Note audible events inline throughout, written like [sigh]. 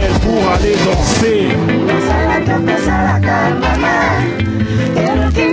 d'elle pour aller danser. Dans la calme, dans la calme, dans la calme.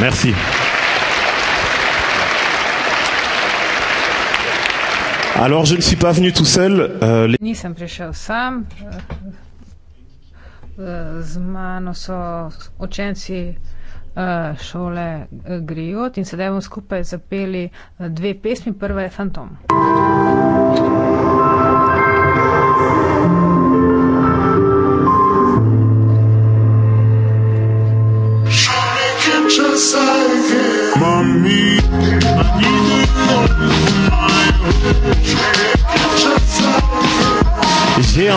Merci. Alors, je ne suis pas venu tout seul. Euh, les... Eh, z mano so učenci eh, šole Griot in sedaj bomo skupaj zapeli eh, dve pesmi. Prva je Fantom.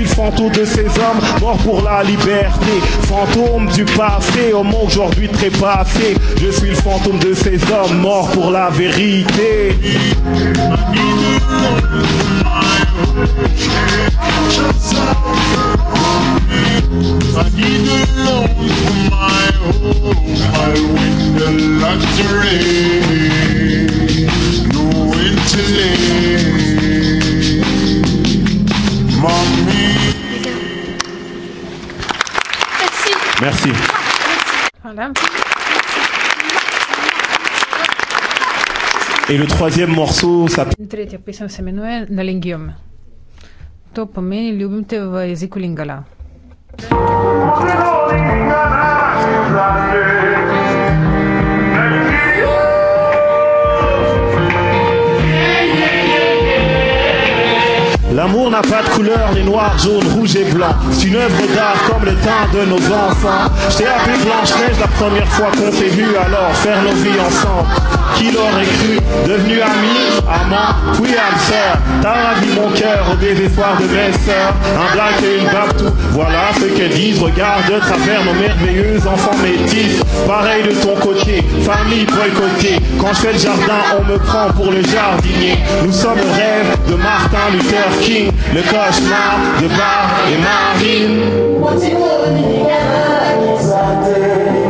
suis le fantôme de ces hommes morts pour la liberté. Fantôme du passé, au monde aujourd'hui très passé. Je suis le fantôme de ces hommes morts pour la vérité. I need a loan for my home I win the lottery No intellect Mommy Merci. Voilà. Et le troisième morceau, ça. Une troisième pièce, c'est Manuel, dans l'ingium. Top, mais il y a un peu de lingala. L'amour n'a pas de couleur, les noirs, jaunes, rouges et blancs. C'est une œuvre d'art comme le teint de nos enfants. J'ai appelé Blanche-Neige la première fois qu'on s'est vu, alors faire nos vies ensemble qui l'aurait cru devenu ami Amant, oui, Alcer, t'as ravi mon cœur au désespoir de mes sœurs. Un black et une baptou, voilà ce qu'elles disent. Regarde de travers nos merveilleux enfants métis. Pareil de ton côté, famille boycottée. Quand je fais le jardin, on me prend pour le jardinier. Nous sommes au rêve de Martin Luther King, le cauchemar de Bar et Marine. What's it going to be?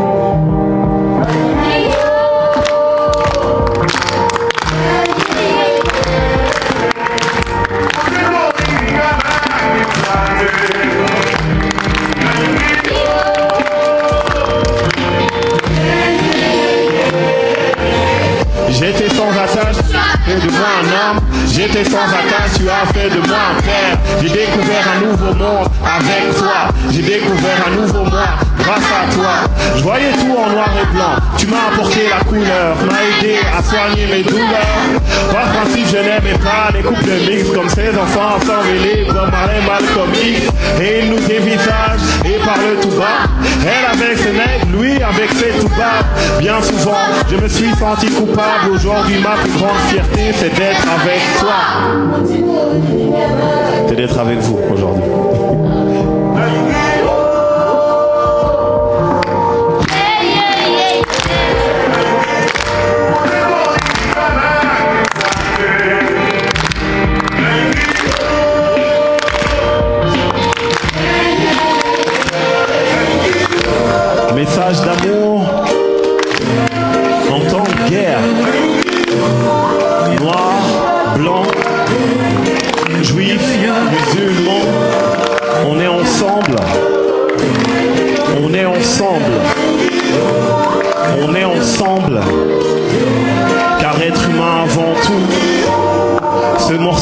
J'étais sans attache, fais de moi un homme. J'étais sans attache, tu as fait de moi un père. J'ai découvert un nouveau monde avec toi. J'ai découvert un nouveau monde grâce à toi. Je voyais tout en noir et blanc. Tu m'as apporté la couleur, m'as aidé à soigner mes douleurs. Par principe, je n'aimais pas les couples de mix comme ces enfants sans vélés, comme Marin Malcomique. Et il nous dévisage et parle tout bas. Elle avec ses nègres, lui avec ses tout bas. Bien souvent, je me suis senti coupable. Aujourd'hui, ma plus grande fierté, c'est d'être avec toi. C'est d'être avec vous aujourd'hui.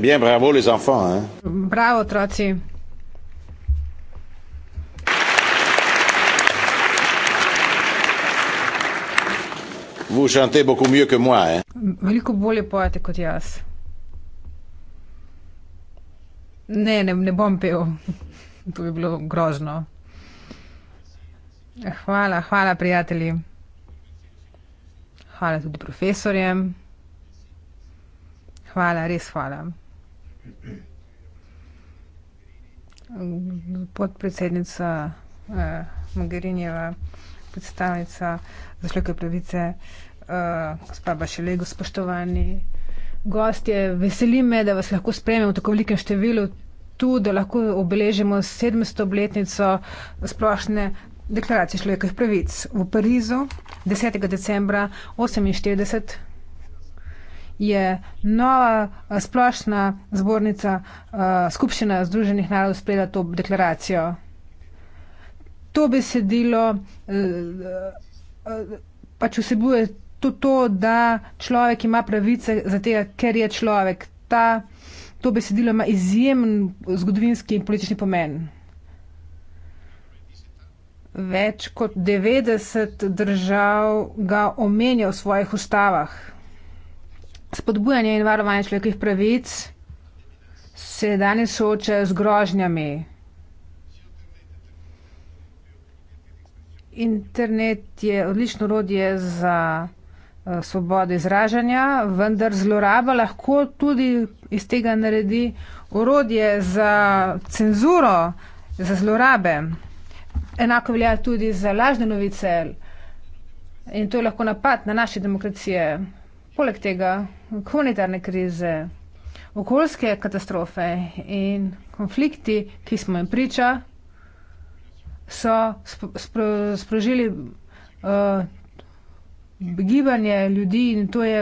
très bien, bravo les enfants. Hein. Bravo, Trotsky. Vous chantez beaucoup mieux que moi. Hein. Beaucoup Ne, ne, ne bom pel. [laughs] To bi bilo grozno. Hvala, hvala, prijatelji. Hvala tudi profesorjem. Hvala, res hvala. Podpredsednica eh, Mogherinjeva, predstavnica za človekove pravice, eh, gospa Bašelego, spoštovani gostje, veseli me, da vas lahko spremem v tako velikem številu tu, da lahko obeležimo 700. obletnico splošne deklaracije človekovih pravic v Parizu 10. decembra 1948 je nova eh, splošna zbornica eh, Skupščina Združenih narodov sprejela to deklaracijo. To besedilo eh, pač vsebuje to, to, da človek ima pravice za tega, ker je človek. Ta, to besedilo ima izjemen zgodovinski in politični pomen. Več kot 90 držav ga omenja v svojih ustavah spodbujanje in varovanje človekovih pravic se danes sooča z grožnjami. Internet je odlično orodje za eh, svobodo izražanja, vendar zloraba lahko tudi iz tega naredi orodje za cenzuro, za zlorabe. Enako velja tudi za lažne novice in to je lahko napad na naše demokracije poleg tega humanitarne krize, okoljske katastrofe in konflikti, ki smo jim priča, so spro, spro, sprožili uh, gibanje ljudi in to je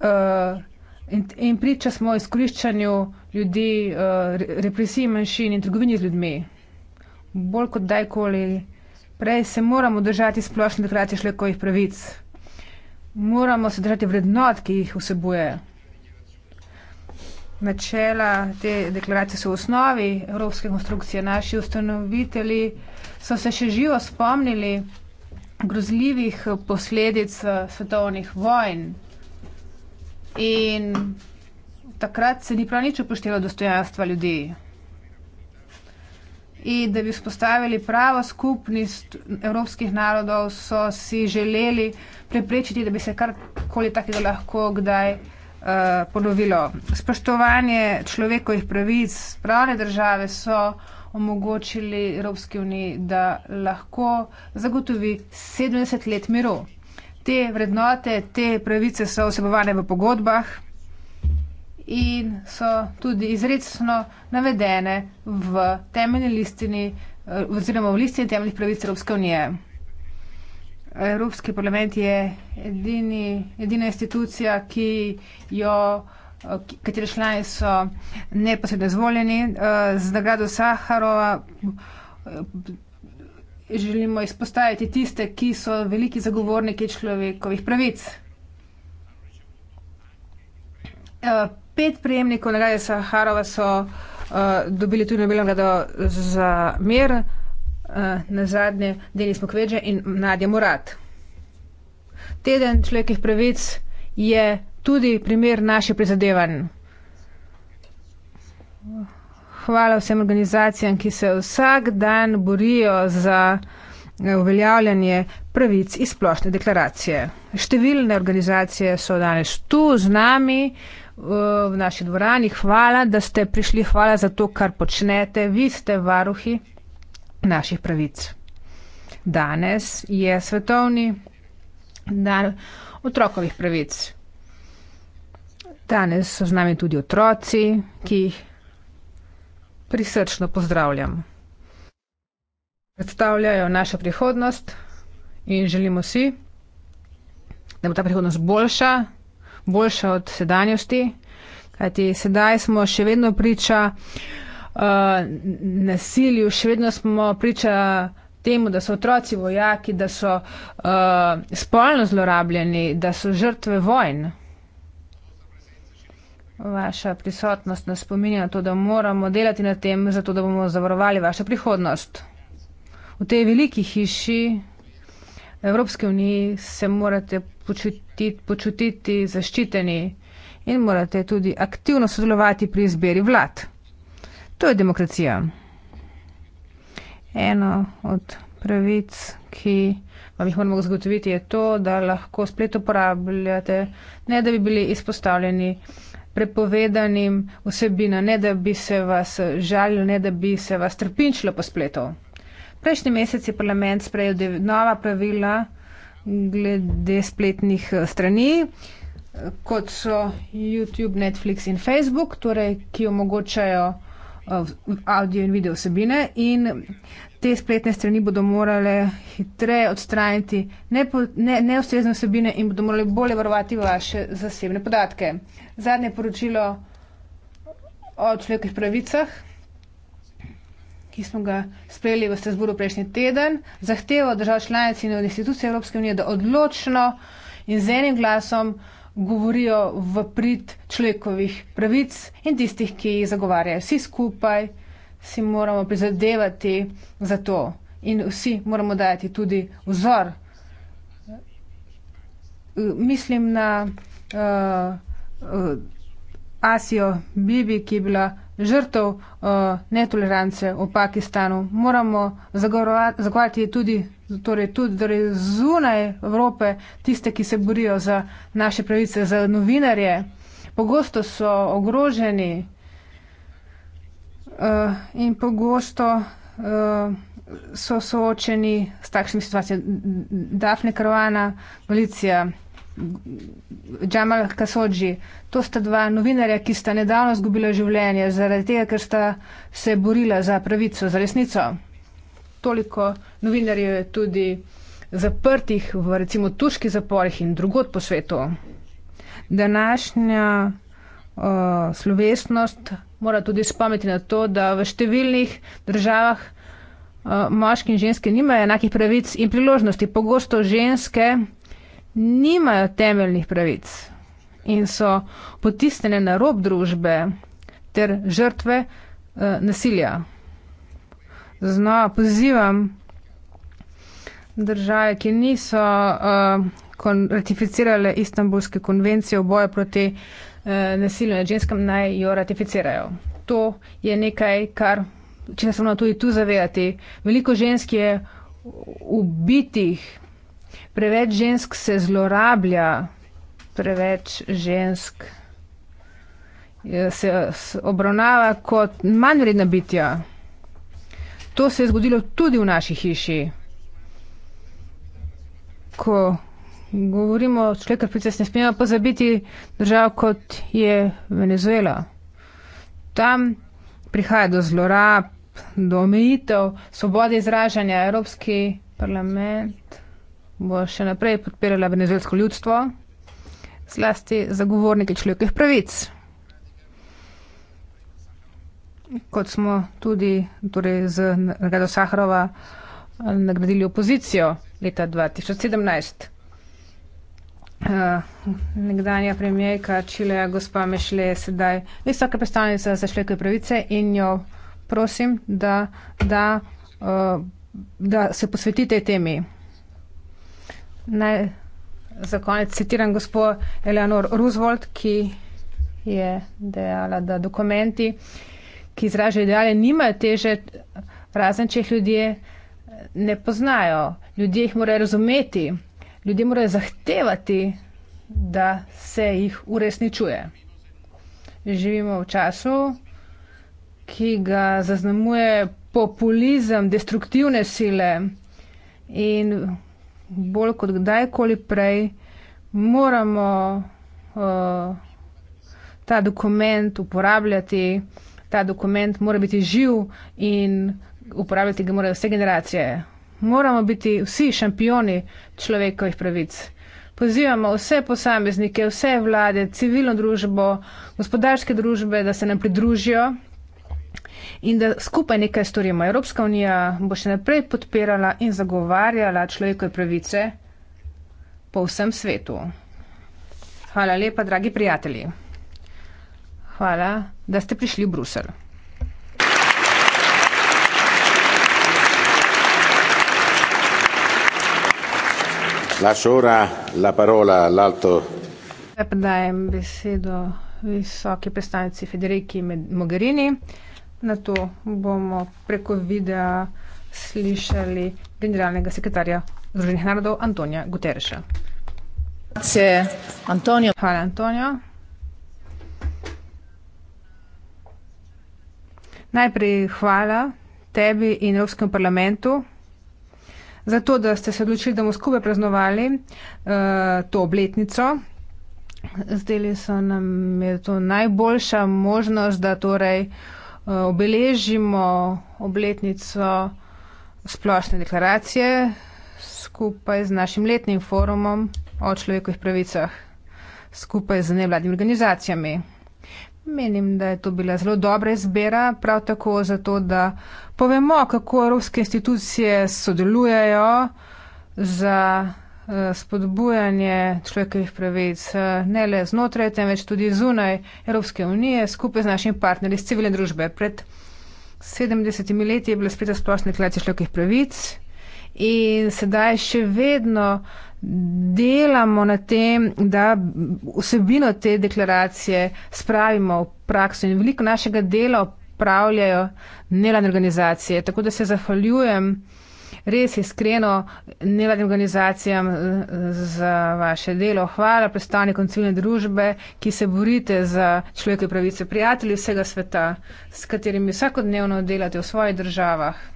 uh, in, in priča smo izkoriščanju ljudi, uh, represiji manjšin in trgovini z ljudmi. Bolj kot dajkoli Prej se moramo držati splošne deklaracije človekovih pravic. Moramo se držati vrednot, ki jih vsebuje. Načela te deklaracije so v osnovi evropske konstrukcije. Naši ustanoviteli so se še živo spomnili grozljivih posledic eh, svetovnih vojn. In takrat se ni prav nič upoštevalo dostojanstva ljudi in da bi vzpostavili pravo skupnost evropskih narodov, so si želeli preprečiti, da bi se karkoli takega lahko kdaj uh, ponovilo. Spoštovanje človekovih pravic pravne države so omogočili Evropski uniji, da lahko zagotovi 70 let miru. Te vrednote, te pravice so vsebovane v pogodbah in so tudi izrecno navedene v temeljni listini eh, oziroma v listini temeljnih pravic Evropske unije. Evropski parlament je edini, edina institucija, ki jo, katere člani so neposredno izvoljeni. Eh, z nagrado Saharova eh, želimo izpostaviti tiste, ki so veliki zagovorniki človekovih pravic pet prejemnikov nagrade Saharova so uh, dobili tudi Nobelovo nagrado za mir, uh, na zadnje Denis Mukwege in Nadja Murat. Teden človekih pravic je tudi primer naših prizadevanj. Hvala vsem organizacijam, ki se vsak dan borijo za eh, uveljavljanje pravic iz splošne deklaracije. Številne organizacije so danes tu z nami, uh, v naši dvorani. Hvala, da ste prišli, hvala za to, kar počnete. Vi ste varuhi naših pravic. Danes je svetovni dan otrokovih pravic. Danes so z nami tudi otroci, ki jih prisrčno pozdravljam. Predstavljajo našo prihodnost in želimo si, da bo ta prihodnost boljša, boljša od sedanjosti. Kajti sedaj smo še vedno priča uh, nasilju, še vedno smo priča temu, da so otroci vojaki, da so uh, spolno zlorabljeni, da so žrtve vojn. Vaša prisotnost nas spominja na to, da moramo delati na tem, zato da bomo zavarovali vašo prihodnost. V tej veliki hiši Evropske unije se morate počutiti ti počutiti zaščiteni in morate tudi aktivno sodelovati pri izbiri vlad. To je demokracija. Eno od pravic, ki vam jih moramo zagotoviti, je to, da lahko splet uporabljate, ne da bi bili izpostavljeni prepovedanim osebina, ne da bi se vas žalil, ne da bi se vas trpinčilo po spletu. Prejšnji mesec je parlament sprejel nova pravila, glede spletnih eh, strani, kot so YouTube, Netflix in Facebook, torej, ki omogočajo eh, audio in video vsebine in te spletne strani bodo morale hitreje odstraniti neustrezne ne, ne vsebine in bodo morali bolje varovati vaše zasebne podatke. Zadnje poročilo o človekih pravicah ki smo ga sprejeli v Strasburu prejšnji teden, zahteva držav članic in institucij Evropske unije, da odločno in z enim glasom govorijo v prid človekovih pravic in tistih, ki jih zagovarjajo. Vsi skupaj si moramo prizadevati za to in vsi moramo dajati tudi vzor. Mislim na uh, uh, Asijo Bibi, ki je bila žrtev uh, netolerance v Pakistanu. Moramo zagovarjati tudi, torej, tudi torej, zunaj Evrope tiste, ki se borijo za naše pravice, za novinarje. Pogosto so ogroženi uh, in pogosto uh, so soočeni s takšnimi situacijami. Dafne Karvana, policija. Džamal Kasodži. To sta dva novinarja, ki sta nedavno izgubila življenje zaradi tega, ker sta se borila za pravico, za resnico. Toliko novinarjev je tudi zaprtih v recimo turških zaporih in drugod po svetu. Današnja uh, slovesnost mora tudi spomniti na to, da v številnih državah uh, moški in ženske nimajo enakih pravic in priložnosti. Pogosto ženske nimajo temeljnih pravic in so potisnjene na rob družbe ter žrtve eh, nasilja. Zna, pozivam države, ki niso eh, kon ratificirale istambulske konvencije o boju proti eh, nasilju nad ženskam, naj jo ratificirajo. To je nekaj, kar, če se moramo tudi tu zavedati, veliko žensk je ubitih preveč žensk se zlorablja, preveč žensk eh, se obravnava kot manj vredna bitja. To se je zgodilo tudi v naši hiši. Ko govorimo o človeku, ki se ne smemo pozabiti, država kot je Venezuela. Tam prihaja do zlorab, do omejitev svobode izražanja. Evropski parlament bo še naprej podpirala venezuelsko ljudstvo, zlasti zagovornike človekovih pravic. Kot smo tudi torej z nagrado Saharova nagradili opozicijo leta 2017. Uh, eh, nekdanja premijejka Čileja, gospa Mešle, je sedaj visoka predstavnica za človekove pravice in jo prosim, da, da, uh, da se posvetite temi. Naj za konec citiram gospod Eleanor Roosevelt, ki je dejala, da dokumenti, ki izražajo ideale, nimajo teže, razen če jih ljudje ne poznajo. Ljudje jih morajo razumeti, ljudje morajo zahtevati, da se jih uresničuje. Živimo v času, ki ga zaznamuje populizem, destruktivne sile in bolj kot kdajkoli prej moramo uh, ta dokument uporabljati, ta dokument mora biti živ in uporabljati ga morajo vse generacije. Moramo biti vsi šampioni človekovih pravic. Pozivamo vse posameznike, vse vlade, civilno družbo, gospodarske družbe, da se nam pridružijo in da skupaj nekaj storimo. Evropska unija bo še naprej podpirala in zagovarjala človekove pravice po vsem svetu. Hvala lepa, dragi prijatelji. Hvala, da ste prišli v Bruselj. Lašora la parola all'alto. Dajem besedo visoki predstavnici Federiki Mogherini. Na to bomo preko videa slišali generalnega sekretarja Združenih narodov Antonija Guterresa. Hvala, Antonijo. Najprej hvala tebi in Evropskem parlamentu za to, da ste se odločili, da bomo skupaj praznovali uh, to obletnico. Zdeli so nam je to najboljša možnost, da torej uh, Eh, obeležimo obletnico splošne deklaracije skupaj z našim letnim forumom o človekovih pravicah, skupaj z nevladnimi organizacijami. Menim, da je to bila zelo dobra izbira, prav tako zato, da povemo, kako evropske institucije sodelujejo za Eh, spodbujanje človekovih pravic eh, ne le znotraj, temveč tudi zunaj Evropske unije skupaj z našimi partnerji iz civilne družbe. Pred 70 leti je bila spet splošna deklaracija človekovih pravic in sedaj še vedno delamo na tem, da vsebino te deklaracije spravimo v prakso in veliko našega dela opravljajo nevladne organizacije. Tako da se zahvaljujem res iskreno nevladnim organizacijam eh, za vaše delo. Hvala predstavnikom civilne družbe, ki se borite za človekove pravice, prijatelji vsega sveta, s katerimi vsakodnevno delate v svojih državah.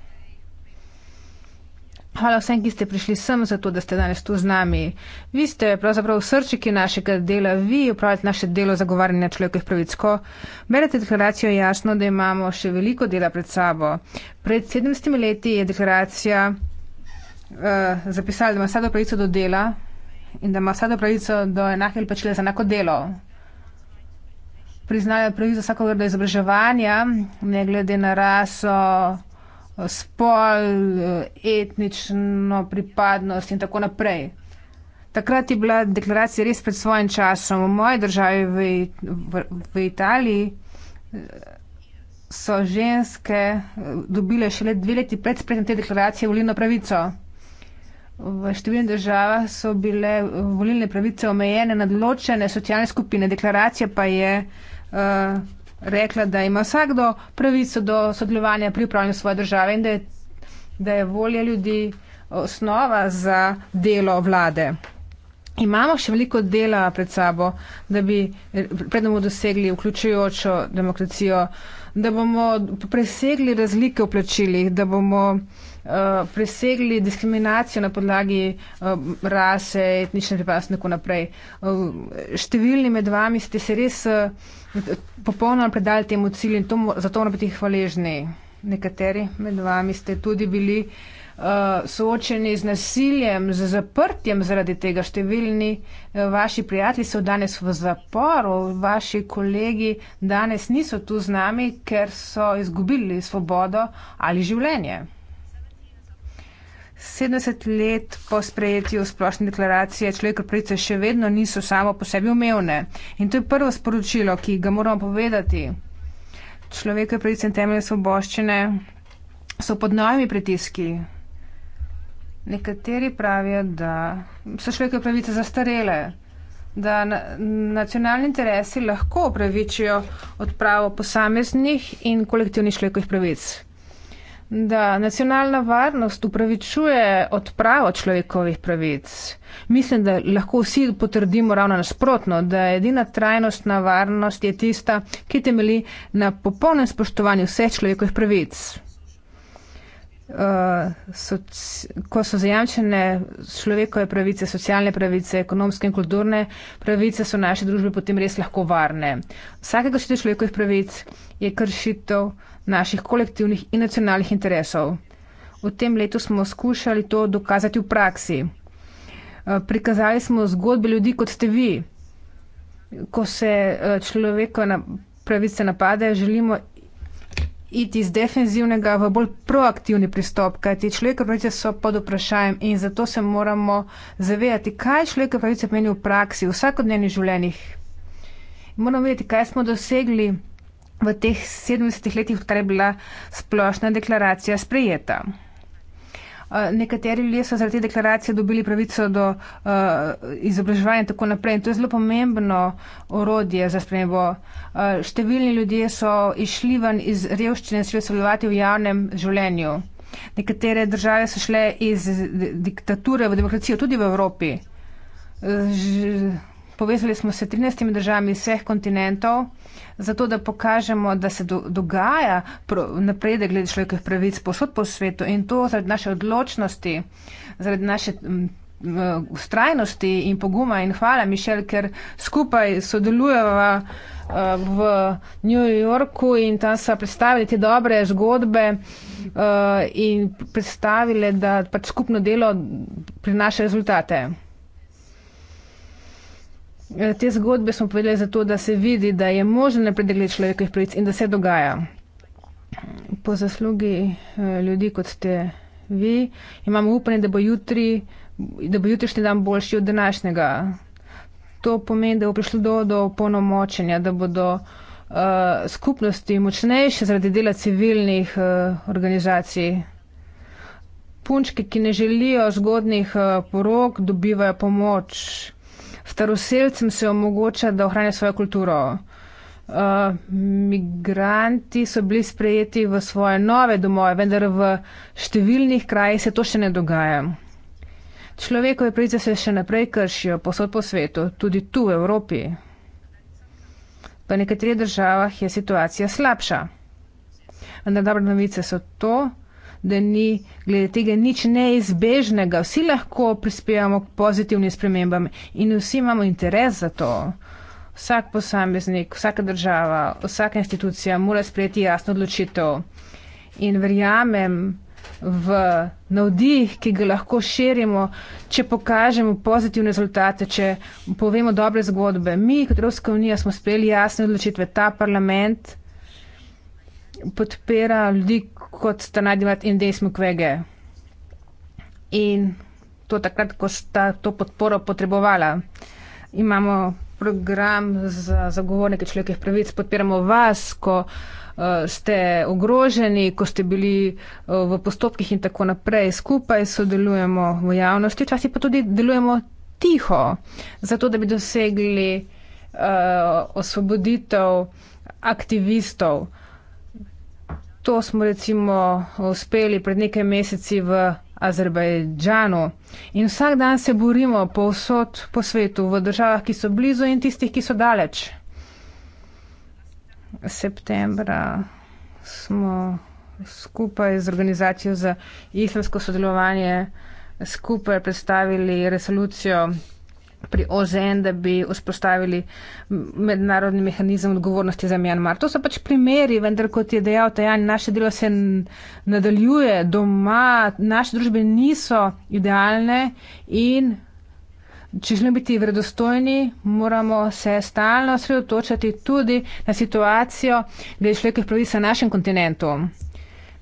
Hvala vsem, ki ste prišli sem, zato da ste danes tu z nami. Vi ste pravzaprav srčiki našega dela, vi upravljate naše delo zagovarjanja človekovih pravic. Ko berete deklaracijo, je jasno, da imamo še veliko dela pred sabo. Pred 70 leti je deklaracija uh, zapisala, da ima vsako pravico do dela in da ima vsako pravico do enake ali pačele za enako delo. Priznajo pravico vsakogar do izobraževanja, ne glede na raso, spol, etnično pripadnost in tako naprej. Takrat je bila deklaracija res pred svojim časom. V moji državi, v, v, v Italiji, so ženske dobile šele dve leti pred sprejetjem te deklaracije volilno pravico. V številnih državah so bile volilne pravice omejene na določene socialne skupine. Deklaracija pa je. Uh, rekla, da ima vsakdo pravico do sodelovanja pri upravljanju svoje države in da je, da je volja ljudi osnova za delo vlade. Imamo še veliko dela pred sabo, da bi predemo dosegli vključujočo demokracijo, da bomo presegli razlike v plačilih, da bomo uh, presegli diskriminacijo na podlagi uh, rase, etnične pripadnosti in tako naprej. Uh, številni med vami ste se res. Uh, Popolnoma predali temu cilju in tomu, zato moramo biti hvaležni. Nekateri med vami ste tudi bili uh, soočeni z nasiljem, z zaprtjem zaradi tega. Številni uh, vaši prijatelji so danes v zaporu, vaši kolegi danes niso tu z nami, ker so izgubili svobodo ali življenje. 70 let po sprejetju splošne deklaracije človekove pravice še vedno niso samo po sebi umevne. In to je prvo sporočilo, ki ga moramo povedati. Človekove pravice in temelje svoboščine so pod novimi pritiski. Nekateri pravijo, da so človekove pravice zastarele, da na, nacionalni interesi lahko upravičijo odpravo posameznih in kolektivnih človekovih pravic da nacionalna varnost upravičuje odpravo človekovih pravic. Mislim, da lahko vsi potrdimo ravno nasprotno, da edina trajnostna varnost je tista, ki temeli na popolnem spoštovanju vseh človekovih pravic. Uh, eh, so, ko so zajamčene človekove pravice, socialne pravice, ekonomske in kulturne pravice, so naše družbe potem res lahko varne. Vsakega šte človekovih pravic je kršitev naših kolektivnih in nacionalnih interesov. V tem letu smo skušali to dokazati v praksi. Eh, prikazali smo zgodbe ljudi, kot ste vi. Ko se eh, človekove pravice napade, želimo iti iz defenzivnega v bolj proaktivni pristop, kajti človekove pravice so pod vprašanjem in zato se moramo zavedati, kaj človekove pravice pomeni v praksi, v vsakodnevnih življenjih. Moramo vedeti, kaj smo dosegli v teh 70 letih, odkar je bila splošna deklaracija sprejeta. Eh, nekateri ljudje so zaradi te deklaracije dobili pravico do uh, izobraževanja in tako naprej. In to je zelo pomembno orodje za spremembo. Uh, številni ljudje so išli ven iz revščine in začeli sodelovati v javnem življenju. Nekatere države so šle iz diktature v demokracijo, tudi v Evropi. Uh, povezali smo se 13 državami vseh kontinentov, zato da pokažemo, da se do, dogaja napredek glede človekovih pravic posod po svetu in to zaradi naše odločnosti, zaradi naše ustrajnosti in poguma in hvala, Mišel, ker skupaj sodelujeva eh, v New Yorku in tam so predstavili te dobre zgodbe eh, in predstavili, da pač skupno delo prinaša rezultate. Eh, te zgodbe smo povedali zato, da se vidi, da je možno napredeljiti človekovih pravic in da se dogaja. Po zaslugi eh, ljudi, kot ste vi, imamo upanje, da bo jutri, da bo jutrišnji dan boljši od današnjega. To pomeni, da bo prišlo do, do ponomočenja, da bodo uh, skupnosti močnejše zaradi dela civilnih uh, organizacij. Punčke, ki ne želijo zgodnih uh, porok, dobivajo pomoč staroseljcem se omogoča, da ohranijo svojo kulturo. Uh, migranti so bili sprejeti v svoje nove domove, vendar v številnih krajih se to še ne dogaja. Človekove pravice se še naprej kršijo posod po svetu, tudi tu v Evropi. V nekaterih državah je situacija slabša. Vendar dobre novice so to, da ni glede tega nič neizbežnega. Vsi lahko prispevamo k pozitivnim spremembam in vsi imamo interes za to. Vsak posameznik, vsaka država, vsaka institucija mora sprejeti jasno odločitev in verjamem v navdih, ki ga lahko širimo, če pokažemo pozitivne rezultate, če povemo dobre zgodbe. Mi kot Evropska unija smo sprejeli jasne odločitve, ta parlament podpira ljudi kot sta najdivat in desmo kvege. In to takrat, ko sta to podporo potrebovala. Imamo program za zagovornike človekih pravic, podpiramo vas, ko eh, ste ogroženi, ko ste bili eh, v postopkih in tako naprej. Skupaj sodelujemo v javnosti, včasih pa tudi delujemo tiho, zato da bi dosegli uh, osvoboditev aktivistov. Uh, To smo recimo uspeli pred nekaj meseci v Azerbajdžanu. In vsak dan se borimo povsod po svetu, v državah, ki so blizu in tistih, ki so daleč. Septembra smo skupaj z organizacijo za islamsko sodelovanje skupaj predstavili resolucijo pri OZN, da bi vzpostavili mednarodni mehanizem odgovornosti za Mjanmar. To so pač primeri, vendar kot je dejal Tajan, naše delo se nadaljuje doma, naše družbe niso idealne in če želimo biti vredostojni, moramo se stalno sredotočati tudi na situacijo, da je človek pravi na našem kontinentu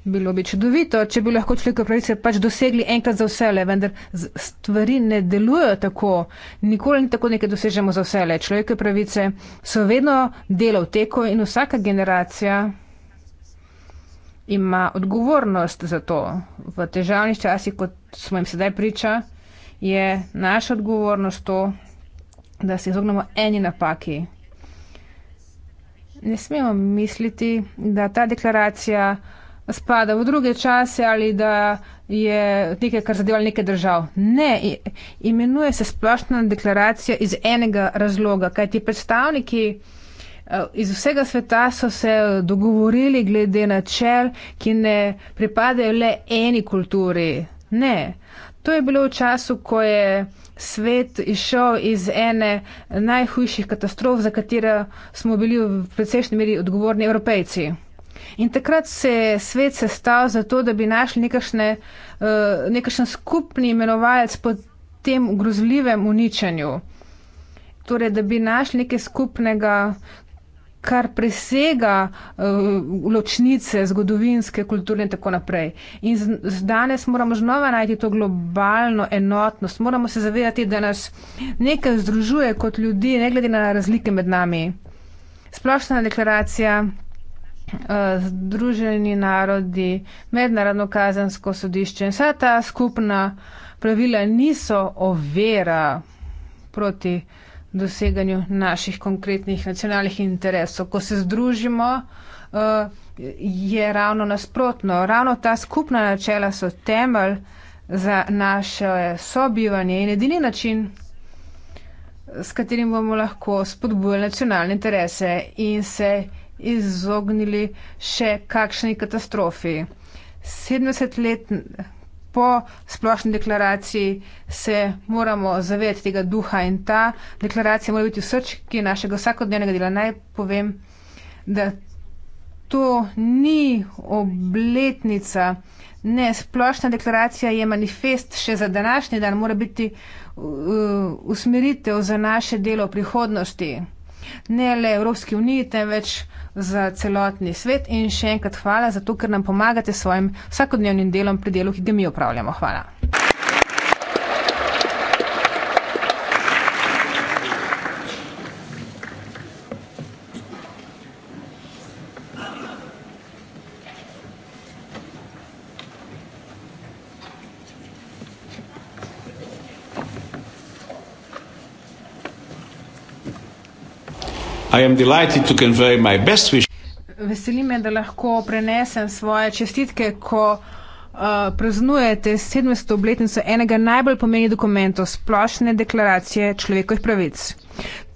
bilo bi čudovito, če bi lahko človekove pravice pač dosegli enkrat za vsele, vendar stvari ne delujejo tako, nikoli ni tako nekaj dosežemo za vsele. Človekove pravice so vedno delo v teku in vsaka generacija ima odgovornost za to. V težavnih časih, kot smo jim sedaj priča, je naša odgovornost to, da se izognemo eni napaki. Ne smemo misliti, da ta deklaracija spada v druge čase ali da je nekaj, kar zadeva nekaj držav. Ne, imenuje se splošna deklaracija iz enega razloga, kaj ti predstavniki eh, iz vsega sveta so se dogovorili glede načel, ki ne pripadajo le eni kulturi. Ne, to je bilo v času, ko je svet išel iz ene najhujših katastrof, za katero smo bili v precejšnji meri odgovorni evropejci. In takrat se je svet sestavil za to, da bi našli nekakšen eh, uh, skupni imenovalec po tem grozljivem uničenju. Torej, da bi našli nekaj skupnega, kar presega uh, ločnice, zgodovinske, kulturne in tako naprej. In z, danes moramo znova najti to globalno enotnost. Moramo se zavedati, da nas nekaj združuje kot ljudi, ne glede na razlike med nami. Splošna deklaracija. Eh, Združeni narodi, mednarodno kazansko sodišče in vsa ta skupna pravila niso ovira proti doseganju naših konkretnih nacionalnih interesov. Ko se združimo, eh, je ravno nasprotno. Ravno ta skupna načela so temelj za naše sobivanje in edini način, s katerim bomo lahko spodbujali nacionalne interese in se izognili še kakšni katastrofi. 70 let po splošni deklaraciji se moramo zavedati tega duha in ta deklaracija mora biti v srčki našega vsakodnevnega dela. Naj povem, da to ni obletnica. Ne, splošna deklaracija je manifest še za današnji dan, mora biti uh, usmeritev za naše delo v prihodnosti ne le Evropski uniji, temveč za celotni svet. In še enkrat hvala za to, ker nam pomagate s svojim vsakodnevnim delom pri delu, ki ga mi opravljamo. Hvala. Veseli me, da lahko prenesem svoje čestitke, ko uh, praznujete 700. obletnico enega najbolj pomenih dokumentov splošne deklaracije človekovih pravic.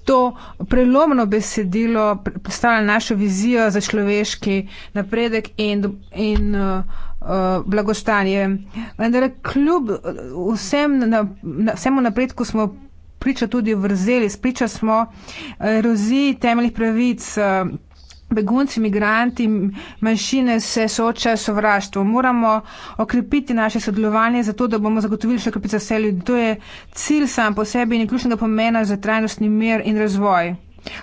To prelomno besedilo predstavlja našo vizijo za človeški napredek in, in uh, uh, blagostanje. Vendar kljub uh, vsem na, na, vsemu napredku smo priča tudi vrzeli, spriča smo eh, eroziji temeljih pravic. Eh, begunci, imigranti, manjšine se soočajo s sovraštvom. Moramo okrepiti naše sodelovanje, zato da bomo zagotovili še krpice vse ljudi. To je cilj sam po sebi in je ključnega pomena za trajnostni mir in razvoj.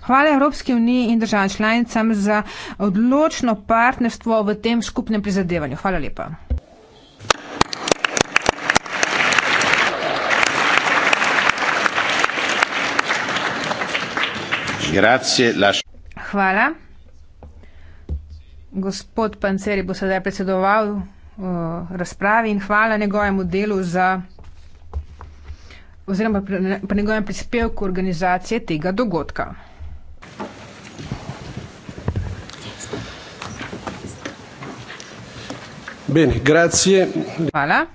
Hvala Evropski uniji in državam članicam za odločno partnerstvo v tem skupnem prizadevanju. Hvala lepa. Hvala. Gospod Panceri bo sedaj predsedoval uh, razpravi in hvala njegovemu delu za oziroma pri, pri njegovem prispevku organizacije tega dogodka. Bene, grazie. Hvala.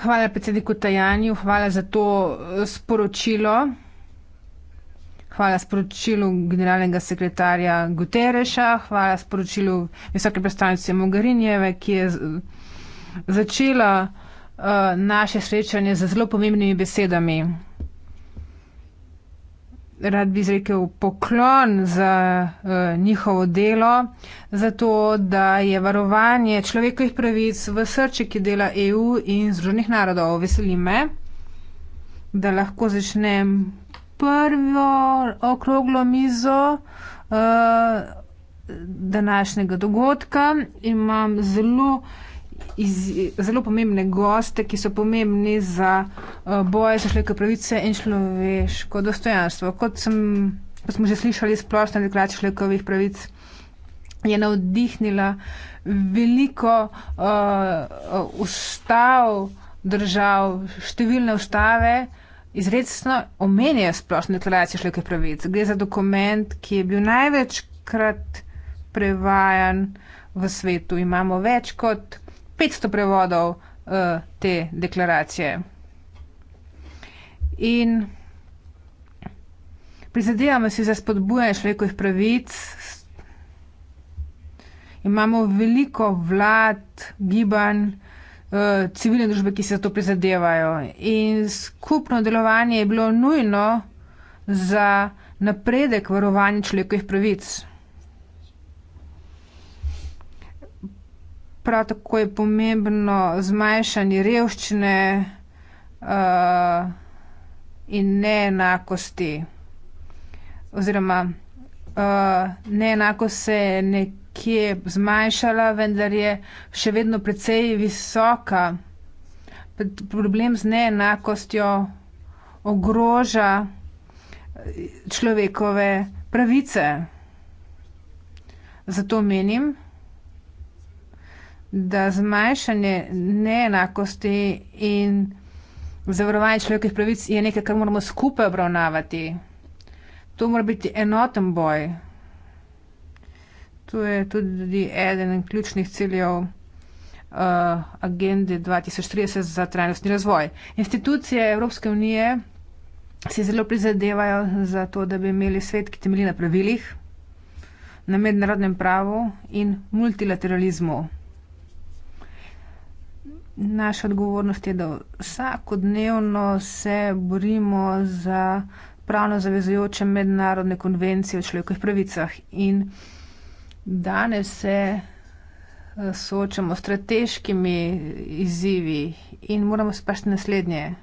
Hvala predsedniku Tajanju, hvala za to eh, sporočilo. Hvala sporočilu generalnega sekretarja Gutereša, hvala sporočilu visoke predstavnice Mogarinjeve, ki je začela uh, naše srečanje z zelo pomembnimi besedami rad bi izrekel poklon za uh, njihovo delo, zato da je varovanje človekovih pravic v srči, ki dela EU in Združenih narodov. Veseli me, da lahko začnem prvo okroglo mizo uh, današnjega dogodka. Imam zelo uh, iz, zelo pomembne goste, ki so pomembni za uh, boje za človekove pravice in človeško dostojanstvo. Kot, sem, kot smo že slišali, splošna deklaracija človekovih pravic je navdihnila veliko uh, ustav držav, številne ustave. Izredno omenja splošno deklaracijo človekovih pravic. Gre za dokument, ki je bil največkrat prevajan v svetu. Imamo več kot 500 prevodov uh, te deklaracije. In prizadevamo si za spodbujanje človekovih pravic. Imamo veliko vlad, gibanj, uh, civilne družbe, ki se za to prizadevajo. In skupno delovanje je bilo nujno za napredek varovanja človekovih pravic. prav tako je pomembno zmanjšanje revščine uh, in neenakosti. Oziroma, uh, neenakost se je nekje zmanjšala, vendar je še vedno precej visoka. Problem z neenakostjo ogroža eh, človekove pravice. Zato menim, da zmanjšanje neenakosti in zavarovanje človekovih pravic je nekaj, kar moramo skupaj obravnavati. To mora biti enoten boj. To je tudi eden ključnih ciljev uh, agende 2030 za trajnostni razvoj. Institucije Evropske unije si zelo prizadevajo za to, da bi imeli svet, ki temelji na pravilih, na mednarodnem pravu in multilateralizmu naša odgovornost je, da vsakodnevno se borimo za pravno zavezujoče mednarodne konvencije o človekovih pravicah in danes se eh, soočamo s strateškimi izzivi in moramo spraviti naslednje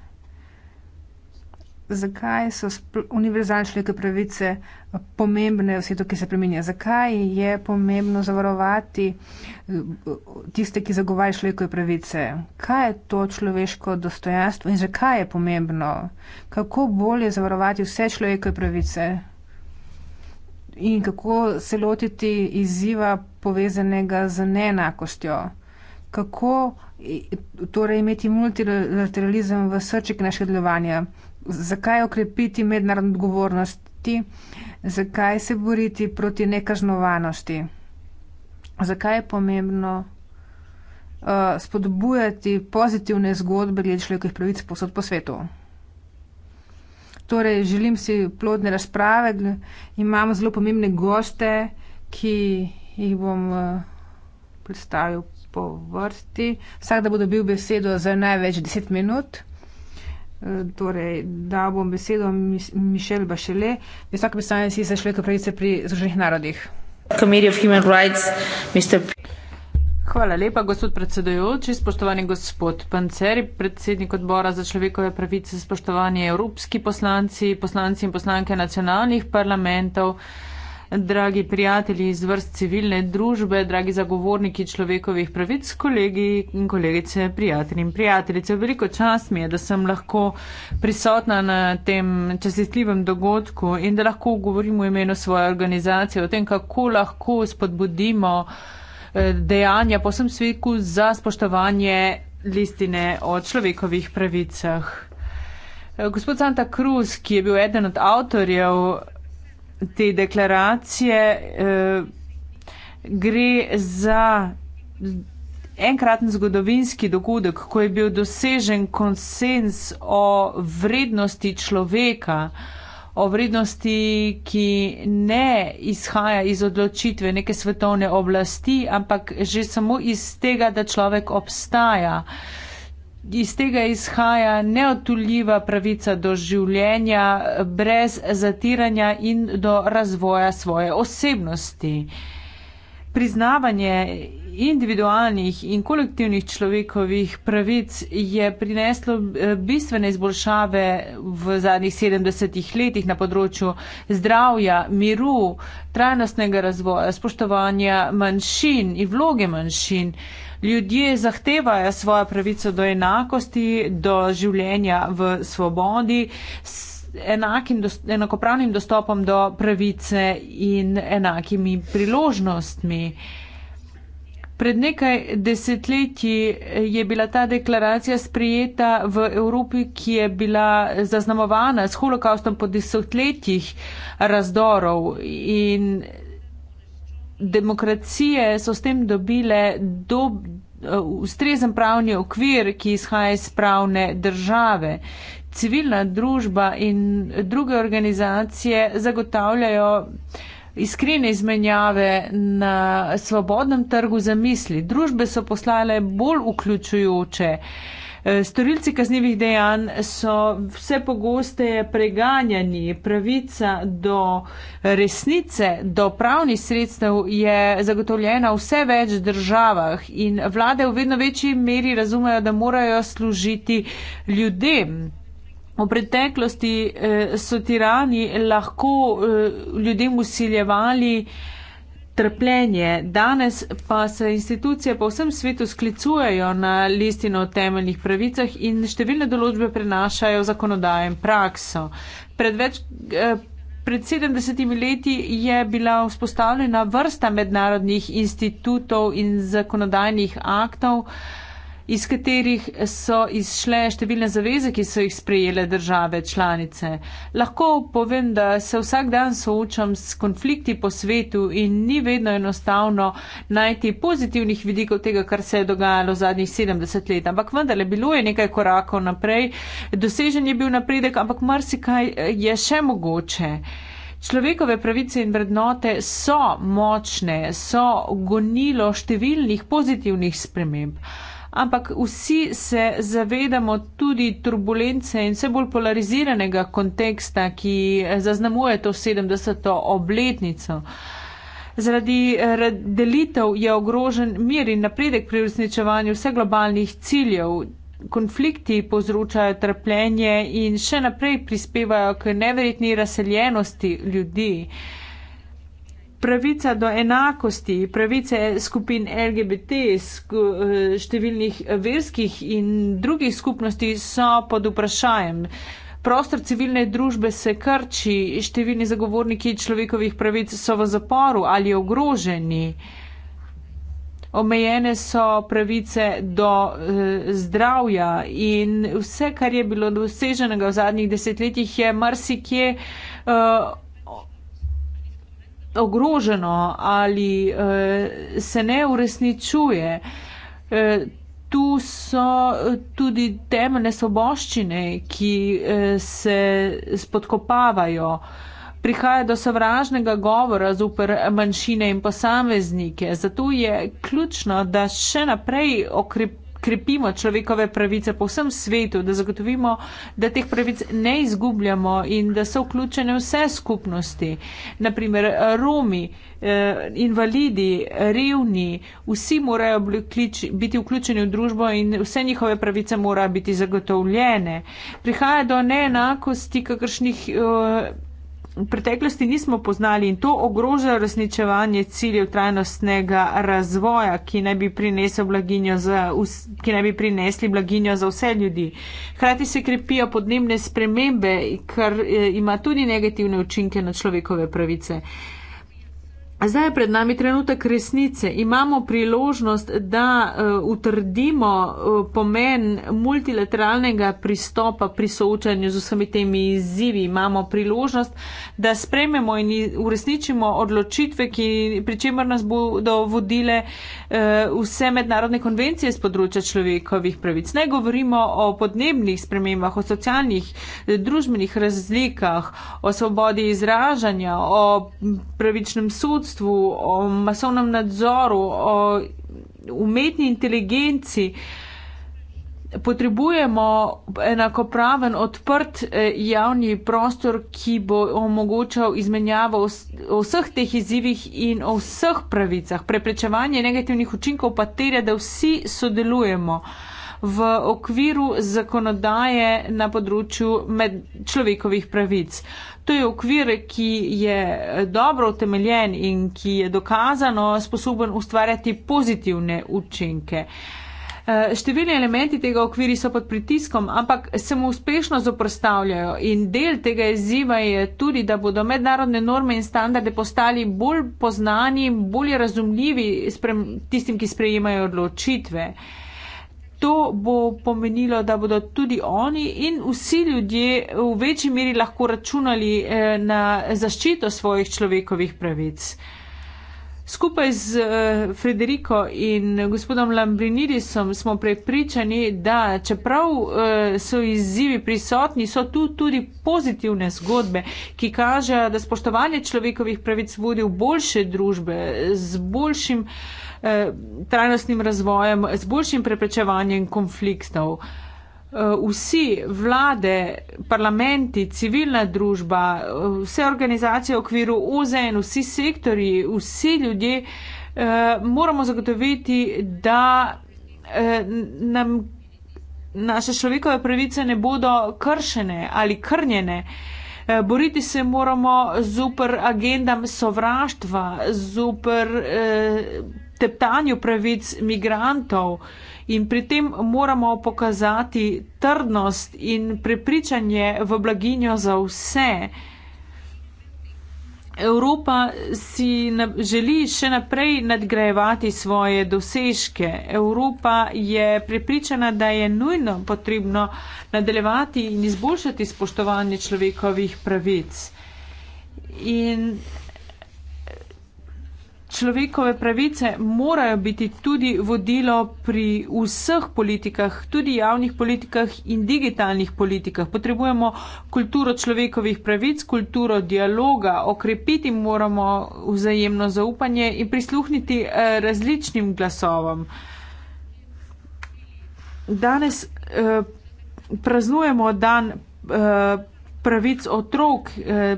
zakaj so univerzalne človekove pravice eh, pomembne v svetu, ki se preminja? Zakaj je pomembno zavarovati eh, tiste, ki zagovarjajo človekove pravice? Kaj je to človeško dostojanstvo in zakaj je pomembno? Kako bolje zavarovati vse človekove pravice? In kako se lotiti izziva povezanega z neenakostjo? Kako eh, torej imeti multilateralizem v srček našega delovanja? zakaj okrepiti mednarodno odgovornosti, zakaj se boriti proti nekažnovanosti, zakaj je pomembno uh, spodbujati pozitivne zgodbe glede človekovih pravic posod po svetu. Torej, želim si plodne razprave, imamo zelo pomembne goste, ki jih bom uh, predstavil po vrsti. Vsak, da bo dobil besedo za največ 10 minut. Eh, torej, da bom besedo Mišel Bašele, visoka predstavnica za človekove pravice pri Združenih narodih. Hvala lepa, gospod predsedujoči, spoštovani gospod Panceri, predsednik odbora za človekove pravice, spoštovani evropski poslanci, poslanci in poslanke nacionalnih parlamentov dragi prijatelji iz vrst civilne družbe, dragi zagovorniki človekovih pravic, kolegi in kolegice, prijatelji in prijateljice. Veliko čast mi je, da sem lahko prisotna na tem častitljivem dogodku in da lahko govorim v imenu svoje organizacije o tem, kako lahko spodbudimo eh, dejanja po vsem sviku za spoštovanje listine o človekovih pravicah. Eh, gospod Santa Cruz, ki je bil eden od avtorjev te deklaracije eh, gre za enkraten zgodovinski dogodek, ko je bil dosežen konsens o vrednosti človeka, o vrednosti, ki ne izhaja iz odločitve neke svetovne oblasti, ampak že samo iz tega, da človek obstaja. Eh, iz tega izhaja neotuljiva pravica do življenja brez zatiranja in do razvoja svoje osebnosti. Priznavanje individualnih in kolektivnih človekovih pravic je prineslo eh, bistvene izboljšave v zadnjih 70 letih na področju zdravja, miru, trajnostnega razvoja, spoštovanja manjšin in vloge manjšin. Ljudje zahtevajo svojo pravico do enakosti, do življenja v svobodi, s enakim, enakopravnim dostopom do pravice in enakimi priložnostmi. Pred nekaj desetletji je bila ta deklaracija sprijeta v Evropi, ki je bila zaznamovana s holokaustom po desetletjih razdorov in demokracije so s tem dobile do, eh, ustrezen pravni okvir, ki izhaja iz pravne države. Civilna družba in druge organizacije zagotavljajo iskrene izmenjave na svobodnem trgu za misli. Družbe so poslale bolj vključujoče. Uh, Eh, storilci kaznjivih dejanj so vse pogosteje preganjani. Pravica do resnice, do pravnih sredstev je zagotovljena v vse več državah in vlade v vedno večji meri razumejo, da morajo služiti ljudem. V preteklosti eh, so tirani lahko eh, ljudem usiljevali trpljenje. Danes pa se institucije po vsem svetu sklicujejo na listino o temeljnih pravicah in številne določbe prenašajo zakonodajem prakso. Pred več. Eh, Pred 70 leti je bila vzpostavljena vrsta mednarodnih institutov in zakonodajnih aktov, iz katerih so izšle številne zaveze, ki so jih sprejele države članice. Lahko povem, da se vsak dan soočam s konflikti po svetu in ni vedno enostavno najti pozitivnih vidikov tega, kar se je dogajalo zadnjih 70 let. Ampak vendarle, bilo je nekaj korakov naprej, dosežen je bil napredek, ampak marsikaj eh, je še mogoče. Človekove pravice in vrednote so močne, so gonilo številnih pozitivnih sprememb ampak vsi se zavedamo tudi turbulence in vse bolj polariziranega konteksta, ki zaznamuje to 70. obletnico. Zaradi eh, delitev je ogrožen mir in napredek pri uresničevanju vseh globalnih ciljev. Konflikti povzročajo trpljenje in še naprej prispevajo k neverjetni razseljenosti ljudi pravica do enakosti, pravice skupin LGBT, sku, eh, številnih verskih in drugih skupnosti so pod vprašajem. Prostor civilne družbe se krči, številni zagovorniki človekovih pravic so v zaporu ali ogroženi. Omejene so pravice do e, zdravja in vse, kar je bilo doseženega v zadnjih desetletjih, je marsikje e, ogroženo ali uh, se ne uresničuje. Uh, Tu so eh, tudi temne soboščine, ki se spodkopavajo. Prihaja do sovražnega govora zoper manjšine in posameznike. Zato je ključno, da še naprej okrepimo krepimo človekove pravice po vsem svetu, da zagotovimo, da teh pravic ne izgubljamo in da so vključene vse skupnosti. Naprimer, Romi, eh, invalidi, revni, vsi morajo biti vključeni v družbo in vse njihove pravice morajo biti zagotovljene. Prihaja do neenakosti, kakršnih. Eh, v preteklosti nismo poznali in to ogroža resničevanje ciljev trajnostnega razvoja, ki naj bi, za, ki naj bi prinesli blaginjo za vse ljudi. Hrati se krepijo podnebne spremembe, kar eh, ima tudi negativne učinke na človekove pravice. Zdaj je pred nami trenutek resnice. Imamo priložnost, da uh, utrdimo uh, pomen multilateralnega pristopa pri soočanju z vsemi temi izzivi. Imamo priložnost, da sprememo in uresničimo odločitve, ki, pri čemer nas bodo vodile uh, vse mednarodne konvencije z področja človekovih pravic. Ne govorimo o podnebnih spremembah, o socialnih, družbenih razlikah, o svobodi izražanja, o pravičnem sodstvu ljudstvu, o masovnem nadzoru, o umetni inteligenci. Potrebujemo enakopraven, odprt eh, javni prostor, ki bo omogočal izmenjavo o vseh teh izzivih in o vseh pravicah. Preprečevanje negativnih učinkov pa terja, da vsi sodelujemo v okviru zakonodaje na področju človekovih pravic. To je okvir, ki je eh, dobro utemeljen in ki je dokazano sposoben ustvarjati pozitivne učinke. Eh, številni elementi tega okviri so pod pritiskom, ampak se mu uspešno zoprstavljajo in del tega izziva je tudi, da bodo mednarodne norme in standarde postali bolj poznani, bolj razumljivi tistim, ki sprejemajo odločitve. To bo pomenilo, da bodo tudi oni in vsi ljudje v večji meri lahko računali eh, na zaščito svojih človekovih pravic. Skupaj z eh, Frederiko in gospodom Lambrinidisom smo prepričani, da čeprav eh, so izzivi prisotni, so tu tudi pozitivne zgodbe, ki kažejo, da spoštovanje človekovih pravic vodi v boljše družbe z boljšim. Eh, trajnostnim razvojem, z boljšim preprečevanjem konfliktov. Eh, vsi vlade, parlamenti, civilna družba, eh, vse organizacije v okviru OZN, vsi sektori, vsi ljudje moramo zagotoviti, da nam naše človekove pravice ne bodo kršene ali krnjene. Boriti se moramo zoper agendam sovraštva, zoper teptanju pravic migrantov in pri tem moramo pokazati trdnost in prepričanje v blaginjo za vse. Evropa si na, želi še naprej nadgrajevati svoje dosežke. Evropa je prepričana, da je nujno potrebno nadaljevati in izboljšati spoštovanje človekovih pravic. In človekove pravice morajo biti tudi vodilo pri vseh politikah, tudi javnih politikah in digitalnih politikah. Potrebujemo kulturo človekovih pravic, kulturo dialoga, okrepiti moramo vzajemno zaupanje in prisluhniti eh, različnim glasovom. Danes eh, praznujemo dan eh, pravic otrok. Eh,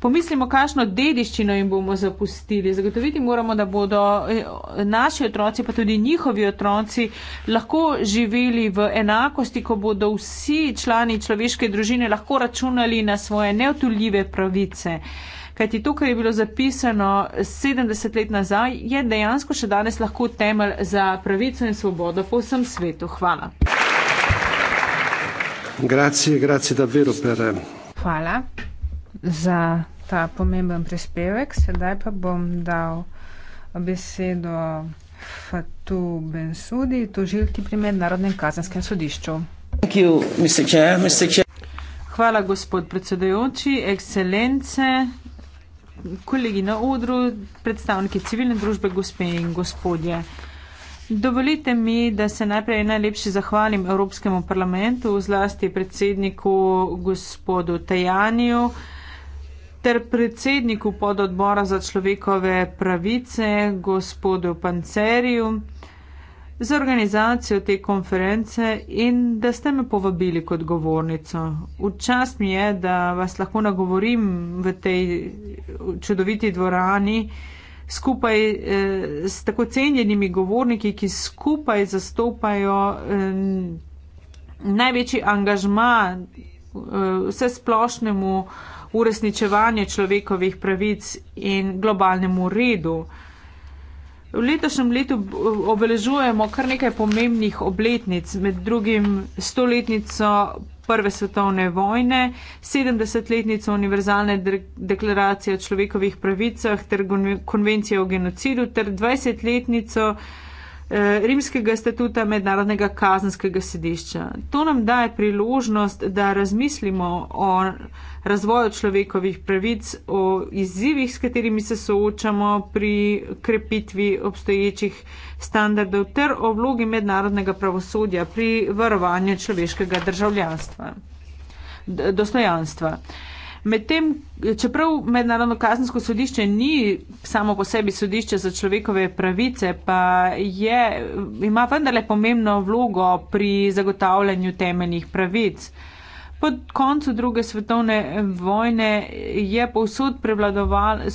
pomislimo, kakšno dediščino jim bomo zapustili. Zagotoviti moramo, da bodo eh, naši otroci, pa tudi njihovi otroci, lahko živeli v enakosti, ko bodo vsi člani človeške družine lahko računali na svoje neotuljive pravice. Kajti to, kar je bilo zapisano 70 let nazaj, je dejansko še danes lahko temelj za pravico in svobodo po vsem svetu. Hvala. Grazie, grazie davvero per. Eh, Hvala za ta pomemben prispevek. Sedaj pa bom dal besedo Fatu Bensudi, tožilki pri Mednarodnem kazenskem sodišču. Hvala, gospod predsedujoči, ekscelence, kolegi na odru, predstavniki civilne družbe, gospe in gospodje. Dovolite mi, da se najprej najlepši zahvalim Evropskemu parlamentu, zlasti predsedniku gospodu Tajaniju, ter predsedniku pododbora za človekove pravice, gospodu Panceriju, za organizacijo te konference in da ste me povabili kot govornico. Včast mi je, da vas lahko nagovorim v tej čudoviti dvorani skupaj eh, s tako cenjenimi govorniki, ki skupaj zastopajo eh, največji angažma eh, vse splošnemu eh, uresničevanju človekovih pravic in globalnemu redu. V letošnjem letu obeležujemo kar nekaj pomembnih obletnic, med drugim stoletnico Prve svetovne vojne, 70-letnico Univerzalne deklaracije o človekovih pravicah ter konvencije o genocidu ter 20-letnico Eh, rimskega statuta mednarodnega kazanskega sedišča. To nam daje priložnost, da razmislimo o razvoju človekovih pravic, o izzivih, s katerimi se soočamo pri krepitvi obstoječih standardov ter o vlogi mednarodnega pravosodja pri varovanju človeškega državljanstva, dostojanstva. Medtem, čeprav mednarodno kazensko sodišče ni samo po sebi sodišče za človekove pravice, pa je, ima vendarle pomembno vlogo pri zagotavljanju temeljnih pravic. Po koncu druge svetovne vojne je povsod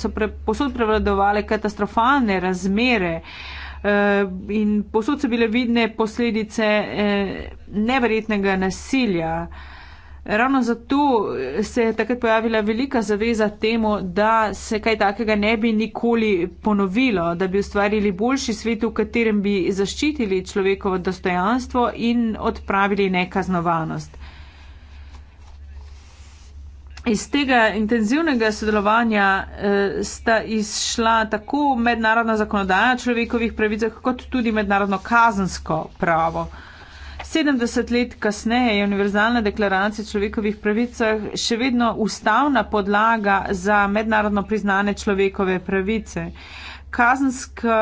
so pre, povsod prevladovale katastrofalne razmere eh, in povsod so bile vidne posledice eh, neverjetnega nasilja. Ravno zato se je takrat pojavila velika zaveza temu, da se kaj takega ne bi nikoli ponovilo, da bi ustvarili boljši svet, v katerem bi zaščitili človekovo dostojanstvo in odpravili nekaznovanost. Iz tega intenzivnega sodelovanja eh, sta izšla tako mednarodna zakonodaja o človekovih pravicah, kot tudi mednarodno kazensko pravo. 70 let kasneje je Univerzalna deklaracija o človekovih pravicah še vedno ustavna podlaga za mednarodno priznane človekove pravice. Kazenska,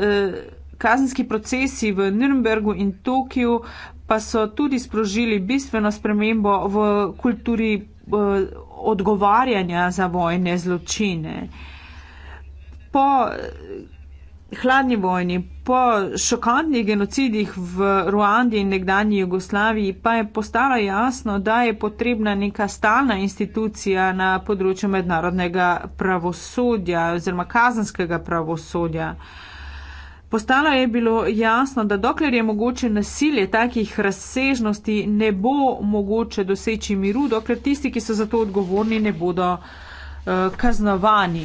eh, kazenski procesi v Nürnbergu in Tokiu pa so tudi sprožili bistveno spremembo v kulturi eh, odgovarjanja za vojne zločine. Po eh, hladni vojni, po šokantnih genocidih v Ruandi in nekdani Jugoslaviji pa je postalo jasno, da je potrebna neka stalna institucija na področju mednarodnega pravosodja oziroma kazanskega pravosodja. Postalo je bilo jasno, da dokler je mogoče nasilje takih razsežnosti, ne bo mogoče doseči miru, dokler tisti, ki so za to odgovorni, ne bodo uh, kaznovani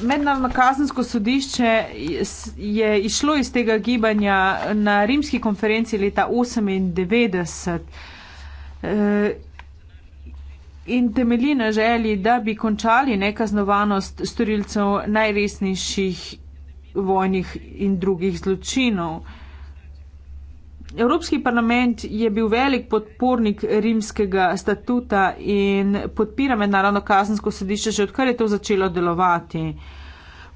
mednarodno kazensko sodišče je išlo iz tega gibanja na rimski konferenci leta 1998. Eh, in temelji na želji, da bi končali nekaznovanost storilcev najresnejših vojnih in drugih zločinov. Uh, Evropski parlament je bil velik podpornik rimskega statuta in podpira mednarodno kazensko sodišče, že odkar je to začelo delovati.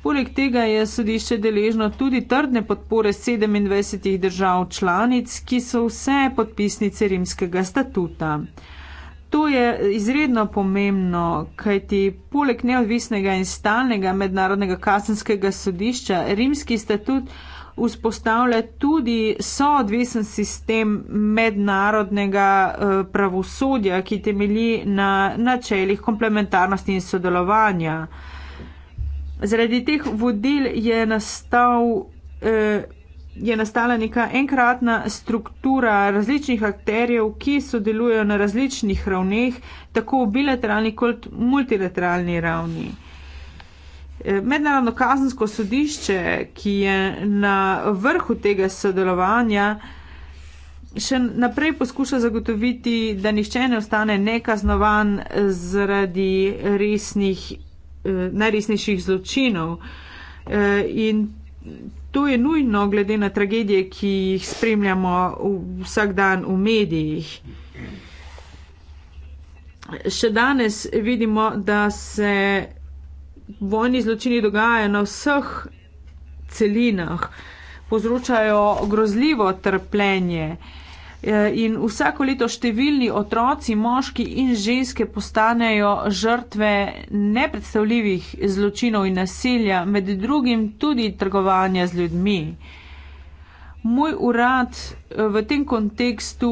Poleg tega je sodišče deležno tudi trdne podpore 27 držav članic, ki so vse podpisnice rimskega statuta. To je izredno pomembno, kajti poleg neodvisnega in stalnega mednarodnega kazenskega sodišča rimski statut vzpostavlja tudi soodvisen sistem mednarodnega eh, pravosodja, ki temelji na načeljih komplementarnosti in sodelovanja. Zaradi teh vodil je, nastal, eh, je nastala neka enkratna struktura različnih akterjev, ki sodelujo na različnih ravneh, tako v bilateralni kot multilateralni ravni. Mednarodno kazensko sodišče, ki je na vrhu tega sodelovanja, še naprej poskuša zagotoviti, da nišče ne ostane nekaznovan zaradi resnih, eh, najresnejših zločinov. Eh, in to je nujno glede na tragedije, ki jih spremljamo vsak dan v medijih. Še danes vidimo, da se vojni zločini dogajajo na vseh celinah, povzročajo grozljivo trpljenje. E, in vsako leto številni otroci, moški in ženske postanejo žrtve nepredstavljivih zločinov in nasilja, med drugim tudi trgovanja z ljudmi. Moj urad e, v tem kontekstu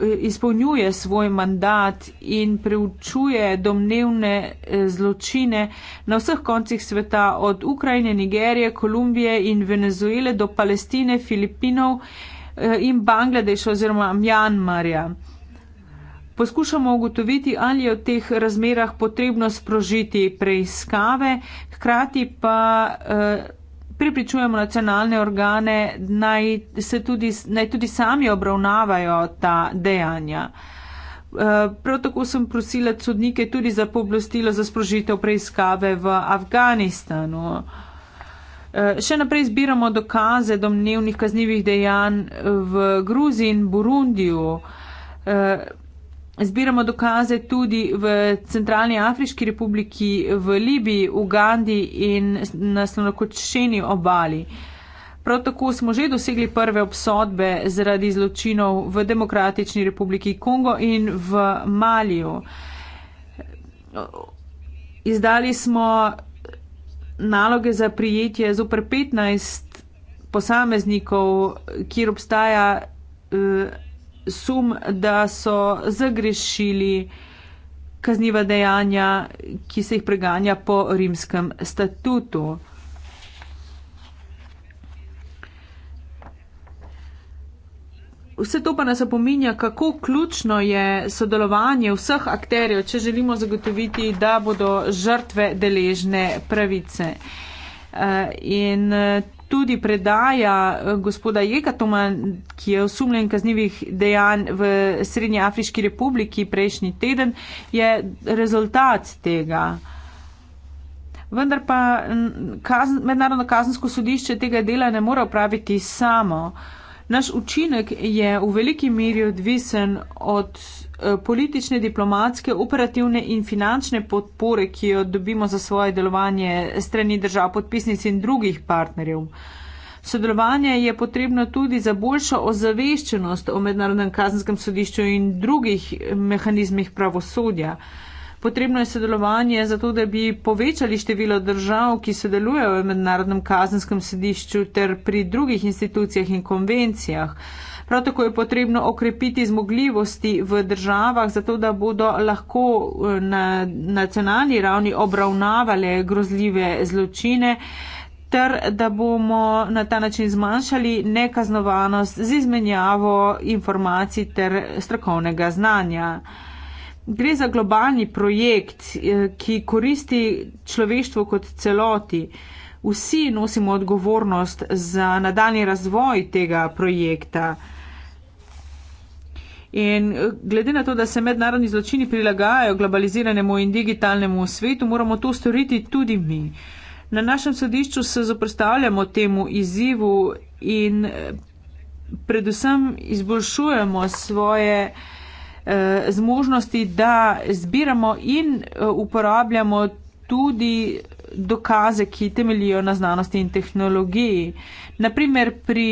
izpolnjuje svoj mandat in preučuje domnevne eh, zločine na vseh koncih sveta, od Ukrajine, Nigerije, Kolumbije in Venezuele do Palestine, Filipinov eh, in Bangladeša oziroma Mjanmarja. Poskušamo ugotoviti, ali je v teh razmerah potrebno sprožiti preiskave, hkrati pa. Eh, pripričujemo nacionalne organe, naj, tudi, naj tudi sami obravnavajo ta dejanja. Eh, prav tako sem prosila sodnike tudi za pooblastilo za sprožitev preiskave v Afganistanu. Eh, še naprej zbiramo dokaze domnevnih kaznjivih dejanj v Gruziji in Burundiju. Eh, Zbiramo dokaze tudi v Centralni Afriški republiki, v Libiji, Ugandi in na slonokočeni obali. Prav tako smo že dosegli prve obsodbe zaradi zločinov v Demokratični republiki Kongo in v Maliju. Izdali smo naloge za prijetje z oprpetnajst posameznikov, kjer obstaja. Uh, sum, da so zagrešili kazniva dejanja, ki se jih preganja po rimskem statutu. Vse to pa nas opominja, kako ključno je sodelovanje vseh akterjev, če želimo zagotoviti, da bodo žrtve deležne pravice. Eh, in tudi predaja eh, gospoda Jekatoma, ki je osumljen kaznjivih dejanj v Srednji Afriški republiki prejšnji teden, je rezultat tega. Vendar pa kazn, mednarodno kazansko sodišče tega dela ne more opraviti samo. Naš učinek je v veliki meri odvisen od Eh, politične, diplomatske, operativne in finančne podpore, ki jo dobimo za svoje delovanje strani držav, podpisnic in drugih partnerjev. Sodelovanje je potrebno tudi za boljšo ozaveščenost o mednarodnem kazenskem sodišču in drugih mehanizmih pravosodja. Potrebno je sodelovanje zato, da bi povečali število držav, ki sodelujejo v mednarodnem kazenskem sodišču ter pri drugih institucijah in konvencijah. Prav tako je potrebno okrepiti zmogljivosti v državah, zato da bodo lahko eh, na nacionalni ravni obravnavale grozljive zločine ter da bomo na ta način zmanjšali nekaznovanost z izmenjavo informacij ter strokovnega znanja. Gre za globalni projekt, eh, ki koristi človeštvo kot celoti. Vsi nosimo odgovornost za nadaljni razvoj tega projekta. In eh, glede na to, da se mednarodni zločini prilagajajo globaliziranemu in digitalnemu svetu, moramo to storiti tudi mi. Na našem sodišču se zoprstavljamo temu izzivu in eh, predvsem izboljšujemo svoje eh, zmožnosti, da zbiramo in uporabljamo tudi dokaze, ki temelijo na znanosti in tehnologiji. Naprimer, pri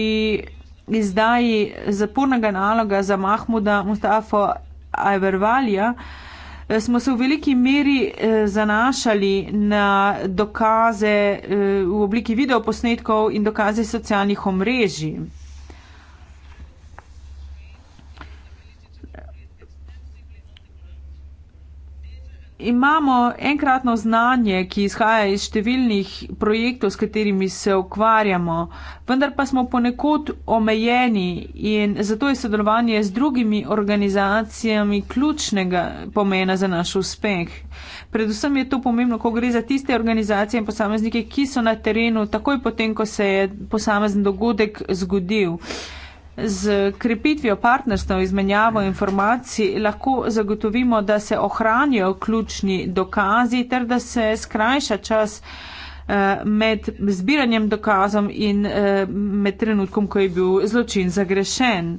izdaji zapornega naloga za Mahmuda Mustafa Ajvervalja, eh, smo se v veliki meri eh, zanašali na dokaze eh, v obliki videoposnetkov in dokaze socialnih omrežij. imamo enkratno znanje, ki izhaja iz številnih projektov, s katerimi se ukvarjamo, vendar pa smo ponekod omejeni in zato je sodelovanje z drugimi organizacijami ključnega pomena za naš uspeh. Predvsem je to pomembno, ko gre za tiste organizacije in posameznike, ki so na terenu takoj potem, ko se je posamezen dogodek zgodil. Z krepitvijo partnerstva izmenjavo informacij lahko zagotovimo, da se ohranijo ključni dokazi ter da se skrajša čas eh, med zbiranjem dokazom in eh, med trenutkom, ko je bil zločin zagrešen.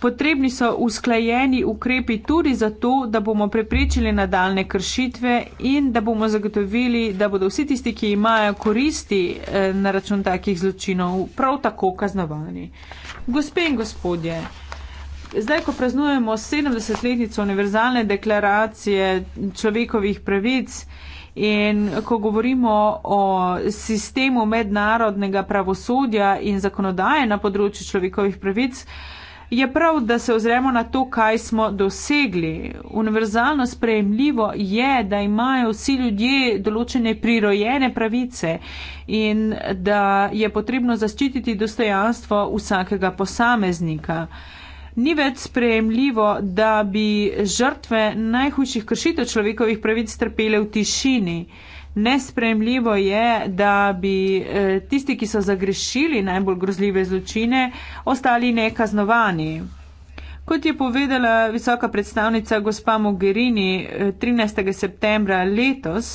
Potrebni so usklajeni ukrepi tudi zato, da bomo preprečili nadaljne kršitve in da bomo zagotovili, da bodo vsi tisti, ki imajo koristi eh, na račun takih zločinov, prav tako kaznovani. Gospe in gospodje, zdaj, ko praznujemo 70-letnico univerzalne deklaracije človekovih pravic in ko govorimo o sistemu mednarodnega pravosodja in zakonodaje na področju človekovih pravic, je prav, da se ozremo na to, kaj smo dosegli. Univerzalno sprejemljivo je, da imajo vsi ljudje določene prirojene pravice in da je potrebno zaščititi dostojanstvo vsakega posameznika. Ni več sprejemljivo, da bi žrtve najhujših kršitev človekovih pravic trpele v tišini. Nespremljivo je, da bi eh, tisti, ki so zagrešili najbolj grozljive zločine, ostali nekaznovani. Kot je povedala visoka predstavnica gospa Mogherini 13. Eh, septembra letos,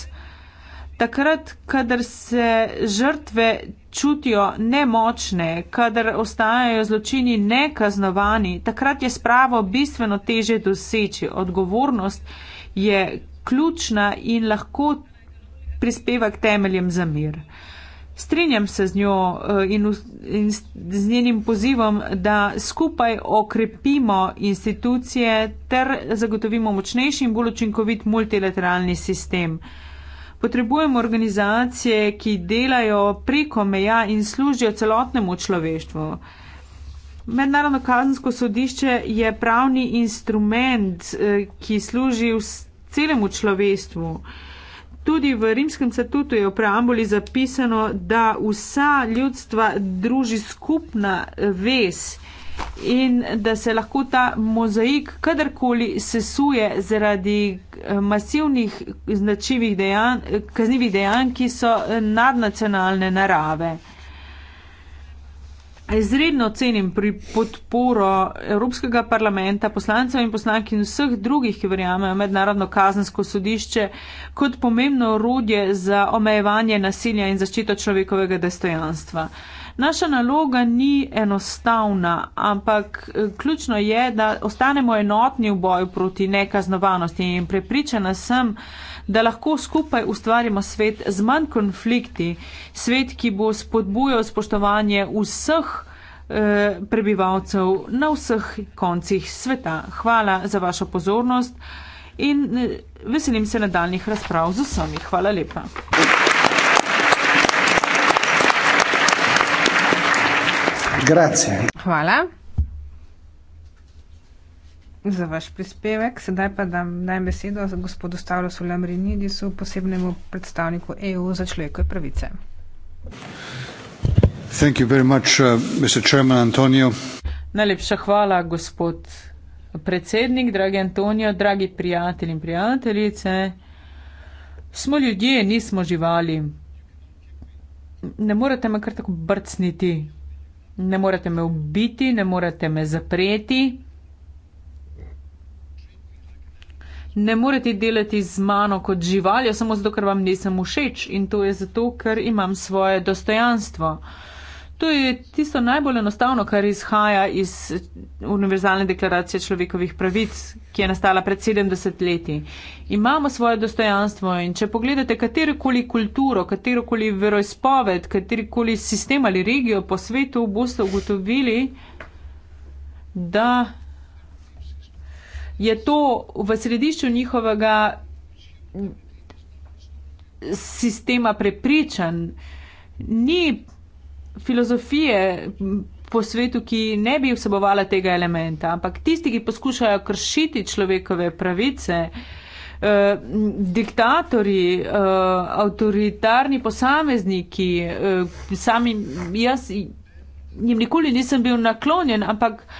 takrat, kadar se žrtve čutijo nemočne, kadar ostajajo zločini nekaznovani, takrat je spravo bistveno teže doseči. Odgovornost je ključna in lahko prispeva k temeljem za mir. Strinjam se z njo eh, in, v, in z njenim pozivom, da skupaj okrepimo institucije ter zagotovimo močnejši in bolj učinkovit multilateralni sistem. Potrebujemo organizacije, ki delajo preko meja in služijo celotnemu človeštvu. Mednarodno kazensko sodišče je pravni instrument, eh, ki služi celemu človeštvu. Tudi v rimskem statutu je v preambuli zapisano, da vsa ljudstva druži skupna vez in da se lahko ta mozaik kadarkoli sesuje zaradi eh, masivnih značivih dejanj, kaznivih dejanj, ki so nadnacionalne narave izredno cenim pri podporo Evropskega parlamenta, poslancev in poslank in vseh drugih, ki verjamejo mednarodno kazensko sodišče kot pomembno orodje za omejevanje nasilja in zaščito človekovega dostojanstva. Naša naloga ni enostavna, ampak eh, ključno je, da ostanemo enotni v boju proti nekaznovanosti in prepričana sem, da lahko skupaj ustvarimo svet z manj konflikti, svet, ki bo spodbujal spoštovanje vseh eh, prebivalcev na vseh koncih sveta. Hvala za vašo pozornost in eh, veselim se nadaljnih razprav z vsemi. Hvala lepa. Grazie. Hvala za vaš prispevek. Sedaj pa dam naj besedo gospodu Stavlosu Lamrinidisu, posebnemu predstavniku EU za človekove pravice. Thank you very much, uh, Mr. Chairman Antonio. Najlepša hvala, gospod predsednik, dragi Antonio, dragi prijatelji in prijateljice. Smo ljudje, nismo živali. Ne morete me kar tako brcniti, ne morete me ubiti, ne morete me zapreti. ne morete delati z mano kot živaljo, samo zato, ker vam nisem všeč in to je zato, ker imam svoje dostojanstvo. To je tisto najbolj enostavno, kar izhaja iz Univerzalne deklaracije človekovih pravic, ki je nastala pred 70 leti. Imamo svoje dostojanstvo in če pogledate katerokoli kulturo, katerokoli veroizpoved, katerokoli sistem ali regijo po svetu, boste ugotovili, da je to v središču njihovega sistema prepričan. Ni filozofije po svetu, ki ne bi vsebovala tega elementa, ampak tisti, ki poskušajo kršiti človekove pravice, eh, diktatori, eh, avtoritarni posamezniki, eh, sami jaz jim nikoli nisem bil naklonjen, ampak eh,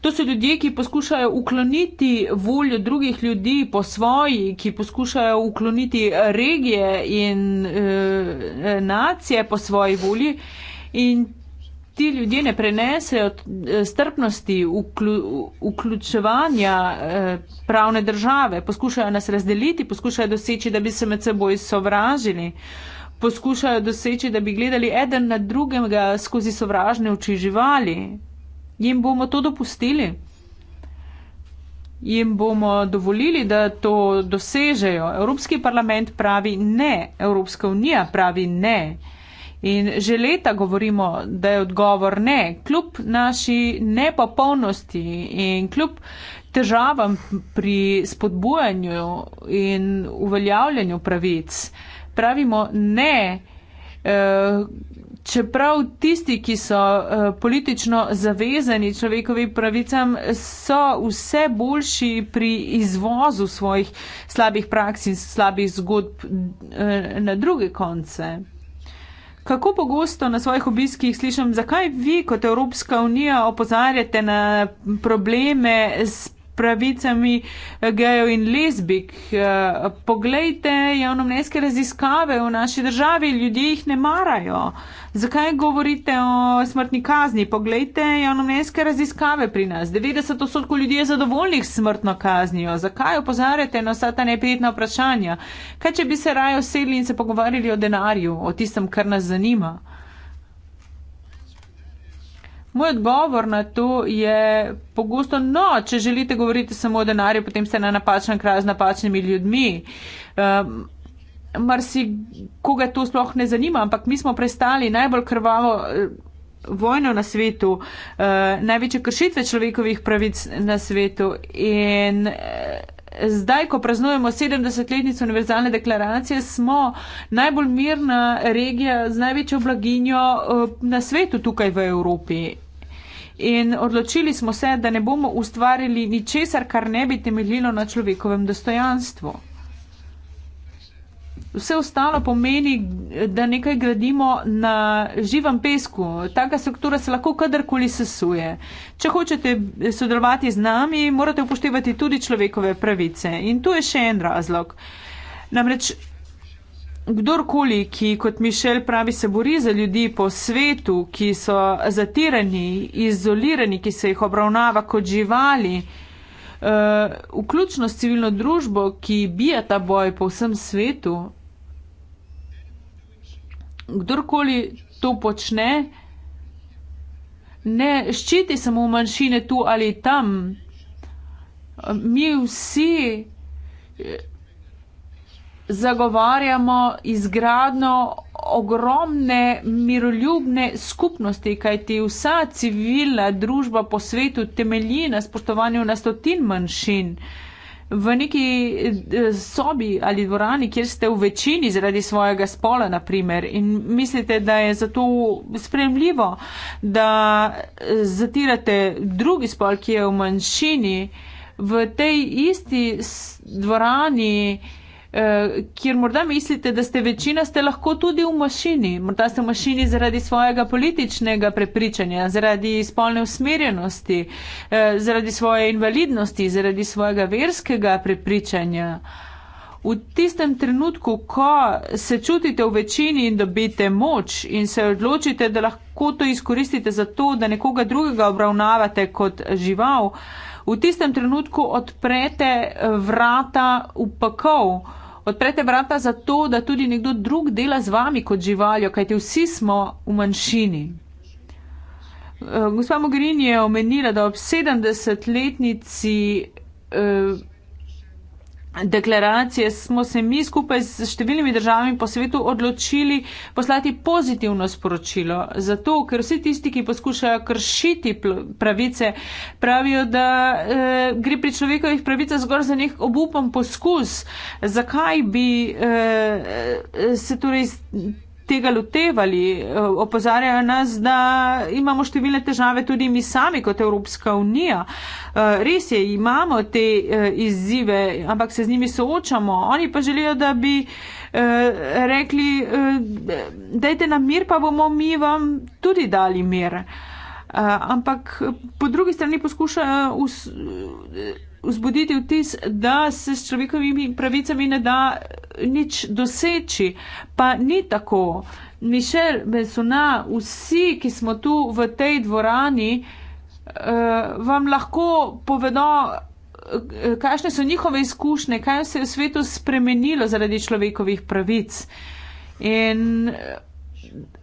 To so ljudje, ki poskušajo ukloniti voljo drugih ljudi po svoji, ki poskušajo ukloniti regije in e, nacije po svoji volji. In ti ljudje ne prenesejo eh, strpnosti, uklju, vključevanja e, pravne države, poskušajo nas razdeliti, poskušajo doseči, da bi se med seboj sovražili. Poskušajo doseči, da bi gledali eden na drugega skozi sovražne oči živali, jim bomo to dopustili, jim bomo dovolili, da to dosežejo. Evropski parlament pravi ne, Evropska unija pravi ne. In že leta govorimo, da je odgovor ne, kljub naši nepopolnosti in kljub težavam pri spodbujanju in uveljavljanju pravic. Pravimo ne, eh, Čeprav tisti, ki so eh, politično zavezani človekovi pravicam, so vse boljši pri izvozu svojih slabih praks in slabih zgodb eh, na druge konce. Kako pogosto na svojih obiskih slišim, zakaj vi kot Evropska unija opozarjate na probleme s pravicami eh, gejev in lesbik. Eh, poglejte javnomneske raziskave v naši državi, ljudje jih ne marajo. Zakaj govorite o smrtni kazni? Poglejte javnomneske raziskave pri nas. 90 odstotkov ljudi je zadovoljnih s smrtno kaznijo. Zakaj opozarjate na vsa ta neprijetna vprašanja? Kaj, če bi se raje usedli in se pogovarjali o denarju, o tistem, kar nas zanima? Moj odgovor na to je pogosto, no, če želite govoriti samo o denarju, potem ste na napačnem kraju z napačnimi ljudmi. Um, ehm, Mar si koga to sploh ne zanima, ampak mi smo prestali najbolj krvavo eh, vojno na svetu, uh, največje kršitve človekovih pravic na svetu in uh, Zdaj, ko praznujemo 70-letnico univerzalne deklaracije, smo najbolj mirna regija z največjo blaginjo eh, na svetu tukaj v Evropi. In odločili smo se, da ne bomo ustvarili ničesar, kar ne bi temeljilo na človekovem dostojanstvu vse ostalo pomeni, da nekaj gradimo na živem pesku. Taka struktura se lahko kadarkoli sesuje. Če hočete sodelovati z nami, morate upoštevati tudi človekove pravice. In tu je še en razlog. Namreč, kdorkoli, ki kot Mišel pravi, se bori za ljudi po svetu, ki so zatirani, izolirani, ki se jih obravnava kot živali. Uh, vključno s civilno družbo, ki bija ta boj po vsem svetu, kdorkoli to počne, ne ščiti samo manjšine tu ali tam. Mi vsi eh, zagovarjamo izgradno ogromne miroljubne skupnosti, kajti vsa civilna družba po svetu temelji na spoštovanju na stotin manjšin v neki eh, sobi ali dvorani, kjer ste v večini zaradi svojega spola, naprimer, in mislite, da je zato spremljivo, da eh, zatirate drugi spol, ki je v manjšini, v tej isti dvorani. Eh, kjer morda mislite, da ste večina, ste lahko tudi v mašini. Morda ste v mašini zaradi svojega političnega prepričanja, zaradi spolne usmerjenosti, eh, zaradi svoje invalidnosti, zaradi svojega verskega prepričanja. V tistem trenutku, ko se čutite v večini in dobite moč in se odločite, da lahko to izkoristite za to, da nekoga drugega obravnavate kot žival, v tistem trenutku odprete eh, vrata upakov, odprete vrata za to, da tudi nekdo drug dela z vami kot živaljo, kajti vsi smo v manjšini. Eh, gospa Mogherini je omenila, da ob 70-letnici. Uh, eh, deklaracije smo se mi skupaj z številnimi državami po svetu odločili poslati pozitivno sporočilo. Zato, ker vsi tisti, ki poskušajo kršiti pravice, pravijo, da eh, gre pri človekovih pravicah zgolj za nek obupan poskus. Zakaj bi eh, eh se torej tega lotevali. E, opozarjajo nas, da imamo številne težave tudi mi sami kot Evropska unija. E, res je, imamo te e, izzive, ampak se z njimi soočamo. Oni pa želijo, da bi rekli, dajte nam mir, pa bomo mi vam tudi dali mir. Ampak po drugi strani poskušajo vzbuditi vtis, da se s človekovimi pravicami ne da nič doseči. Pa ni tako. Mišel, Besona, vsi, ki smo tu v tej dvorani, eh, vam lahko povedo, eh, kakšne so njihove izkušnje, kaj se je v svetu spremenilo zaradi človekovih pravic. In eh,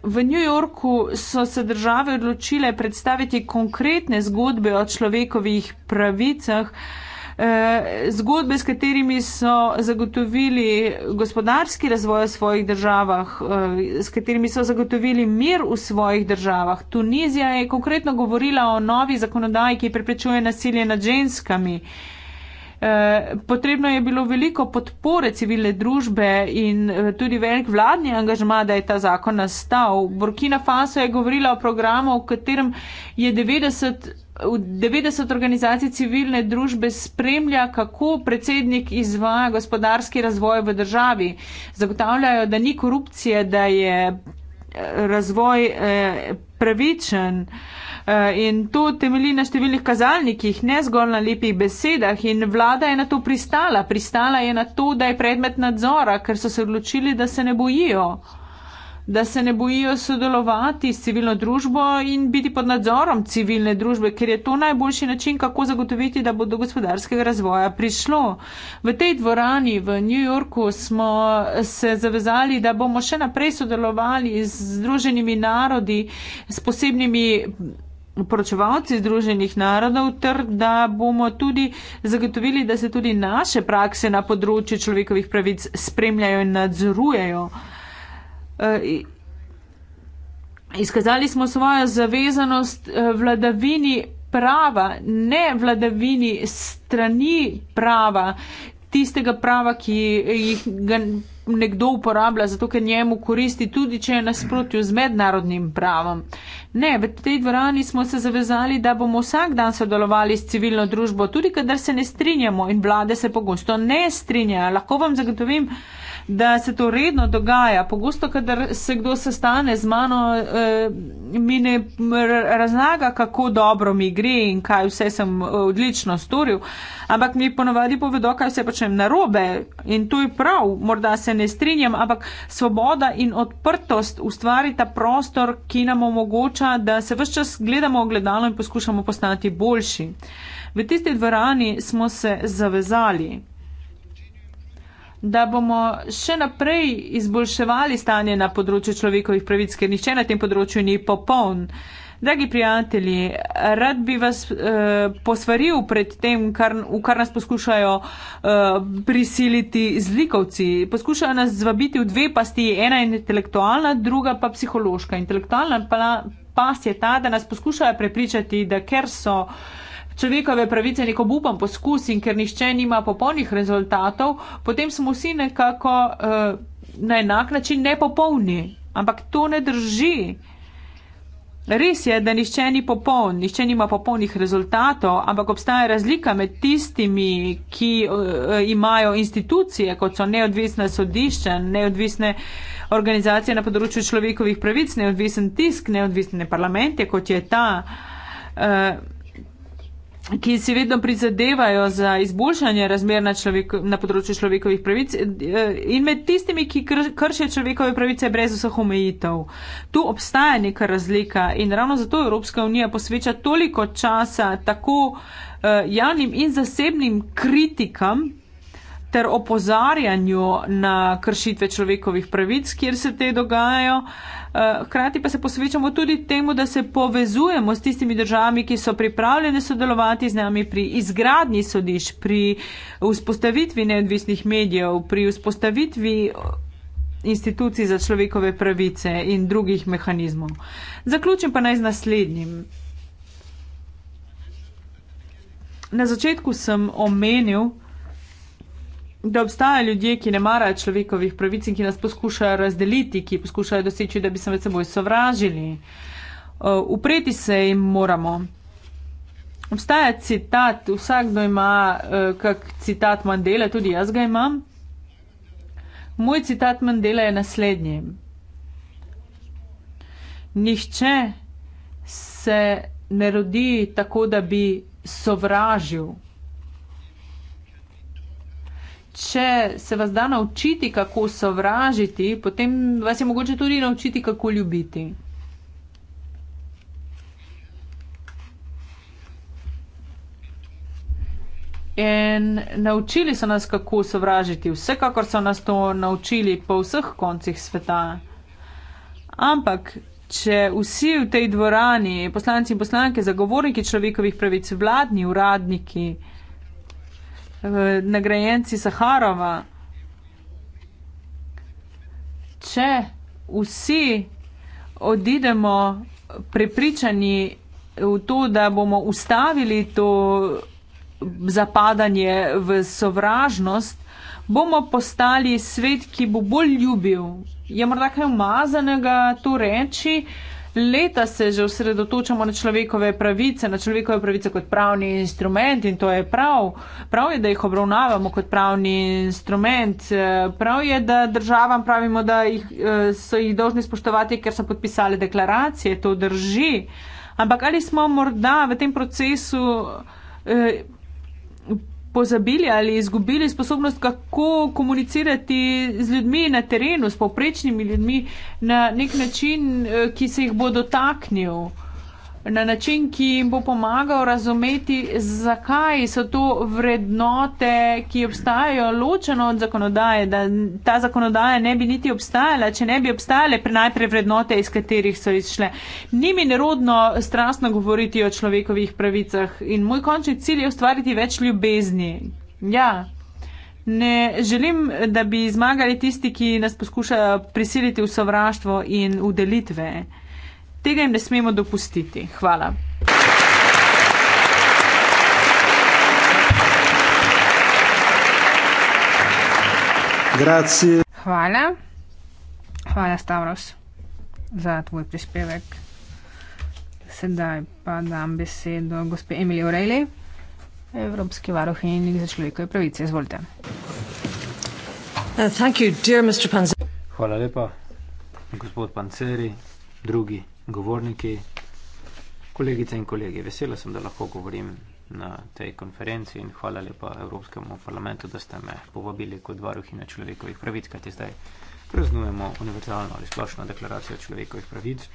v New Yorku so se države odločile predstaviti konkretne zgodbe o človekovih pravicah. Eh, zgodbe, s katerimi so zagotovili gospodarski razvoj v svojih državah, eh, s katerimi so zagotovili mir v svojih državah. Tunizija je konkretno govorila o novi zakonodaji, ki preprečuje nasilje nad ženskami. Eh, potrebno je bilo veliko podpore civilne družbe in tudi velik vladni angažma, da je ta zakon nastal. Burkina Faso je govorila o programu, v katerem je 90 90 organizacij civilne družbe spremlja, kako predsednik izvaja gospodarski razvoj v državi. Zagotavljajo, da ni korupcije, da je eh, razvoj eh, pravičen eh, in to temelji na številnih kazalnikih, ne zgolj na lepih besedah in vlada je na to pristala. Pristala je na to, da je predmet nadzora, ker so se odločili, da se ne bojijo da se ne bojijo sodelovati s civilno družbo in biti pod nadzorom civilne družbe, ker je to najboljši način, kako zagotoviti, da bo do gospodarskega razvoja prišlo. V tej dvorani v New Yorku smo se zavezali, da bomo še naprej sodelovali z združenimi narodi, s posebnimi. Poročevalci Združenih narodov ter da bomo tudi zagotovili, da se tudi naše prakse na področju človekovih pravic spremljajo in nadzorujejo. Eh, izkazali smo svojo zavezanost eh, vladavini prava, ne vladavini strani prava, tistega prava, ki jih nekdo uporablja, zato ker njemu koristi, tudi če je nasprotju z mednarodnim pravom. Ne, v tej dvorani smo se zavezali, da bomo vsak dan sodelovali s civilno družbo, tudi kadar se ne strinjamo in vlade se pogosto ne strinjajo. Lahko vam zagotovim, uh, da se to redno dogaja. Pogosto, kadar se kdo sestane z mano, eh, mi ne razlaga, kako dobro mi gre in kaj vse sem eh, odlično storil, ampak mi ponovadi povedo, kaj vse počnem narobe in to je prav, morda se ne strinjam, ampak svoboda in odprtost ustvarita prostor, ki nam omogoča, da se vse čas gledamo ogledalo in poskušamo postati boljši. V tisti dvorani smo se zavezali da bomo še naprej izboljševali stanje na področju človekovih pravic, ker nihče na tem področju ni popoln. Dragi prijatelji, rad bi vas eh, posvaril pred tem, kar, v kar nas poskušajo eh, prisiliti zlikovci. Poskušajo nas zvabiti v dve pasti, ena je intelektualna, druga pa psihološka. Intelektualna pa, pas je ta, da nas poskušajo prepričati, da ker so človekove pravice nek obupan poskus in ker nišče nima popolnih rezultatov, potem smo vsi nekako uh, na enak način nepopolni. Ampak to ne drži. Res je, da nišče ni popoln, nišče nima popolnih rezultatov, ampak obstaja razlika med tistimi, ki uh, imajo institucije, kot so neodvisna sodišča, neodvisne organizacije na področju človekovih pravic, neodvisen tisk, neodvisne parlamente, kot je ta. Uh, ki si vedno prizadevajo za izboljšanje razmer na, človek, na področju človekovih pravic eh, in med tistimi, ki kr, kršijo človekove pravice brez vseh omejitev. Tu obstaja neka razlika in ravno zato Evropska unija posveča toliko časa tako eh, javnim in zasebnim kritikam ter opozarjanju na kršitve človekovih pravic, kjer se te dogajajo. Eh, hkrati pa se posvečamo tudi temu, da se povezujemo s tistimi državami, ki so pripravljene sodelovati z nami pri izgradnji sodišč, pri vzpostavitvi neodvisnih medijev, pri vzpostavitvi institucij za človekove pravice in drugih mehanizmov. Zaključim pa naj z naslednjim. Na začetku sem omenil, da obstajajo ljudje, ki ne marajo človekovih pravic in ki nas poskušajo razdeliti, ki poskušajo doseči, da bi se med seboj sovražili. Uh, upreti se jim moramo. Obstaja citat, vsakdo ima uh, kak citat Mandela, tudi jaz ga imam. Moj citat Mandela je naslednji. Nihče se ne rodi tako, da bi sovražil če se vas da naučiti, kako sovražiti, potem vas je mogoče tudi naučiti, kako ljubiti. In naučili so nas, kako sovražiti, vsekakor so nas to naučili po vseh koncih sveta. Ampak, če vsi v tej dvorani, poslanci in poslanke, zagovorniki človekovih pravic, vladni uradniki, Eh, nagrajenci Saharova. Če vsi odidemo prepričani v to, da bomo ustavili to zapadanje v sovražnost, bomo postali svet, ki bo bolj ljubil. Je morda kaj umazanega to reči? Uh, leta se že osredotočamo na človekove pravice, na človekove pravice kot pravni instrument in to je prav. Prav je, da jih obravnavamo kot pravni instrument. Eh, prav je, da državam pravimo, da jih, eh, so jih dolžni spoštovati, ker so podpisali deklaracije. To drži. Ampak ali smo morda v tem procesu. Eh, pozabili ali izgubili sposobnost, kako komunicirati z ljudmi na terenu, s povprečnimi ljudmi, na nek način, eh, ki se jih bo dotaknil na način, ki jim bo pomagal razumeti, zakaj so to vrednote, ki obstajajo ločeno od zakonodaje, da ta zakonodaja ne bi niti obstajala, če ne bi obstajale najprej vrednote, iz katerih so izšle. Ni mi nerodno strastno govoriti o človekovih pravicah in moj končni cilj je ustvariti več ljubezni. Ja. Ne želim, da bi zmagali tisti, ki nas poskušajo prisiliti v sovraštvo in v delitve. Tega jim ne smemo dopustiti. Hvala. Grazie. Hvala. Hvala, Stavros, za tvoj prispevek. Sedaj pa dam besedo gospe Emilij Urejli, Evropski varuh in za človekove pravice. Izvolite. Uh, you, Hvala lepa, gospod Panceri, drugi govorniki, kolegice in kolegi. Vesela sem, da lahko govorim na tej konferenci in hvala lepa Evropskemu parlamentu, da ste me povabili kot varuhina človekovih pravic, kajti zdaj praznujemo univerzalno ali splošno deklaracijo človekovih pravic,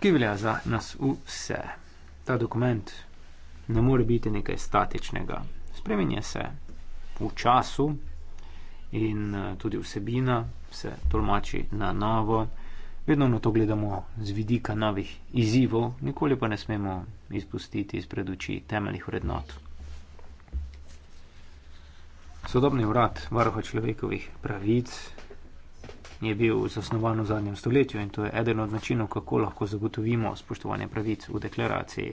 ki velja za nas vse. Ta dokument ne more biti nekaj statičnega. Spreminja se v času in eh, tudi vsebina se tolmači na novo. Vedno na to gledamo z vidika novih izzivov, nikoli pa ne smemo izpustiti izpred oči temeljih vrednot. Sodobni urad varuha človekovih pravic je bil zasnovan v zadnjem stoletju in to je eden od načinov, kako lahko zagotovimo spoštovanje pravic v deklaraciji.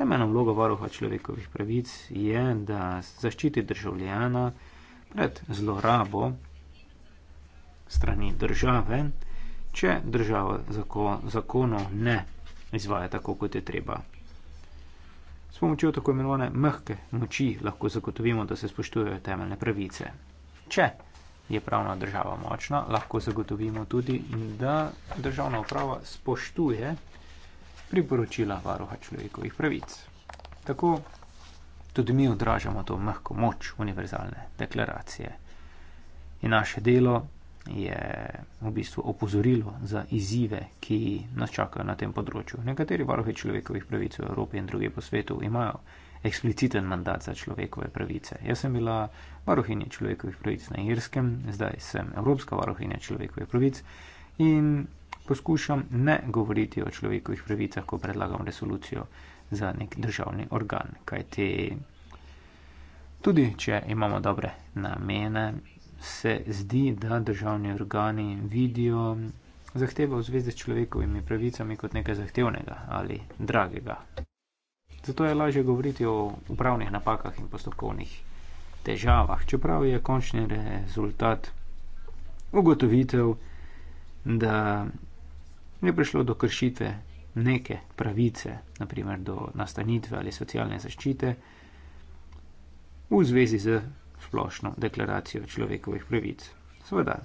Temeljna vloga varuha človekovih pravic je, da zaščiti državljana pred zlorabo strani države če država zako, zakonov ne izvaja tako, kot je treba. S pomočjo tako imenovane mehke moči lahko zagotovimo, da se spoštujejo temeljne pravice. Če je pravna država močna, lahko zagotovimo tudi, da državna uprava spoštuje priporočila varuha človekovih pravic. Tako tudi mi odražamo to mehko moč univerzalne deklaracije. In naše delo je v bistvu opozorilo za izzive, ki nas čakajo na tem področju. Nekateri varohe človekovih pravic v Evropi in druge po svetu imajo ekspliciten mandat za človekove pravice. Jaz sem bila varohinja človekovih pravic na Irskem, zdaj sem Evropska varohinja človekovih pravic in poskušam ne govoriti o človekovih pravicah, ko predlagam resolucijo za nek državni organ, kajti tudi če imamo dobre namene, se zdi, da državni organi vidijo zahteve v zvezi s človekovimi pravicami kot nekaj zahtevnega ali dragega. Zato je lažje govoriti o upravnih napakah in postopkovnih težavah, čeprav je končni rezultat ugotovitev, da je prišlo do kršitve neke pravice, naprimer do nastanitve ali socialne zaščite, v zvezi z splošno deklaracijo človekovih pravic? Seveda,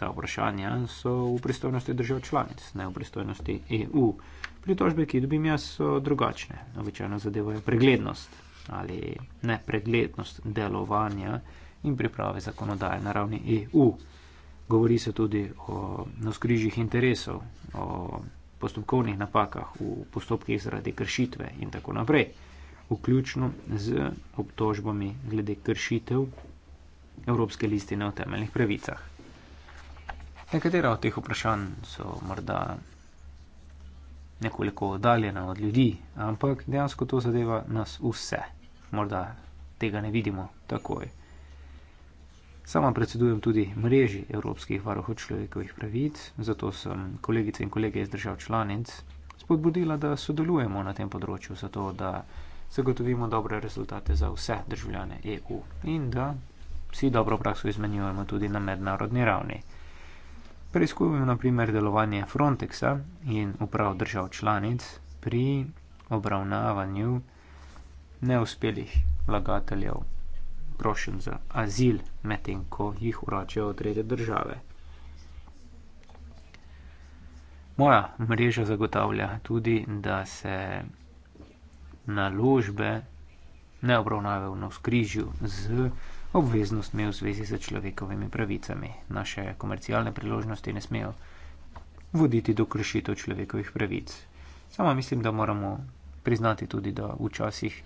ta vprašanja so v pristojnosti držav članic, ne v pristojnosti EU. Pritožbe, ki jih dobim jaz, so drugačne. Običajno zadevajo preglednost ali nepreglednost delovanja in priprave zakonodaje na ravni EU. Govori se tudi o noskrižjih interesov, o postopkovnih napakah v postopkih zaradi kršitve in tako naprej vključno z obtožbami glede kršitev Evropske listine o temeljnih pravicah. Nekatera od teh vprašanj so morda nekoliko oddaljena od ljudi, ampak dejansko to zadeva nas vse. Morda tega ne vidimo takoj. Sama predsedujem tudi mreži Evropskih varuhov človekovih pravic, zato sem kolegice in kolege iz držav članic spodbudila, da sodelujemo na tem področju, zato da zagotovimo dobre rezultate za vse državljane EU in da vsi dobro prakso izmenjujemo tudi na mednarodni ravni. Preizkušujemo naprimer delovanje Frontexa in uprav držav članic pri obravnavanju neuspelih vlagateljev prošen za azil, medtem ko jih uračajo od tretje države. Moja mreža zagotavlja tudi, da se naložbe ne obravnavajo na skrižju z obveznostmi v zvezi z človekovimi pravicami. Naše komercialne priložnosti ne smejo voditi do kršitev človekovih pravic. Sama mislim, da moramo priznati tudi, da včasih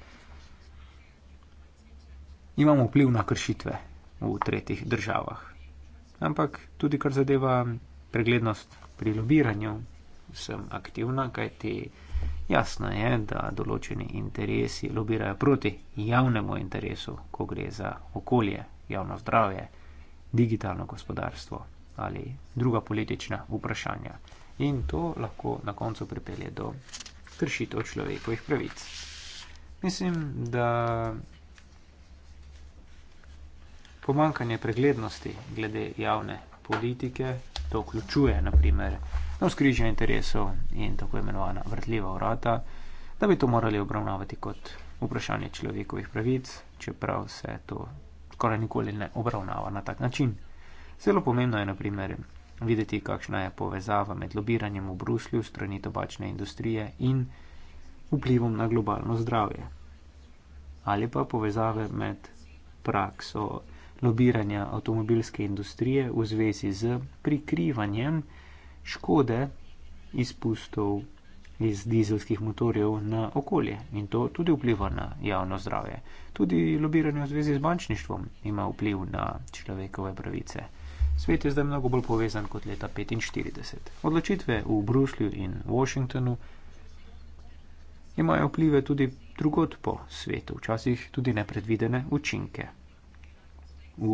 imamo vpliv na kršitve v tretjih državah. Ampak tudi kar zadeva preglednost pri lobiranju, sem aktivna, kajti. Jasno je, da določeni interesi lobirajo proti javnemu interesu, ko gre za okolje, javno zdravje, digitalno gospodarstvo ali druga politična vprašanja. In to lahko na koncu pripelje do kršitev človekovih pravic. Mislim, da pomankanje preglednosti glede javne politike, to vključuje naprimer navzkrižja interesov in tako imenovana vrtljiva vrata, da bi to morali obravnavati kot vprašanje človekovih pravic, čeprav se to skoraj nikoli ne obravnava na tak način. Zelo pomembno je, na primer, videti, kakšna je povezava med lobiranjem v Bruslju strani tobačne industrije in vplivom na globalno zdravje. Ali pa povezave med prakso lobiranja avtomobilske industrije v zvezi z prikrivanjem škode izpustov iz dizelskih motorjev na okolje in to tudi vpliva na javno zdravje. Tudi lobiranje v zvezi z bančništvom ima vpliv na človekove pravice. Svet je zdaj mnogo bolj povezan kot leta 1945. Odločitve v Bruslju in Washingtonu imajo vplive tudi drugot po svetu, včasih tudi nepredvidene učinke. V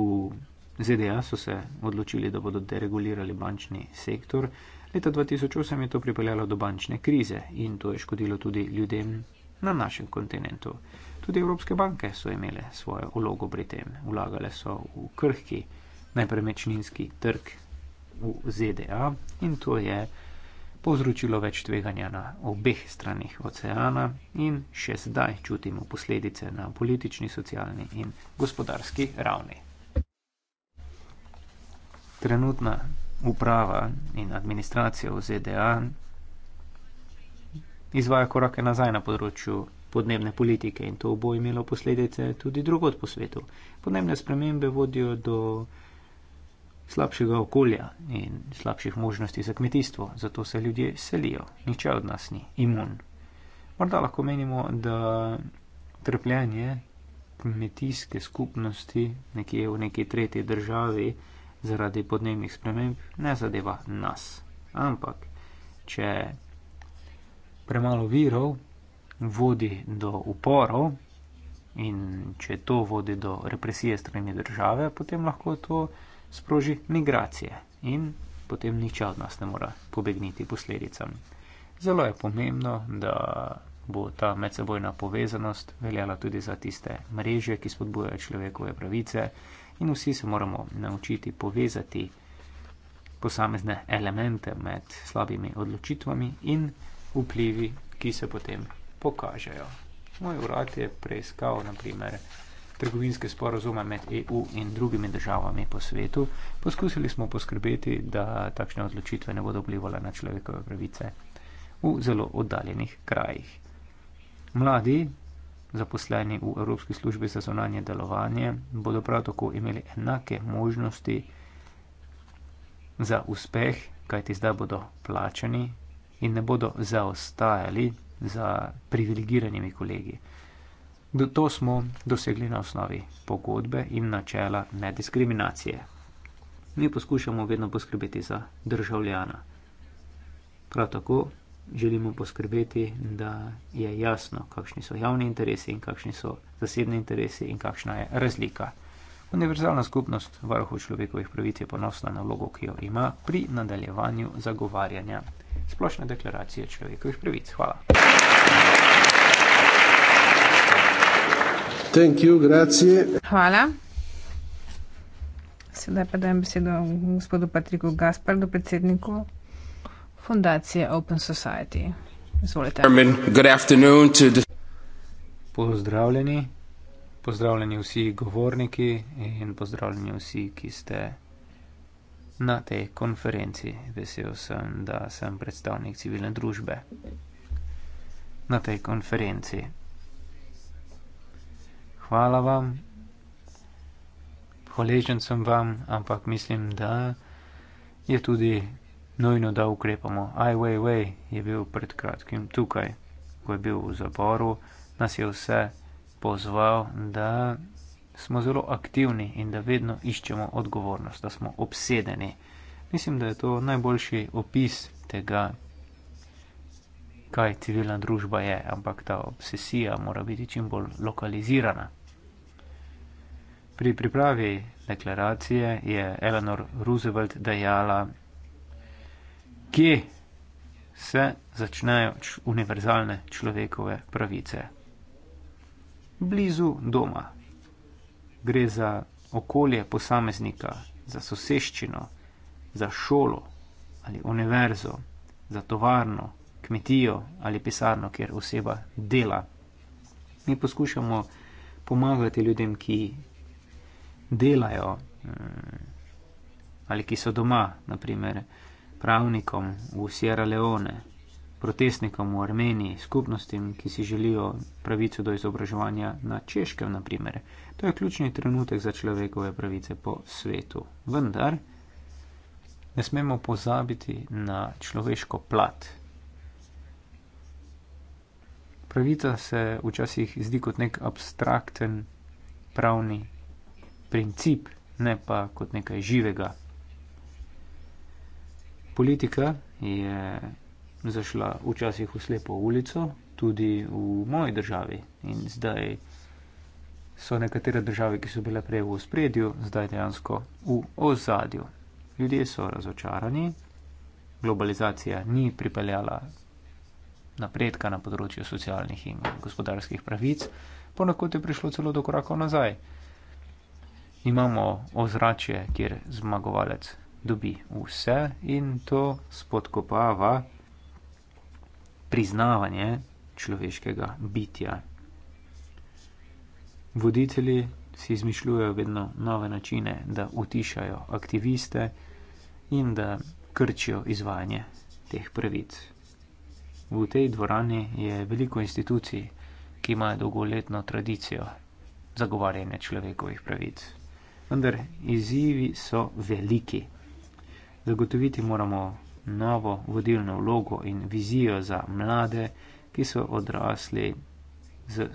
ZDA so se odločili, da bodo deregulirali bančni sektor. Leta 2008 je to pripeljalo do bančne krize in to je škodilo tudi ljudem na našem kontinentu. Tudi evropske banke so imele svojo vlogo pri tem. Vlagale so v krhki najpremečninski trg v ZDA in to je povzročilo več tveganja na obeh stranih oceana in še zdaj čutimo posledice na politični, socialni in gospodarski ravni trenutna uprava in administracija v ZDA izvaja korake nazaj na področju podnebne politike in to bo imelo posledice tudi drugod po svetu. Podnebne spremembe vodijo do slabšega okolja in slabših možnosti za kmetijstvo, zato se ljudje selijo, nihče od nas ni imun. Morda lahko menimo, da trpljenje kmetijske skupnosti nekje v neki tretji državi zaradi podnebnih sprememb ne zadeva nas. Ampak, če premalo virov vodi do uporov in če to vodi do represije strani države, potem lahko to sproži migracije in potem niče od nas ne mora pobegniti posledicam. Zelo je pomembno, da bo ta medsebojna povezanost veljala tudi za tiste mreže, ki spodbujajo človekove pravice in vsi se moramo naučiti povezati posamezne elemente med slabimi odločitvami in vplivi, ki se potem pokažejo. Moj urad je preiskal naprimer trgovinske sporozume med EU in drugimi državami po svetu. Poskusili smo poskrbeti, da takšne odločitve ne bodo vplivale na človekove pravice v zelo oddaljenih krajih. Mladi Zaposleni v Evropski službi za zonanje delovanje bodo prav tako imeli enake možnosti za uspeh, kajti zdaj bodo plačani in ne bodo zaostajali za privilegiranimi kolegi. Do to smo dosegli na osnovi pogodbe in načela nediskriminacije. Mi poskušamo vedno poskrbeti za državljana. Prav tako želimo poskrbeti, da je jasno, kakšni so javni interesi in kakšni so zasebni interesi in kakšna je razlika. Univerzalna skupnost varuhov človekovih pravic je ponosna na vlogo, ki jo ima pri nadaljevanju zagovarjanja Splošne deklaracije človekovih pravic. Hvala. Thank you, Hvala. Sedaj pa dajem besedo gospodu Patriku Gaspardu, predsedniku Fundacije Open Society. Izvolite. Pozdravljeni. Pozdravljeni vsi govorniki in pozdravljeni vsi, ki ste na tej konferenci. Vesel sem, da sem predstavnik civilne družbe na tej konferenci. Hvala vam, hvaležen sem vam, ampak mislim, da je tudi nujno, da ukrepamo. Aj, wej, wej, je bil pred kratkim tukaj, ko je bil v zaporu, nas je vse pozval, da smo zelo aktivni in da vedno iščemo odgovornost, da smo obsedeni. Mislim, da je to najboljši opis tega, kaj civilna družba je, ampak ta obsesija mora biti čim bolj lokalizirana. Pri pripravi deklaracije je Eleanor Roosevelt dejala, kje se začnejo univerzalne človekove pravice. Blizu doma. Gre za okolje posameznika, za soseščino, za šolo ali univerzo, za tovarno, kmetijo ali pisarno, kjer oseba dela. Mi poskušamo pomagati ljudem, ki delajo mm, ali ki so doma, naprimer pravnikom v Sierra Leone, protestnikom v Armeniji, skupnostim, ki si želijo pravico do izobraževanja na češkem, naprimer. To je ključni trenutek za človekove pravice po svetu. Vendar ne smemo pozabiti na človeško plat. Pravica se včasih zdi kot nek abstrakten pravni princip, ne pa kot nekaj živega politika je zašla včasih v slepo ulico, tudi v moji državi. In zdaj so nekatere države, ki so bile prej v spredju, zdaj dejansko v ozadju. Ljudje so razočarani, globalizacija ni pripeljala napredka na področju socialnih in gospodarskih pravic, ponekod je prišlo celo do korakov nazaj. Imamo ozračje, kjer zmagovalec dobi vse in to spodkopava priznavanje človeškega bitja. Voditelji si izmišljujejo vedno nove načine, da utišajo aktiviste in da krčijo izvajanje teh pravic. V tej dvorani je veliko institucij, ki imajo dolgoletno tradicijo zagovarjanja človekovih pravic. Vendar izzivi so veliki. Zagotoviti moramo novo vodilno vlogo in vizijo za mlade, ki so odrasli z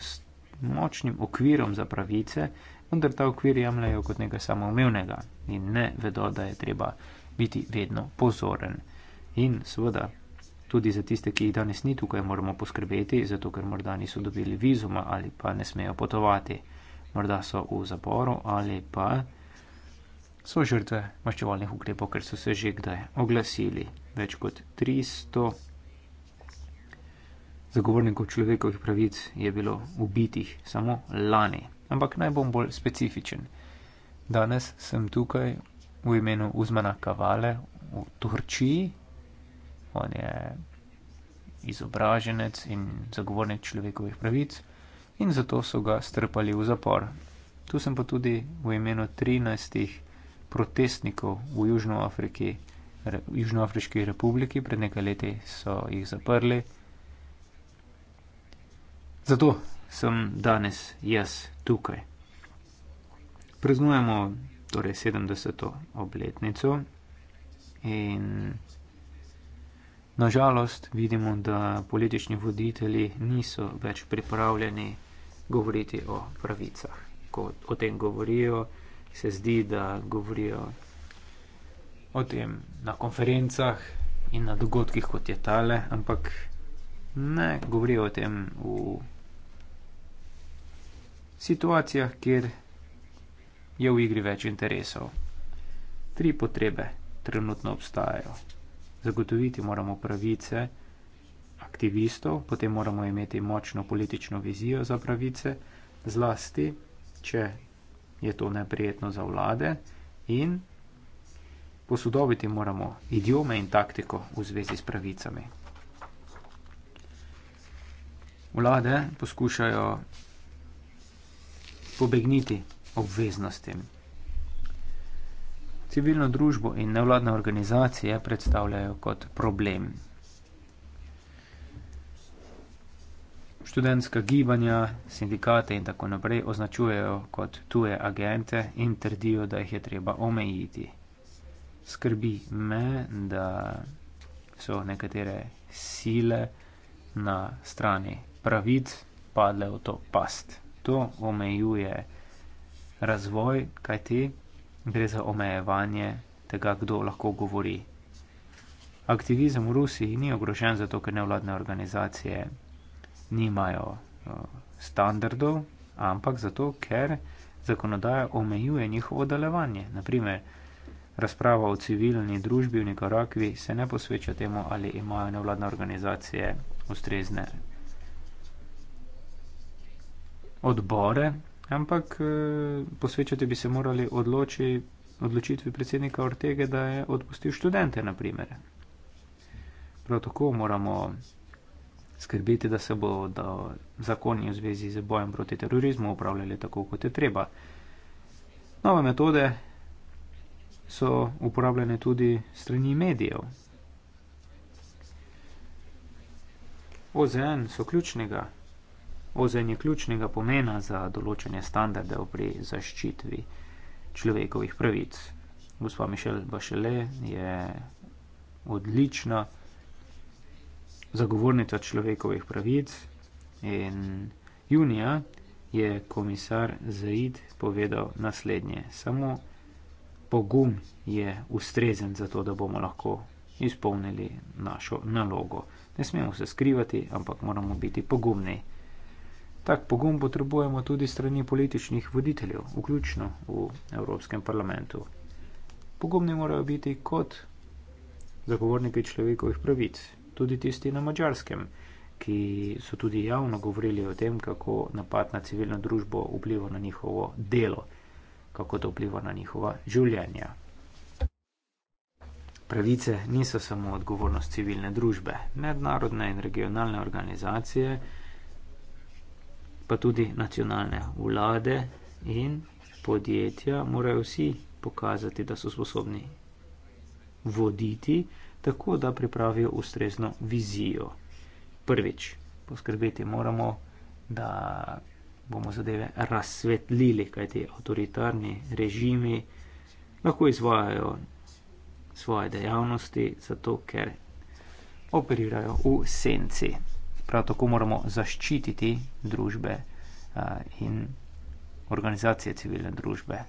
močnim okvirom za pravice, vendar ta okvir jemljajo kot nekaj samoumevnega in ne vedo, da je treba biti vedno pozoren. In seveda tudi za tiste, ki jih danes ni tukaj, moramo poskrbeti, zato ker morda niso dobili vizuma ali pa ne smejo potovati, morda so v zaporu ali pa so žrtve maščevalnih ukrepov, ker so se že kdaj oglasili več kot 300 zagovornikov človekovih pravic je bilo ubitih samo lani. Ampak naj bom bolj specifičen. Danes sem tukaj v imenu Uzmana Kavale v Turčiji. On je izobraženec in zagovornik človekovih pravic in zato so ga strpali v zapor. Tu sem pa tudi v imenu 13 protestnikov v Južnoafriki, re, Južnoafriški republiki, pred nekaj leti so jih zaprli. Zato sem danes jaz tukaj. Preznujemo torej 70. obletnico in nažalost vidimo, da politični voditelji niso več pripravljeni govoriti o pravicah. Ko o tem govorijo, se zdi, da govorijo o tem na konferencah in na dogodkih, kot je tale, ampak ne govorijo o tem v situacijah, kjer je v igri več interesov. Tri potrebe trenutno obstajajo. Zagotoviti moramo pravice aktivistov, potem moramo imeti močno politično vizijo za pravice, zlasti, če je to neprijetno za vlade in posodobiti moramo idiome in taktiko v zvezi s pravicami. Vlade poskušajo pobegniti obveznostim. Civilno družbo in nevladne organizacije predstavljajo kot problem. študentska gibanja, sindikate in tako naprej označujejo kot tuje agente in trdijo, da jih je treba omejiti. Skrbi me, da so nekatere sile na strani pravic padle v to past. To omejuje razvoj, kaj ti gre za omejevanje tega, kdo lahko govori. Aktivizem v Rusiji ni ogrožen zato, ker nevladne organizacije nimajo uh, standardov, ampak zato, ker zakonodaja omejuje njihovo delovanje. Naprimer, razprava o civilni družbi v Nikarakvi se ne posveča temu, ali imajo nevladne organizacije ustrezne odbore, ampak uh, posvečati bi se morali odloči, odločitvi predsednika Ortega, da je odpustil študente, naprimer. Prav tako moramo skrbeti, da se bodo zakoni v zvezi z bojem proti terorizmu upravljali tako, kot je treba. Nove metode so uporabljene tudi strani medijev. OZN so ključnega. OZN je ključnega pomena za določanje standardov pri zaščitvi človekovih pravic. Gospa Mišel Bašele je odlična zagovornica človekovih pravic. In junija je komisar Zaid povedal naslednje: Samo pogum je ustrezen za to, da bomo lahko izpolnili našo nalogo. Ne smemo se skrivati, ampak moramo biti pogumni. Tak pogum potrebujemo tudi strani političnih voditeljev, vključno v Evropskem parlamentu. Pogumni morajo biti kot zagovorniki človekovih pravic tudi tisti na mačarskem, ki so tudi javno govorili o tem, kako napad na civilno družbo vpliva na njihovo delo, kako to vpliva na njihova življenja. Pravice niso samo odgovornost civilne družbe, mednarodne in regionalne organizacije, pa tudi nacionalne vlade in podjetja morajo vsi pokazati, da so sposobni voditi tako da pripravijo ustrezno vizijo. Prvič, poskrbeti moramo, da bomo zadeve razsvetlili, kajti avtoritarni režimi lahko izvajajo svoje dejavnosti, zato ker operirajo v senci. Prav tako moramo zaščititi družbe in organizacije civilne družbe.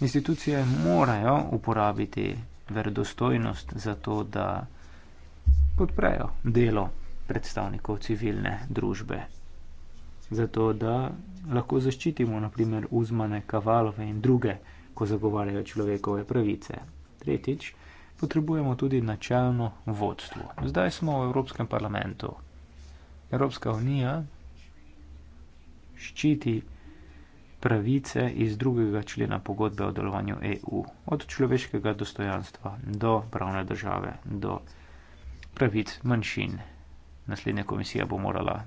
Institucije morajo uporabiti verodostojnost za to, da podprejo delo predstavnikov civilne družbe. Zato, da lahko zaščitimo, naprimer, uzmane kavalove in druge, ko zagovarjajo človekove pravice. Tretjič, potrebujemo tudi načelno vodstvo. Zdaj smo v Evropskem parlamentu. Evropska unija ščiti pravice iz drugega člena pogodbe o delovanju EU, od človeškega dostojanstva do pravne države, do pravic manjšin. Naslednja komisija bo morala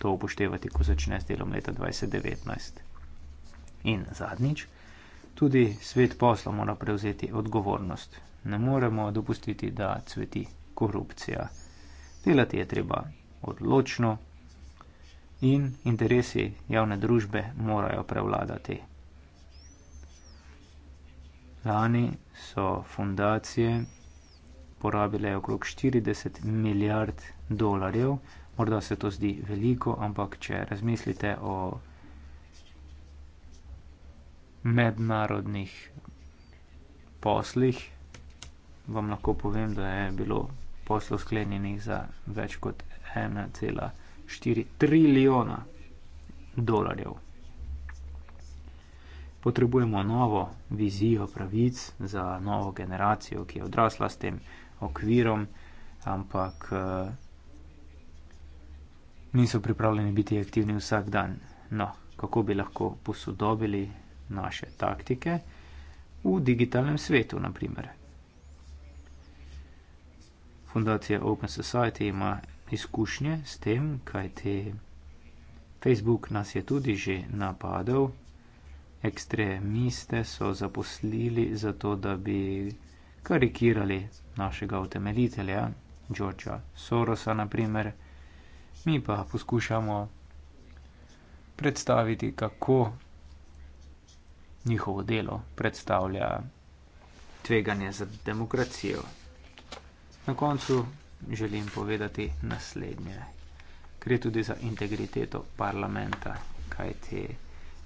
to upoštevati, ko začne s delom leta 2019. In zadnjič, tudi svet posla mora prevzeti odgovornost. Ne moremo dopustiti, da cveti korupcija. Delati je treba odločno, in interesi javne družbe morajo prevladati. Lani so fundacije porabile okrog 40 milijard dolarjev, morda se to zdi veliko, ampak če razmislite o mednarodnih poslih, vam lahko povem, da je bilo poslov sklenjenih za več kot 1,5 milijard. 4 trilijona dolarjev. Potrebujemo novo vizijo pravic za novo generacijo, ki je odrasla s tem okvirom, ampak eh, niso pripravljeni biti aktivni vsak dan. No, kako bi lahko posodobili naše taktike v digitalnem svetu, naprimer. Fundacija Open Society ima izkušnje s tem, kajti Facebook nas je tudi že napadel. Ekstremiste so zaposlili za to, da bi karikirali našega utemeljitelja, Georgea Sorosa, naprimer. Mi pa poskušamo predstaviti, kako njihovo delo predstavlja tveganje za demokracijo. Na koncu želim povedati naslednje. Gre tudi za integriteto parlamenta, kajti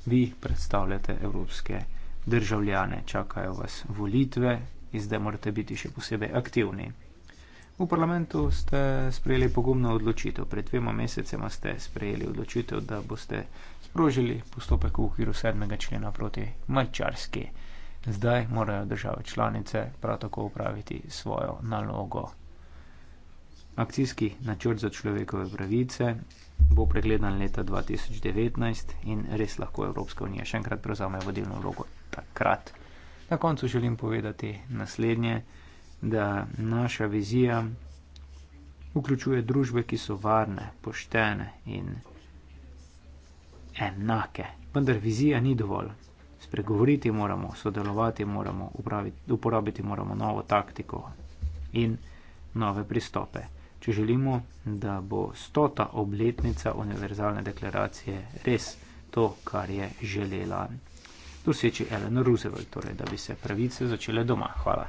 vi predstavljate evropske državljane, čakajo vas volitve in zdaj morate biti še posebej aktivni. V parlamentu ste sprejeli pogumno odločitev. Pred dvema mesecema ste sprejeli odločitev, da boste sprožili postopek v okviru sedmega člena proti Mačarski. Zdaj morajo države članice prav tako upraviti svojo nalogo. Akcijski načrt za človekove pravice bo pregledan leta 2019 in res lahko Evropska unija še enkrat prevzame vodilno vlogo takrat. Na koncu želim povedati naslednje, da naša vizija vključuje družbe, ki so varne, poštene in enake. Vendar vizija ni dovolj. Spregovoriti moramo, sodelovati moramo, uporabiti moramo novo taktiko in nove pristope če želimo, da bo stota obletnica univerzalne deklaracije res to, kar je želela doseči Ellen Roosevelt, torej da bi se pravice začele doma. Hvala.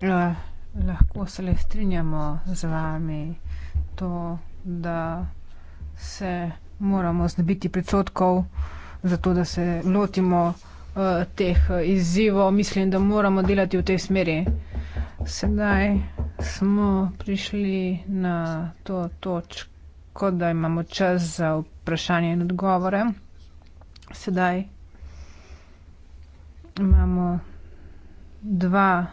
Ja, lahko se le strinjamo z vami to, da se moramo znebiti predsotkov, zato da se lotimo Eh, teh eh, izzivov, mislim, da moramo delati v tej smeri. Sedaj smo prišli na to točko, da imamo čas za vprašanje in odgovore. Sedaj imamo dva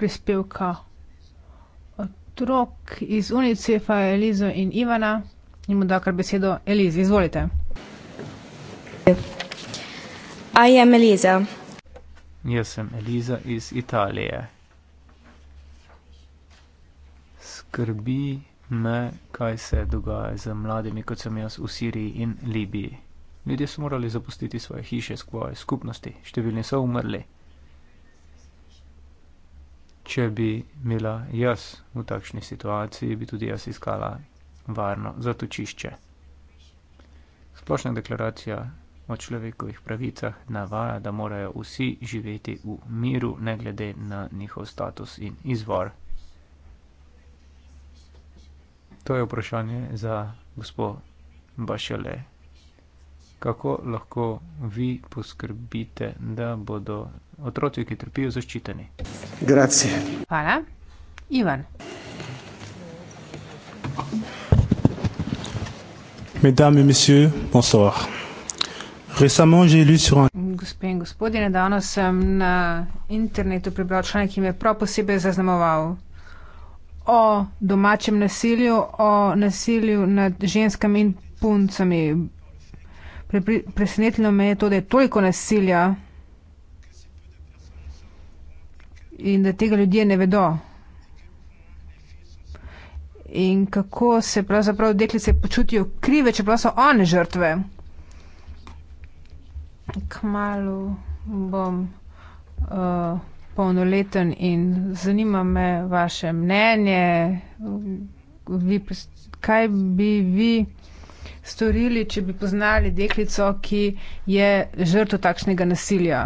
prispevka otrok iz UNICEF-a, Elizo in Ivana. Nimo da kar besedo, Eliz, izvolite. I am Eliza. Jaz sem Eliza iz Italije. Skrbi me, kaj se dogaja z mladimi, kot sem jaz v Siriji in Libiji. Ljudje so morali zapustiti svoje hiše, svoje skupnosti, številni so umrli. Če bi bila jaz v takšni situaciji, bi tudi jaz iskala varno zatočišče. Splošna deklaracija o človekovih pravicah navaja, da morajo vsi živeti v miru, ne glede na njihov status in izvor. To je vprašanje za gospod Bašele. Kako lahko vi poskrbite, da bodo otroci, ki trpijo, zaščiteni? Grazie. Hvala. Ivan. Mesdames et messieurs, bonsoir. Récemment, j'ai lu sur un... Gospe in gospodje, nedavno sem na internetu prebral članek, ki me je prav posebej zaznamoval o domačem nasilju, o nasilju nad ženskami in puncami. Presenetilo me je to, da je toliko nasilja in da tega ljudje ne vedo. In kako se pravzaprav deklice počutijo krive, čeprav so one žrtve kmalu bom uh, polnoleten in zanima me vaše mnenje. Vi, kaj bi vi storili, če bi poznali deklico, ki je žrtev takšnega nasilja?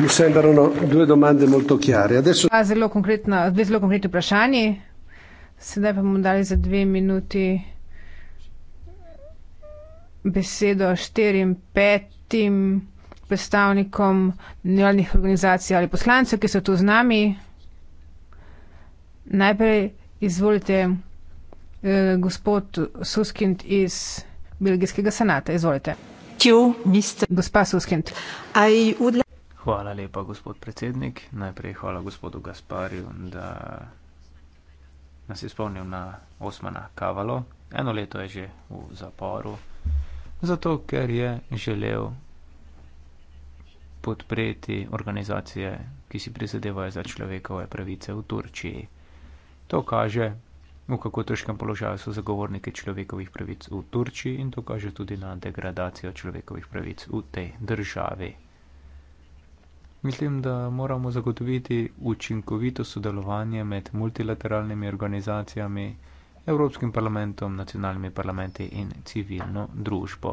Mi se darono dve domande molto chiare. Adesso... Zelo konkretna, dve zelo konkretni vprašanji. Sedaj pa bomo dali za dve minuti besedo štirim, petim predstavnikom nevladnih organizacij ali poslancev, ki so tu z nami. Najprej izvolite eh, gospod Suskind iz Belgijskega senata. Izvolite. Gospa Suskind. Hvala lepa, gospod predsednik. Najprej hvala gospodu Gasparju, da nas je spomnil na Osmana Kavalo. Eno leto je že v zaporu zato ker je želel podpreti organizacije, ki si prizadevajo za človekove pravice v Turčiji. To kaže, v kako težkem položaju so zagovorniki človekovih pravic v Turčiji in to kaže tudi na degradacijo človekovih pravic v tej državi. Mislim, da moramo zagotoviti učinkovito sodelovanje med multilateralnimi organizacijami, Evropskim parlamentom, nacionalnimi parlamenti in civilno družbo.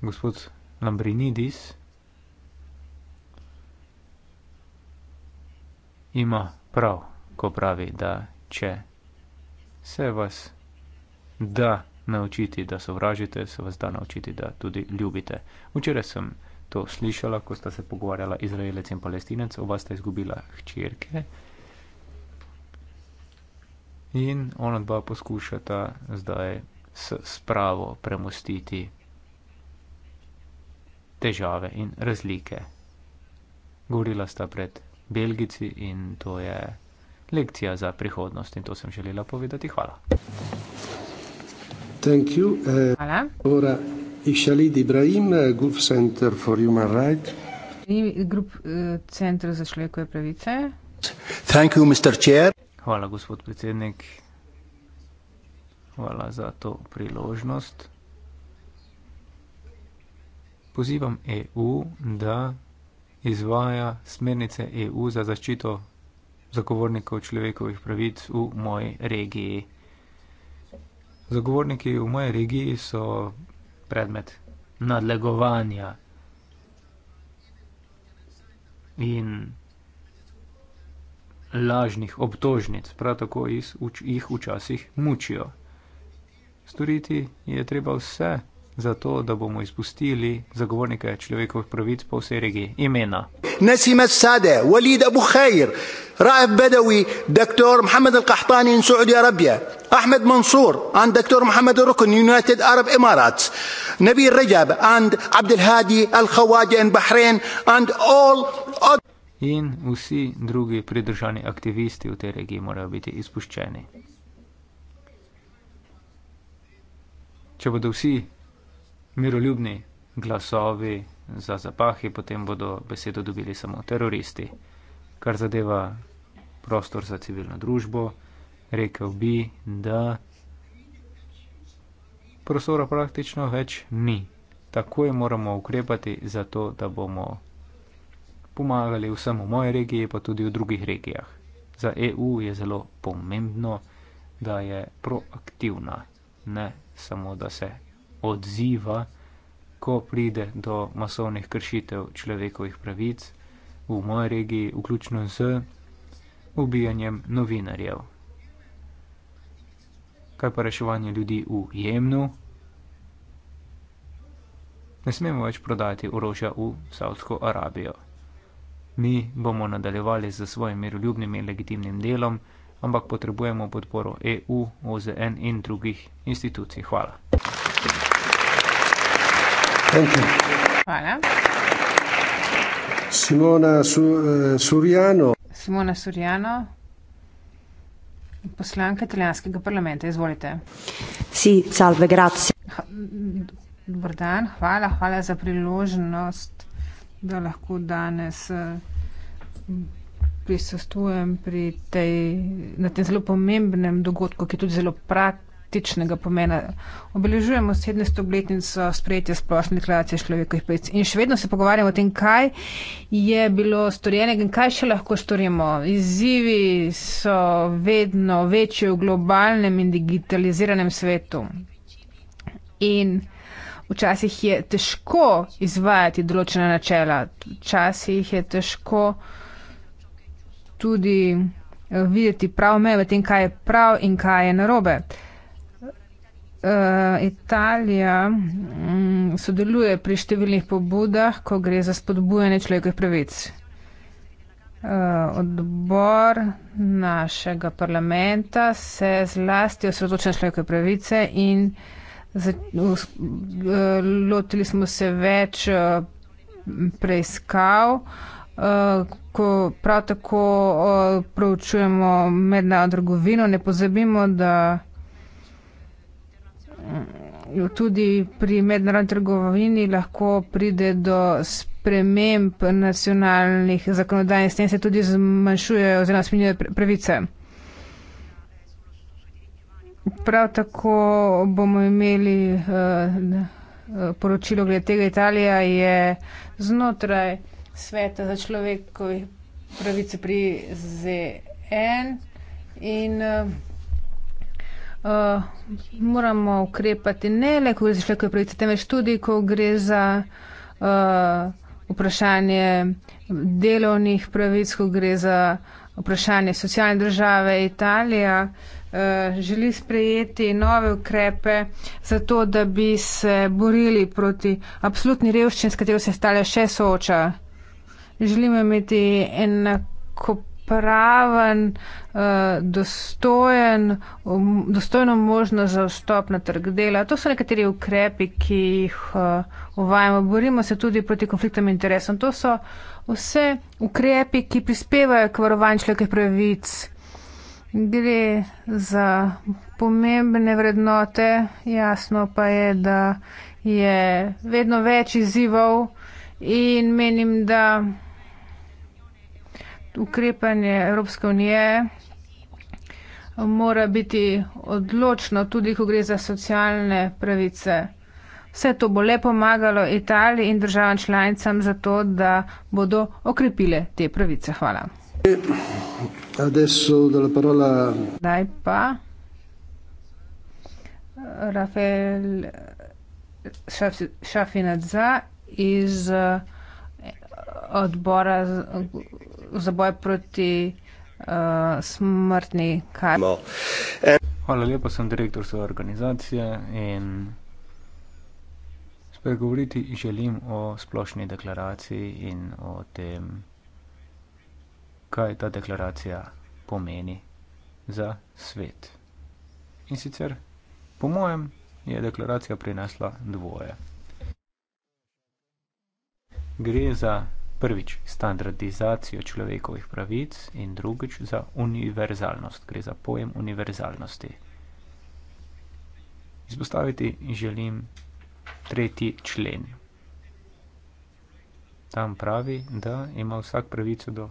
Gospod Lambrinidis ima prav, ko pravi, da če se vas da naučiti, da sovražite, se vas da naučiti, da tudi ljubite. Včeraj sem to slišala, ko sta se pogovarjala Izraelec in Palestinec, oba sta izgubila hčerke in ona dva poskušata zdaj s spravo premustiti težave in razlike. Govorila sta pred Belgici in to je lekcija za prihodnost in to sem želela povedati. Hvala. Thank you. Uh, Hvala. Ora, Išalid Ibrahim, eh, Group Center for Human Rights. Group uh, Center za človekove pravice. Thank you, Mr. Chair. Hvala, gospod predsednik. Hvala za to priložnost. Pozivam EU, da izvaja smernice EU za zaščito zagovornikov človekovih pravic v moji regiji. Zagovorniki v moji regiji so predmet nadlegovanja in lažnih obtožnic, prav tako iz, uč, jih včasih mučijo. Storiti je treba vse za to, da bomo izpustili zagovornike človekovih pravic po vsej regiji imena. Nesim Sade, Walid Abu Khair, Raif Bedawi, dr. Mohamed Al-Kahtani in Saudi Arabija, Ahmed Mansour in dr. Mohamed Rukun, United Arab Emirates, Nabi Rajab in Abdelhadi Al-Khawaji in Bahrain in all in vsi drugi pridržani aktivisti v tej regiji morajo biti izpuščeni. Če bodo vsi miroljubni glasovi za zapahi, potem bodo besedo dobili samo teroristi, kar zadeva prostor za civilno družbo, rekel bi, da prostora praktično več ni. Takoj moramo ukrepati za to, da bomo pomagali vsem v moji regiji, pa tudi v drugih regijah. Za EU je zelo pomembno, da je proaktivna, ne samo da se odziva, ko pride do masovnih kršitev človekovih pravic v moji regiji, vključno z ubijanjem novinarjev. Kaj pa reševanje ljudi v Jemnu? Ne smemo več prodati orožja v Saudsko Arabijo mi bomo nadaljevali z svojim miroljubnim in legitimnim delom, ampak potrebujemo podporo EU, OZN in drugih institucij. Hvala. Hvala. Simona eh, Surjano. Simona Surjano, poslanka italijanskega parlamenta, izvolite. Si, salve, grazie. Dobrodan, hvala, hvala za priložnost da lahko danes eh, prisostujem pri tej, na tem zelo pomembnem dogodku, ki je tudi zelo praktičnega pomena. Obeležujemo 17. obletnico sprejetja splošne deklaracije človekovih pravic in še vedno se pogovarjamo o tem, kaj je bilo storjenega in kaj še lahko storimo. Izzivi so vedno večji v globalnem in digitaliziranem svetu. In Včasih je težko izvajati določena načela, včasih je težko tudi eh, videti prav me v tem, kaj je prav in kaj je narobe. Eh, Italija mm, sodeluje pri številnih pobudah, ko gre za spodbujanje človekovih pravic. Eh, odbor našega parlamenta se zlasti osredotoča na človekove pravice in pravice lotili smo se več eh, preiskav, eh, ko prav tako eh, proučujemo mednarodno trgovino. Ne pozabimo, da mm, tudi pri mednarodni trgovini lahko pride do sprememb nacionalnih zakonodaj in s tem se tudi zmanjšujejo oziroma spremenjajo pravice. Prav tako bomo imeli uh, poročilo glede tega. Italija je znotraj sveta za človekove pravice pri ZN in uh, uh, moramo ukrepati ne le, ko gre za človekove pravice, temveč tudi, ko gre za uh, vprašanje delovnih pravic, ko gre za vprašanje socialne države Italija. Uh, Eh, želi sprejeti nove ukrepe za to, da bi se borili proti absolutni revščini, s katero se stale še sooča. Želimo imeti enakopraven, eh, dostojen, um, dostojno možnost za vstop na trg dela. To so nekateri ukrepi, ki jih eh, uvajamo. Borimo se tudi proti konfliktom interesom. To so vse ukrepi, ki prispevajo k varovanju človekovih pravic gre za pomembne vrednote, jasno pa je, da je vedno več izzivov in menim, da ukrepanje Evropske unije mora biti odločno, tudi ko gre za socialne pravice. Vse to bo le pomagalo Italiji in državam članicam za to, da bodo okrepile te pravice. Hvala. E adesso do la parola. Dai pa. Rafael Šafinadza iz eh, odbora za boj proti uh, smrtni kazni. Hvala lepa, sem direktor svoje organizacije in spregovoriti želim o splošni deklaraciji in o tem, kaj ta deklaracija pomeni za svet. In sicer, po mojem, je deklaracija prinesla dvoje. Gre za prvič standardizacijo človekovih pravic in drugič za univerzalnost. Gre za pojem univerzalnosti. Izpostaviti želim tretji člen. Tam pravi, da ima vsak pravico do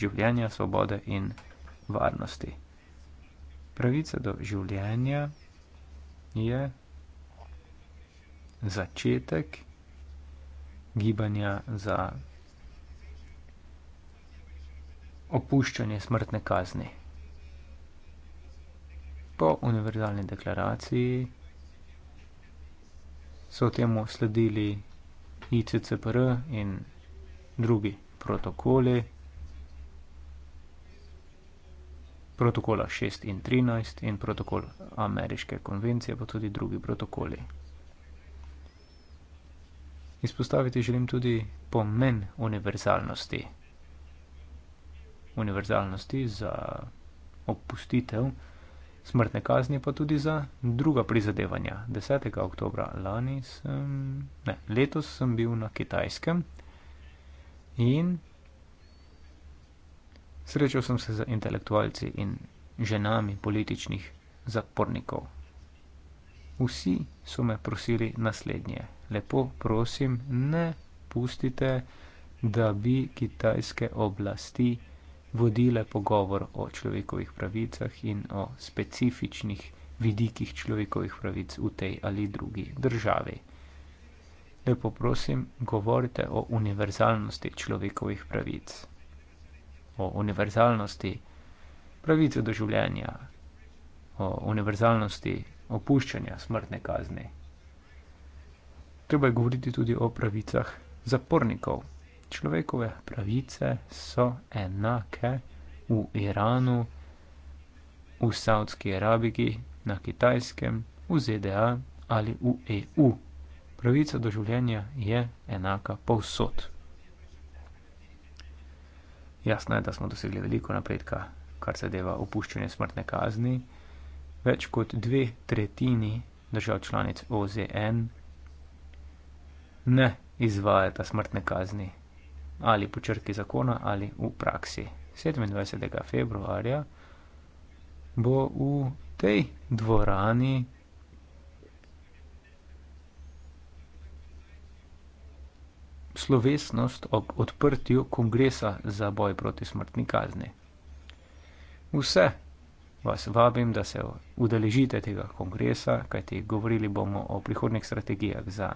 življenja, svobode in varnosti. Pravica do življenja je začetek gibanja za opuščanje smrtne kazni. Po univerzalni deklaraciji so temu sledili ICCPR in drugi protokoli. protokola 6 in 13 in protokol ameriške konvencije, pa tudi drugi protokoli. Izpostaviti želim tudi pomen univerzalnosti. Univerzalnosti za opustitev smrtne kazni, pa tudi za druga prizadevanja. 10. oktober lani sem, ne, letos sem bil na Kitajskem in Srečal sem se z intelektualci in ženami političnih zapornikov. Vsi so me prosili naslednje: Lepo prosim, ne pustite, da bi kitajske oblasti vodile pogovor o človekovih pravicah in o specifičnih vidikih človekovih pravic v tej ali drugi državi. Lepo prosim, govorite o univerzalnosti človekovih pravic o univerzalnosti pravice do življenja, o univerzalnosti opuščanja smrtne kazni. Treba je govoriti tudi o pravicah zapornikov. Človekove pravice so enake v Iranu, v Saudski Arabiji, na Kitajskem, v ZDA ali v EU. Pravica do življenja je enaka povsod. Jasno je, da smo dosegli veliko napredka, kar se deva opuščanje smrtne kazni. Več kot dve tretjini držav članic OZN ne izvajata smrtne kazni ali po črki zakona ali v praksi. 27. februarja bo v tej dvorani slovesnost ob odprtju kongresa za boj proti smrtni kazni. Vse vas vabim, da se udeležite tega kongresa, kajti govorili bomo o prihodnih strategijah za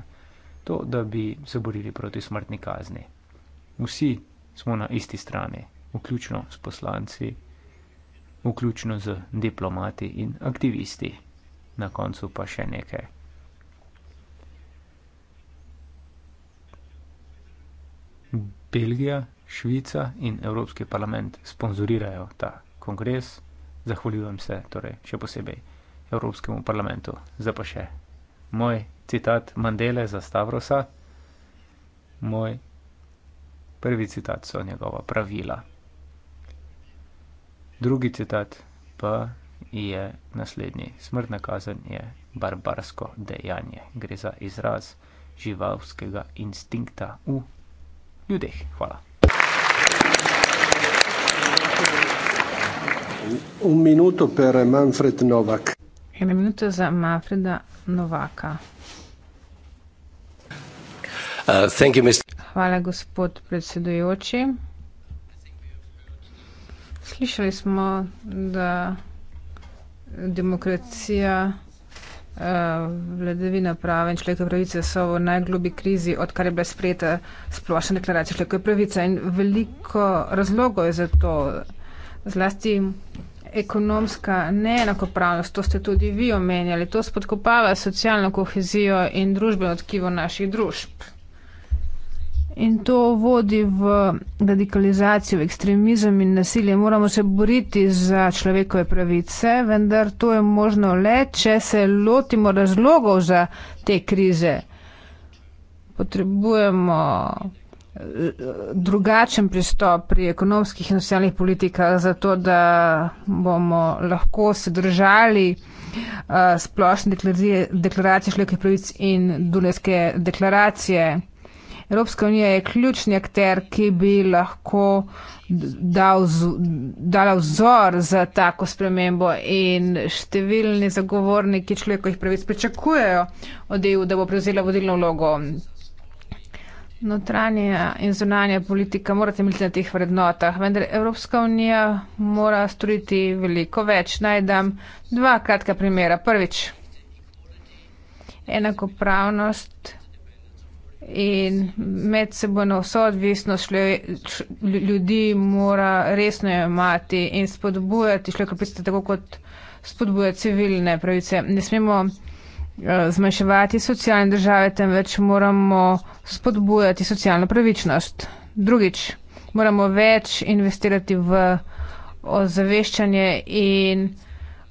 to, da bi se borili proti smrtni kazni. Vsi smo na isti strani, vključno s poslanci, vključno z diplomati in aktivisti. Na koncu pa še nekaj. Belgija, Švica in Evropski parlament sponzorirajo ta kongres. Zahvaljujem se torej še posebej Evropskemu parlamentu. Zdaj pa še moj citat Mandele za Stavrosa. Moj prvi citat so njegova pravila. Drugi citat pa je naslednji. Smrtna kazen je barbarsko dejanje. Gre za izraz živalskega instinkta v ljudeh. Hvala. V minuto pere Manfred Novak. Ena minuta za Manfreda Novaka. Uh, you, Hvala, gospod predsedujoči. Slišali smo, da demokracija. Eh, vladavina prava in človekove pravice so v najglobi krizi, odkar je bila sprejeta splošna deklaracija človekove pravice. In veliko razlogov je za to, zlasti ekonomska neenakopravnost, to ste tudi vi omenjali, to spodkopava socialno kohezijo in družbeno tkivo naših družb in to vodi v radikalizacijo, v ekstremizem in nasilje. Moramo se boriti za človekove pravice, vendar to je možno le, če se lotimo razlogov za te krize. Potrebujemo eh, drugačen pristop pri ekonomskih in socialnih politikah, zato da bomo lahko se držali uh, splošne deklaracije človekovih pravic in Dunajske deklaracije. Evropska unija je ključni akter, ki bi lahko dal z, dala vzor za tako spremembo in številni zagovorniki človekovih pravic pričakujejo od EU, da bo prevzela vodilno vlogo. Notranja in zunanja politika mora temeljiti na teh vrednotah, vendar Evropska unija mora storiti veliko več. Najdem dva kratka primera. Prvič, enakopravnost in medsebojno soodvisnost ljudi mora resno imati in spodbujati človeka pravice, tako kot spodbuja civilne pravice. Ne smemo eh, zmanjševati socialne države, temveč moramo spodbujati socialno pravičnost. Drugič, moramo več investirati v ozaveščanje in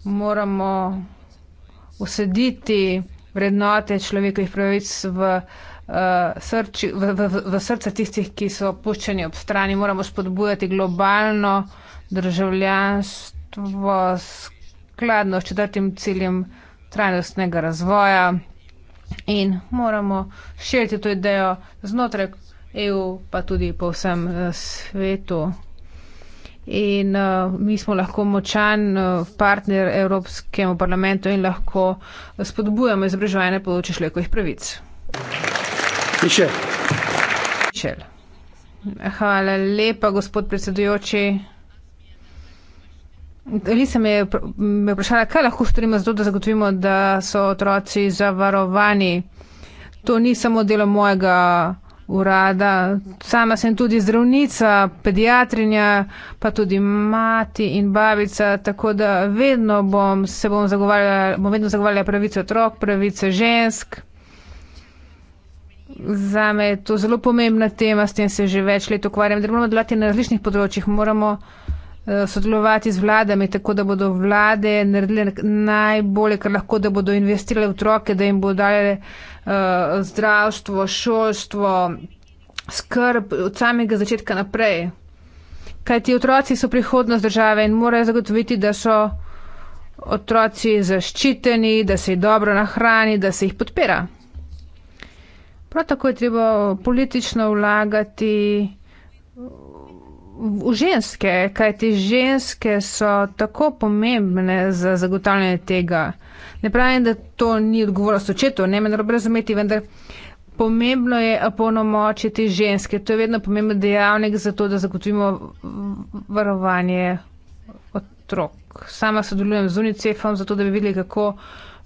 moramo usaditi vrednote človekovih pravic v Eh, srči, v, v, v srce tistih, ki so opuščeni ob strani. Moramo spodbujati globalno državljanstvo skladno s četrtim ciljem trajnostnega razvoja in moramo širiti to idejo znotraj EU, pa tudi po vsem eh, svetu. In uh, mi smo lahko močan uh, partner Evropskemu parlamentu in lahko spodbujamo izobraževanje področje človekovih pravic. Thank you. Mišel. Mišel. Hvala lepa, gospod predsedujoči. Lisa me je vprašala, kaj lahko storimo zato, da zagotovimo, da so otroci zavarovani. To ni samo delo mojega urada. Sama sem tudi zdravnica, pediatrinja, pa tudi mati in babica, tako da vedno bom se bom zagovarjala, bom vedno zagovarjala pravice otrok, pravice žensk. Za me je to zelo pomembna tema, s tem se že več let ukvarjam, da moramo delati na različnih področjih, moramo eh, sodelovati z vladami, tako da bodo vlade naredile najbolje, kar lahko, da bodo investirale v otroke, da jim bodo dale uh, zdravstvo, šolstvo, skrb od samega začetka naprej. Kaj ti otroci so prihodnost države in morajo zagotoviti, da so otroci zaščiteni, da se jih dobro nahrani, da se jih podpira. Prav tako je treba politično vlagati v ženske, kajti ženske so tako pomembne za zagotavljanje tega. Ne pravim, da to ni odgovornost očetov, ne menim, da razumeti, vendar pomembno je opolnomočiti ženske. To je vedno pomemben dejavnik za to, da zagotovimo varovanje otrok. Sama sodelujem z UNICEF-om, zato da bi videli, kako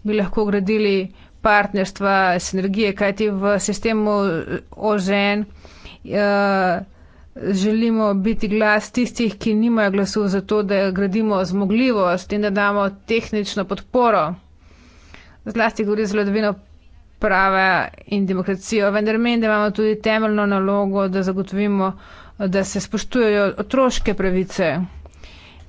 bi lahko gradili partnerstva, sinergije, kajti v sistemu OŽN eh, želimo biti glas tistih, ki nimajo glasu za to, da gradimo zmogljivost in da damo tehnično podporo. Zlasti govori z vladovino prava in demokracijo, vendar menim, da imamo tudi temeljno nalogo, da zagotovimo, da se spoštujejo otroške pravice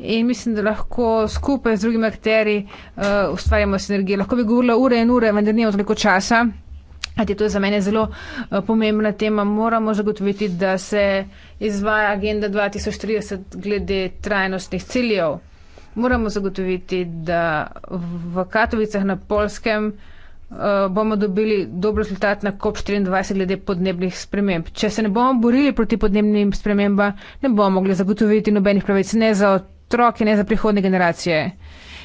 in mislim, da lahko skupaj z drugimi akteri uh, ustvarjamo sinergijo. Lahko bi govorila ure in ure, vendar nimam toliko časa. Kajti to je za mene zelo uh, pomembna tema. Moramo zagotoviti, da se izvaja agenda 2030 glede trajnostnih ciljev. Moramo zagotoviti, da v Katovicah na Polskem uh, eh, bomo dobili dobro rezultat na COP24 glede podnebnih sprememb. Če se ne bomo borili proti podnebnim spremembam, ne bomo mogli zagotoviti nobenih pravic ne za otroke otroke, ne za prihodne generacije.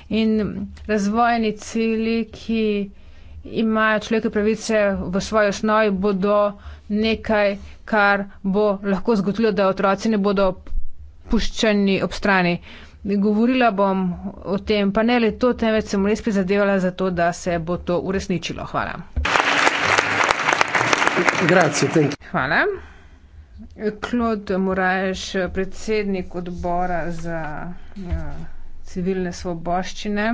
In razvojni cili, ki imajo človeka pravice v svojo osnovi, bodo nekaj, kar bo lahko zgodilo, da otroci ne bodo puščeni ob strani. Govorila bom o tem, pa ne le to, temveč sem res prizadevala za to, da se bo to uresničilo. Hvala. Grazie, thank you. Hvala. Klod Moraješ, predsednik odbora za ja, civilne svoboščine,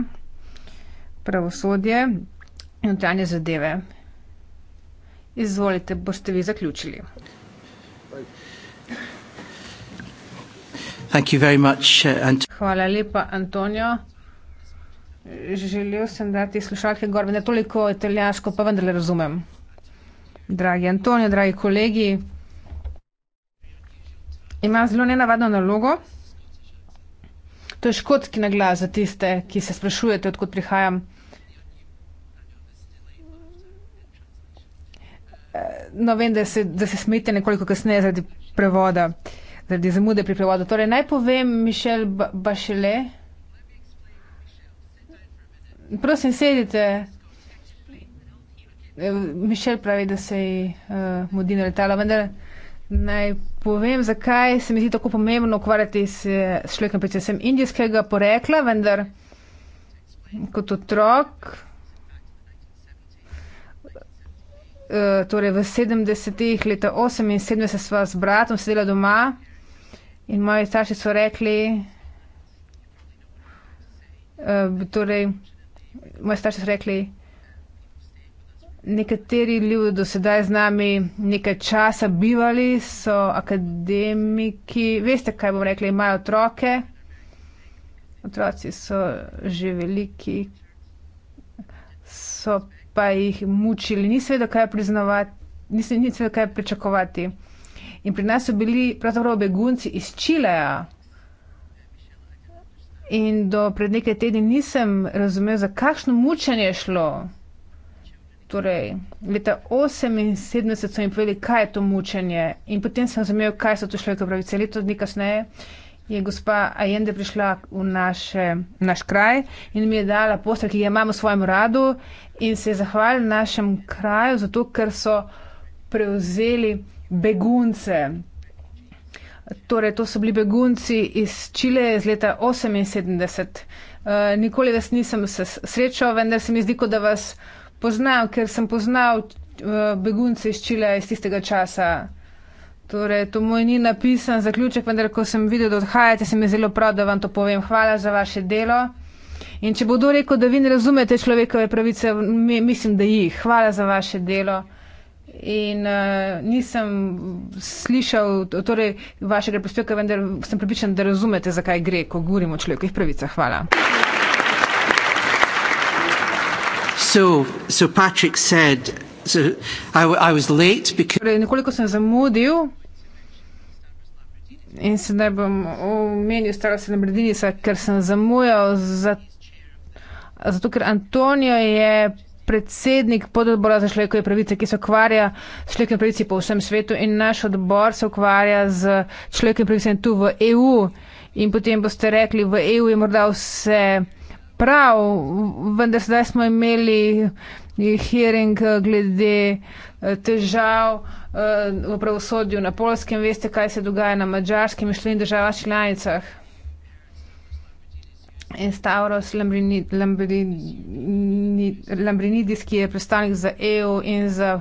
pravosodje in notranje zadeve. Izvolite, boste vi zaključili. Thank you very much, uh, Hvala lepa, Antonio. Želel sem dati slušalke gor, ne toliko italijansko, pa vendarle razumem. Dragi Antonio, dragi kolegi, ima zelo nenavadno nalogo. To je škotski naglas za tiste, ki se sprašujete, odkot prihajam. Eh, no, vem, da se, da se smete nekoliko kasneje zaradi prevoda, zaradi zamude pri prevodu. Torej, naj povem, Mišel Bašele. Prosim, sedite. Eh, Mišel pravi, da se ji uh, eh, mudi na letalo, vendar. Naj povem, zakaj se mi zdi tako pomembno ukvarjati se s človekom, ki sem indijskega porekla, vendar kot otrok, eh, torej v 70-ih leta 78 sva s bratom sedela doma in moji starši so rekli, eh, torej, moji starši so rekli, Nekateri ljudje do sedaj z nami nekaj časa bivali, so akademiki, veste, kaj bom rekla, imajo otroke. Otroci so že veliki, so pa jih mučili, ni se vedo, kaj priznavati, ni se vedo, kaj pričakovati. In pri nas so bili pravzaprav begunci iz Čileja. In do pred nekaj tedni nisem razumel, za kakšno mučenje šlo. Torej, leta 78 so mi povedali, kaj je to mučenje in potem sem razumel, kaj so to človekove pravice. Leto dni kasneje je gospa Ajende prišla v naš, naš kraj in mi je dala poster, ki ga imam v svojem radu in se je zahvalila našem kraju zato, ker so prevzeli begunce. Torej, to so bili begunci iz Čile iz leta 78. Uh, eh, nikoli vas nisem srečal, vendar se mi zdi, kot da vas poznam, ker sem poznal eh, begunce iz Čile iz tistega časa. Torej, to moj ni napisan zaključek, vendar, ko sem videl, da odhajate, se mi je zelo prav, da vam to povem. Hvala za vaše delo. In če bodo rekel, da vi ne razumete človekove pravice, mislim, da jih. Hvala za vaše delo. In uh, nisem slišal torej, vašega prispevka, vendar sem pripričan, da razumete, zakaj gre, ko govorimo o človekovih pravicah. Hvala. Hvala. so, so Patrick said, so I, I was late because. Torej, nekoliko sem zamudil in sedaj bom omenil staro se na Bredinica, ker sem zamujal, zato ker Antonijo je predsednik pododbora za človekove pravice, ki se ukvarja s človekovimi pravicami po vsem svetu in naš odbor se ukvarja z človekovimi pravicami tu v EU. In potem boste rekli, v EU je morda vse prav, vendar zdaj smo imeli eh, hearing eh, glede eh, težav v pravosodju na polskem. Veste, kaj se dogaja na mačarskem in šlim državah članicah. In Stavros Lambrinidis, ki je predstavnik za EU in za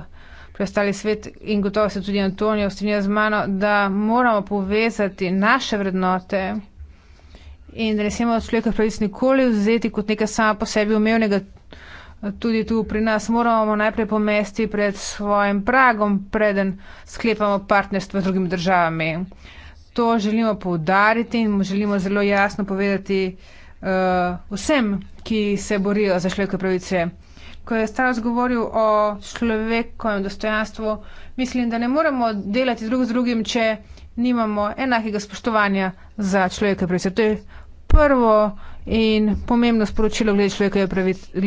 preostali svet in gotovo se tudi Antonijo strinja z mano, da moramo povezati naše vrednote. In da ne smemo človekovih pravic nikoli vzeti kot nekaj samo po sebi umevnega, tudi tu pri nas moramo najprej pomesti pred svojim pragom, preden sklepamo partnerstvo z drugimi državami. To želimo poudariti in želimo zelo jasno povedati uh, vsem, ki se borijo za človekove pravice. Ko je Staros govoril o človekovem dostojanstvu, mislim, da ne moremo delati drug z drugim, če nimamo enakega spoštovanja za človekove pravice. To je prvo in pomembno sporočilo glede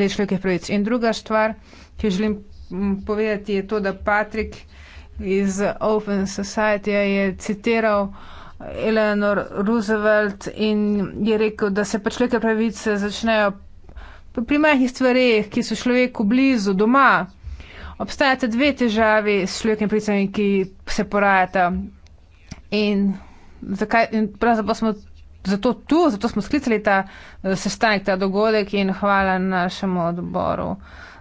človekovih pravic. In druga stvar, ki jo želim mm, povedati, je to, da Patrik iz Open Society je citiral Eleanor Roosevelt in je rekel, da se pa človekove pravice začnejo pri majhnih stvarih, ki so človeku blizu, doma. Obstajata dve težavi s človekovimi pravicami, ki se porajata. In, zakaj, in pravzaprav smo zato tu, zato smo sklicali ta eh, sestanek, ta dogodek in hvala našemu odboru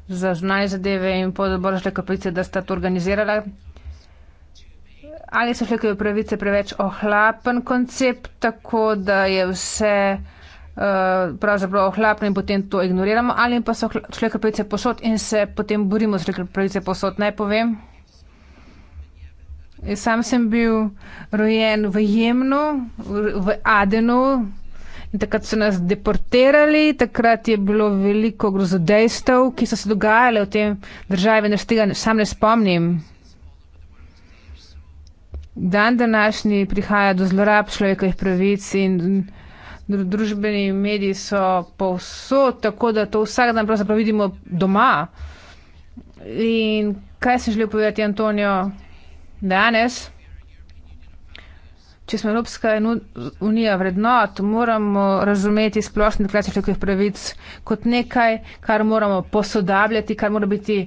za znaj zadeve in pododboru šle kapice, da sta to organizirala. Ali so šle kaj pravice preveč ohlapen koncept, tako da je vse uh, pravzaprav ohlapno in potem to ignoriramo, ali pa so šle kapice posod in se potem borimo z šle kapice posod, naj povem. Sam sem bil rojen v Jemnu, v Adenu. In takrat so nas deportirali, takrat je bilo veliko grozodejstev, ki so se dogajale v tem državi, vendar se tega sam ne spomnim. Dan današnji prihaja do zlorab človekovih pravic in družbeni mediji so povsod, tako da to vsak dan pravzaprav vidimo doma. In kaj sem želel povedati, Antonijo? danes, če smo Evropska unija vrednot, moramo razumeti splošne deklaracije človekovih pravic kot nekaj, kar moramo posodabljati, kar mora biti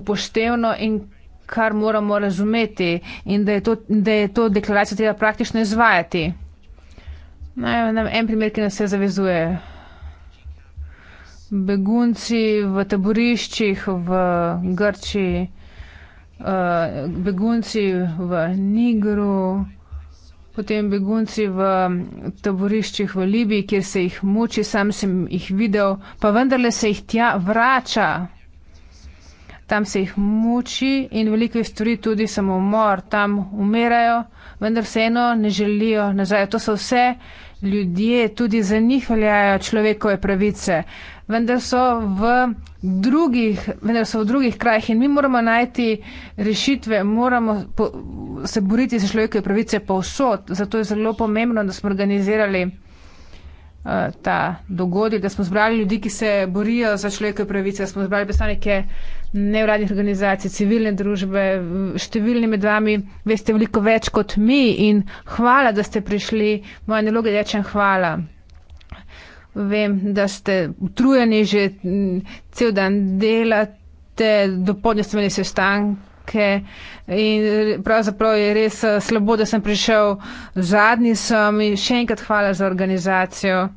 upoštevno in kar moramo razumeti in da je to, da je to deklaracijo treba praktično izvajati. Naj vam en primer, ki nas vse zavezuje. Begunci v taboriščih v Grčiji uh, begunci v Nigru, potem begunci v taboriščih v Libiji, kjer se jih muči, sam sem jih videl, pa vendarle se jih tja vrača. Tam se jih muči in veliko jih stori tudi samomor, tam umirajo, vendar vseeno ne želijo nazaj. To so vse ljudje, tudi za njih veljajo človekove pravice. Uh, vendar so v drugih, vendar so v drugih krajih in mi moramo najti rešitve, moramo po, se boriti za človekove pravice povsod. Zato je zelo pomembno, da smo organizirali uh, ta dogodek, da smo zbrali ljudi, ki se borijo za človekove pravice, da smo zbrali predstavnike nevladnih organizacij, civilne družbe, številni med vami veste veliko več kot mi in hvala, da ste prišli. Moja naloga je rečen hvala vem, da ste utrujeni že mm, cel dan delate, do podne ste imeli sestanke in eh, pravzaprav je res eh, slabo, da sem prišel zadnji sem in še enkrat hvala za organizacijo.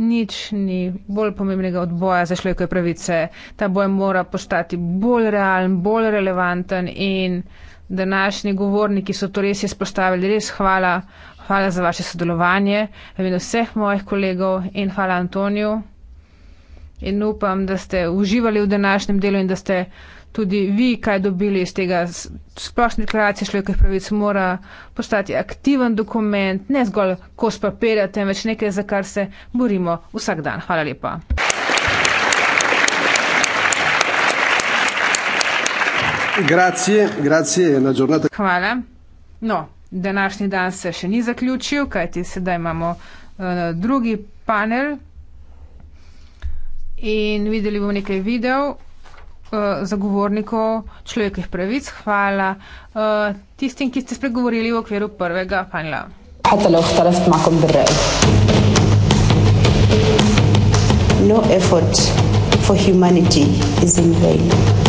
Nič ni bolj pomembnega od boja za človekove pravice. Ta boj mora postati bolj realen, bolj relevanten in današnji govorniki so to res izpostavili. Res hvala, hvala za vaše sodelovanje, v imenu vseh mojih kolegov in hvala Antoniju. In upam, da ste uživali v današnjem delu in da ste tudi vi kaj dobili iz tega splošne deklaracije človekovih pravic. Mora postati aktiven dokument, ne zgolj kos papirja, temveč nekaj, za kar se borimo vsak dan. Hvala lepa. Grazie, grazie, una e giornata. Hvala. No današnji dan se še ni zaključil, kajti sedaj imamo uh, drugi panel in videli bomo nekaj videov uh, zagovornikov človekih pravic. Hvala uh, tistim, ki ste spregovorili v okviru prvega panela. Katalog tala smakom drev. No effort for humanity is in vain.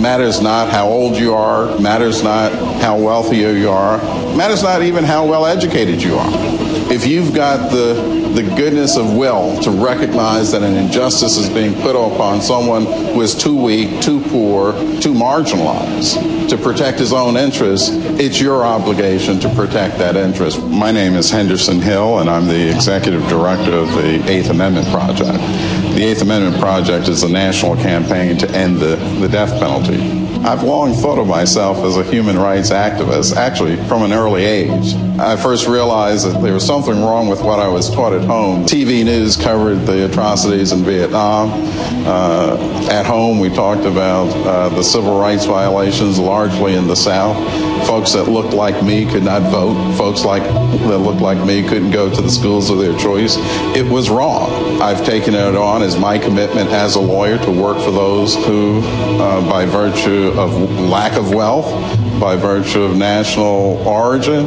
matters not how old you are, matters not how wealthy you are, matters not even how well educated you are. If you've got the, the goodness of will to recognize that an injustice is being put upon someone who is too weak, too poor, too marginalized to protect his own interests, it's your obligation to protect that interest. My name is Henderson Hill, and I'm the executive director of the Eighth Amendment Project the Eighth Amendment Project is a national campaign to end the, the death penalty. I've long thought of myself as a human rights activist, actually, from an early age. I first realized that there was something wrong with what I was taught at home. TV news covered the atrocities in Vietnam. Uh, at home, we talked about uh, the civil rights violations largely in the South. Folks that looked like me could not vote. Folks like, that looked like me couldn't go to the schools of their choice. It was wrong. I've taken it on as my commitment as a lawyer to work for those who, uh, by virtue of lack of wealth, by virtue of national origin,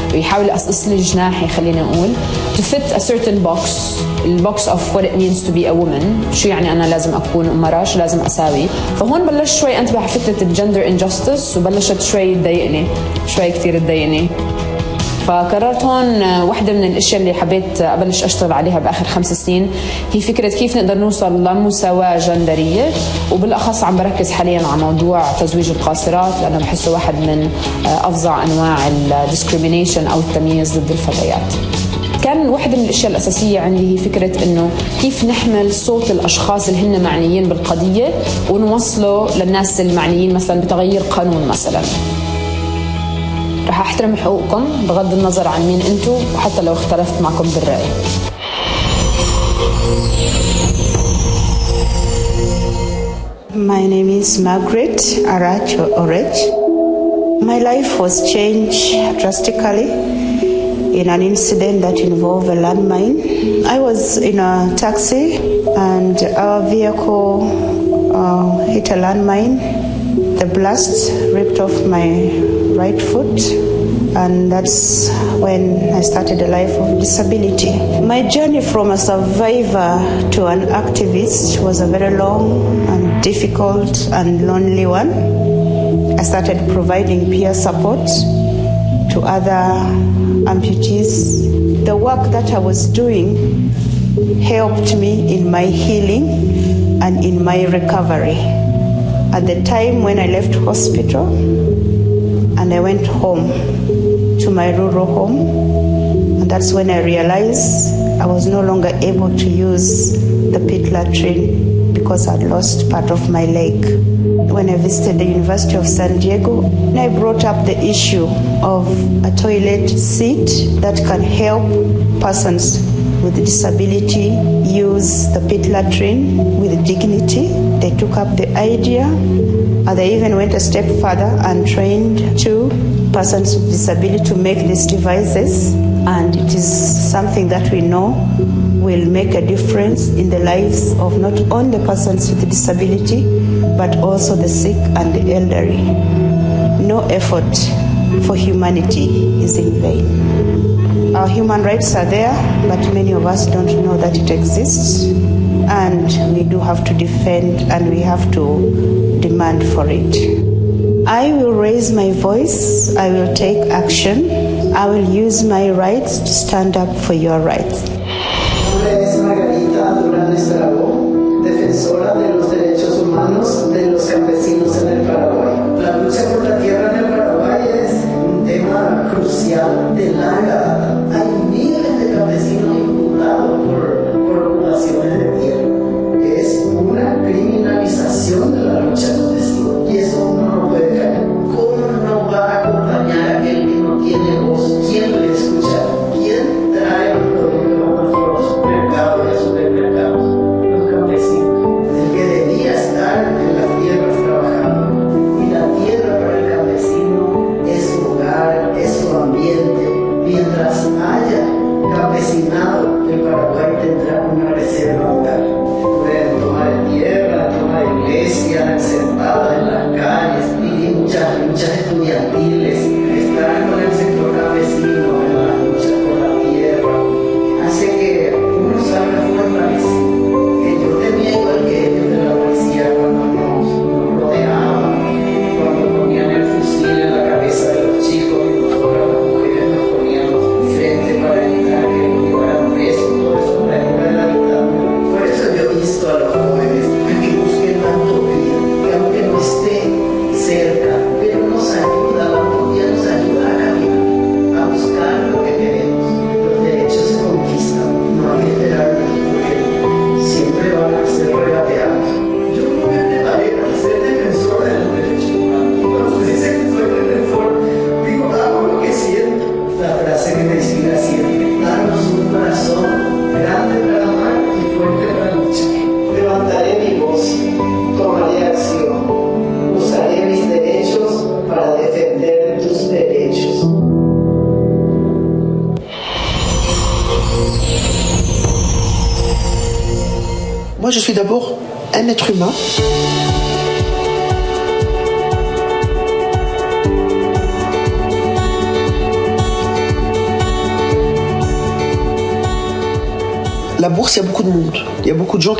يحاول أصلج جناحي خلينا نقول to fit a certain box البوكس box of what it means to be a woman شو يعني أنا لازم أكون أمرأة شو لازم أساوي فهون بلش شوي أنت بحفتة الجندر انجستس وبلشت شوي تضايقني شوي كتير تضايقني فقررت هون واحدة من الأشياء اللي حبيت أبلش أشتغل عليها بآخر خمس سنين هي فكرة كيف نقدر نوصل لمساواة جندرية وبالأخص عم بركز حاليا على موضوع تزويج القاصرات لأنه بحسه واحد من أفظع أنواع الديسكريمينيشن أو التمييز ضد الفتيات كان واحدة من الأشياء الأساسية عندي هي فكرة إنه كيف نحمل صوت الأشخاص اللي هن معنيين بالقضية ونوصله للناس المعنيين مثلا بتغيير قانون مثلا رح احترم حقوقكم بغض النظر عن مين انتو وحتى لو اختلفت معكم بالرأي My name is Margaret Arach Orech. My life was changed drastically in an incident that involved a landmine. I was in a taxi and our vehicle uh, hit a landmine. The blast ripped off my right foot, and that's when I started a life of disability. My journey from a survivor to an activist was a very long and difficult and lonely one. I started providing peer support to other amputees. The work that I was doing helped me in my healing and in my recovery. At the time when I left hospital, and I went home to my rural home. And that's when I realized I was no longer able to use the pit latrine because I'd lost part of my leg. When I visited the University of San Diego, I brought up the issue of a toilet seat that can help persons with a disability use the pit latrine with dignity. They took up the idea They even went a step further and trained two persons with disability to make these devices. And it is something that we know will make a difference in the lives of not only persons with disability, but also the sick and the elderly. No effort for humanity is in vain. Our human rights are there, but many of us don't know that it exists. And we do have to defend and we have to demand for it. I will raise my voice, I will take action, I will use my rights to stand up for your rights.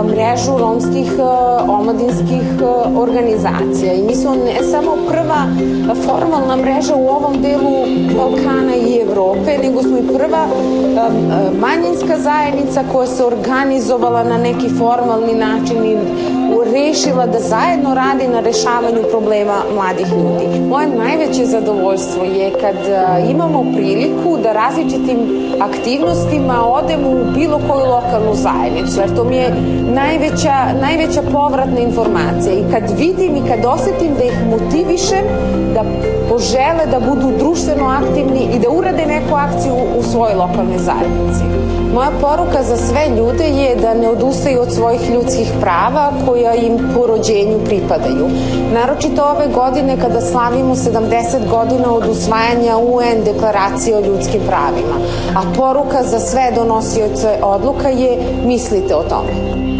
mrežu romskih eh, omladinskih eh, organizacija. I mi smo ne samo prva eh, formalna mreža u ovom delu Balkana i Evrope, nego smo i prva manjinska zajednica koja se organizovala na neki formalni način i urešila, da zajedno radi na rešavanju problema mladih ljudi. Moje največje zadovoljstvo je, kad eh, imamo priliku da različitim aktivnostima odemo u bilo koju lokalnu zajednicu, jer to mi je najveća, najveća povratna informacija. I kad vidim i kad osetim da ih motivišem, da požele da budu društveno aktivni i da urade neku akciju u svojoj lokalnoj zajednici. Moja poruka za sve ljude je da ne odustaju od svojih ljudskih prava koje koja im po rođenju pripadaju. Naročito ove godine kada slavimo 70 godina od usvajanja UN deklaracije o ljudskim pravima. A poruka za sve donosioce odluka je mislite o tome.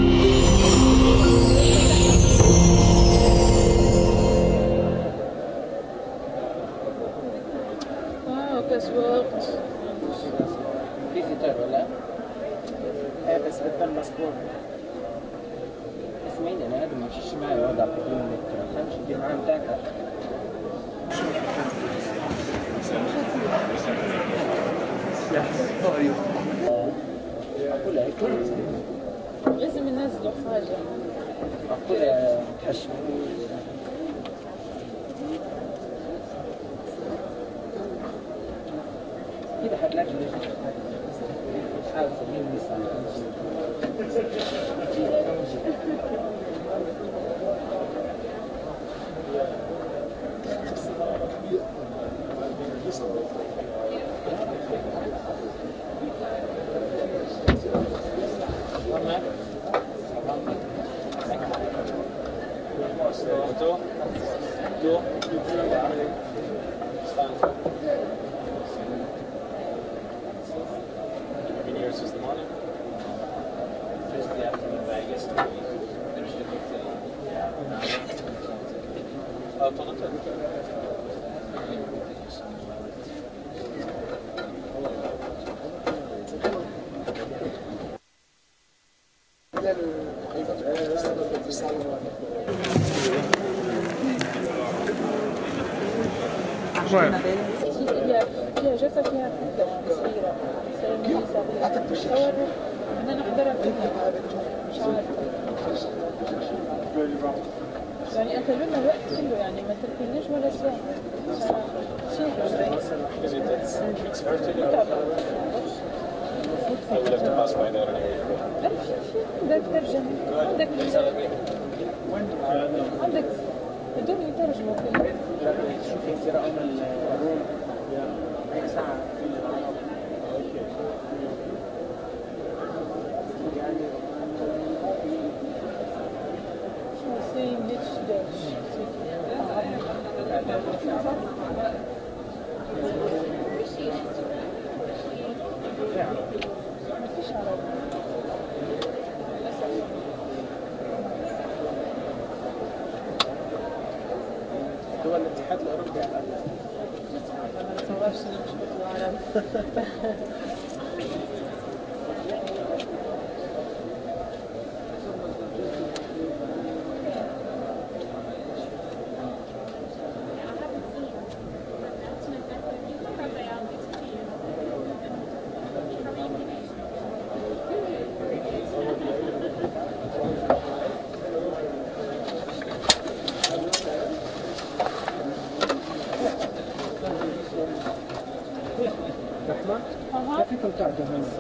จอดอยู่ข้างหลัง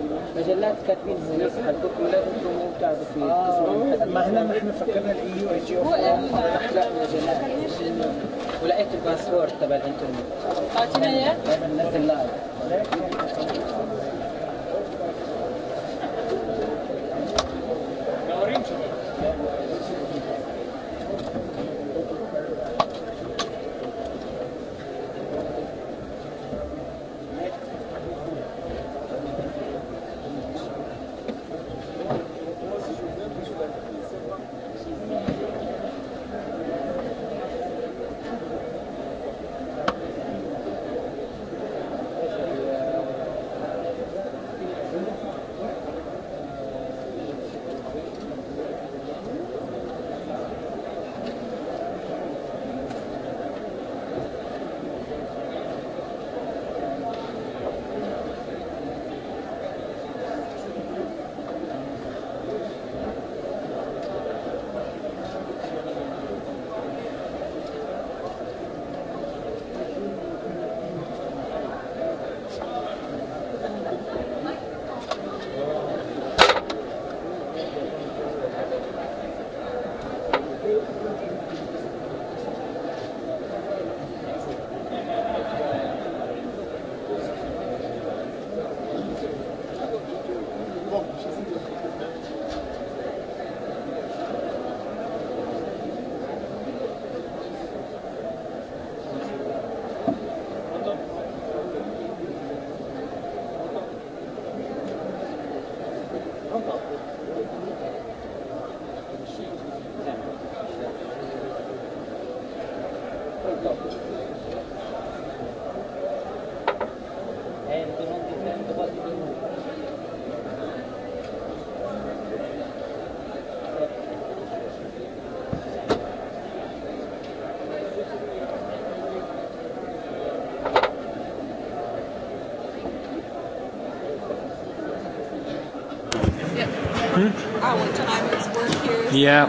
Yeah. Ja.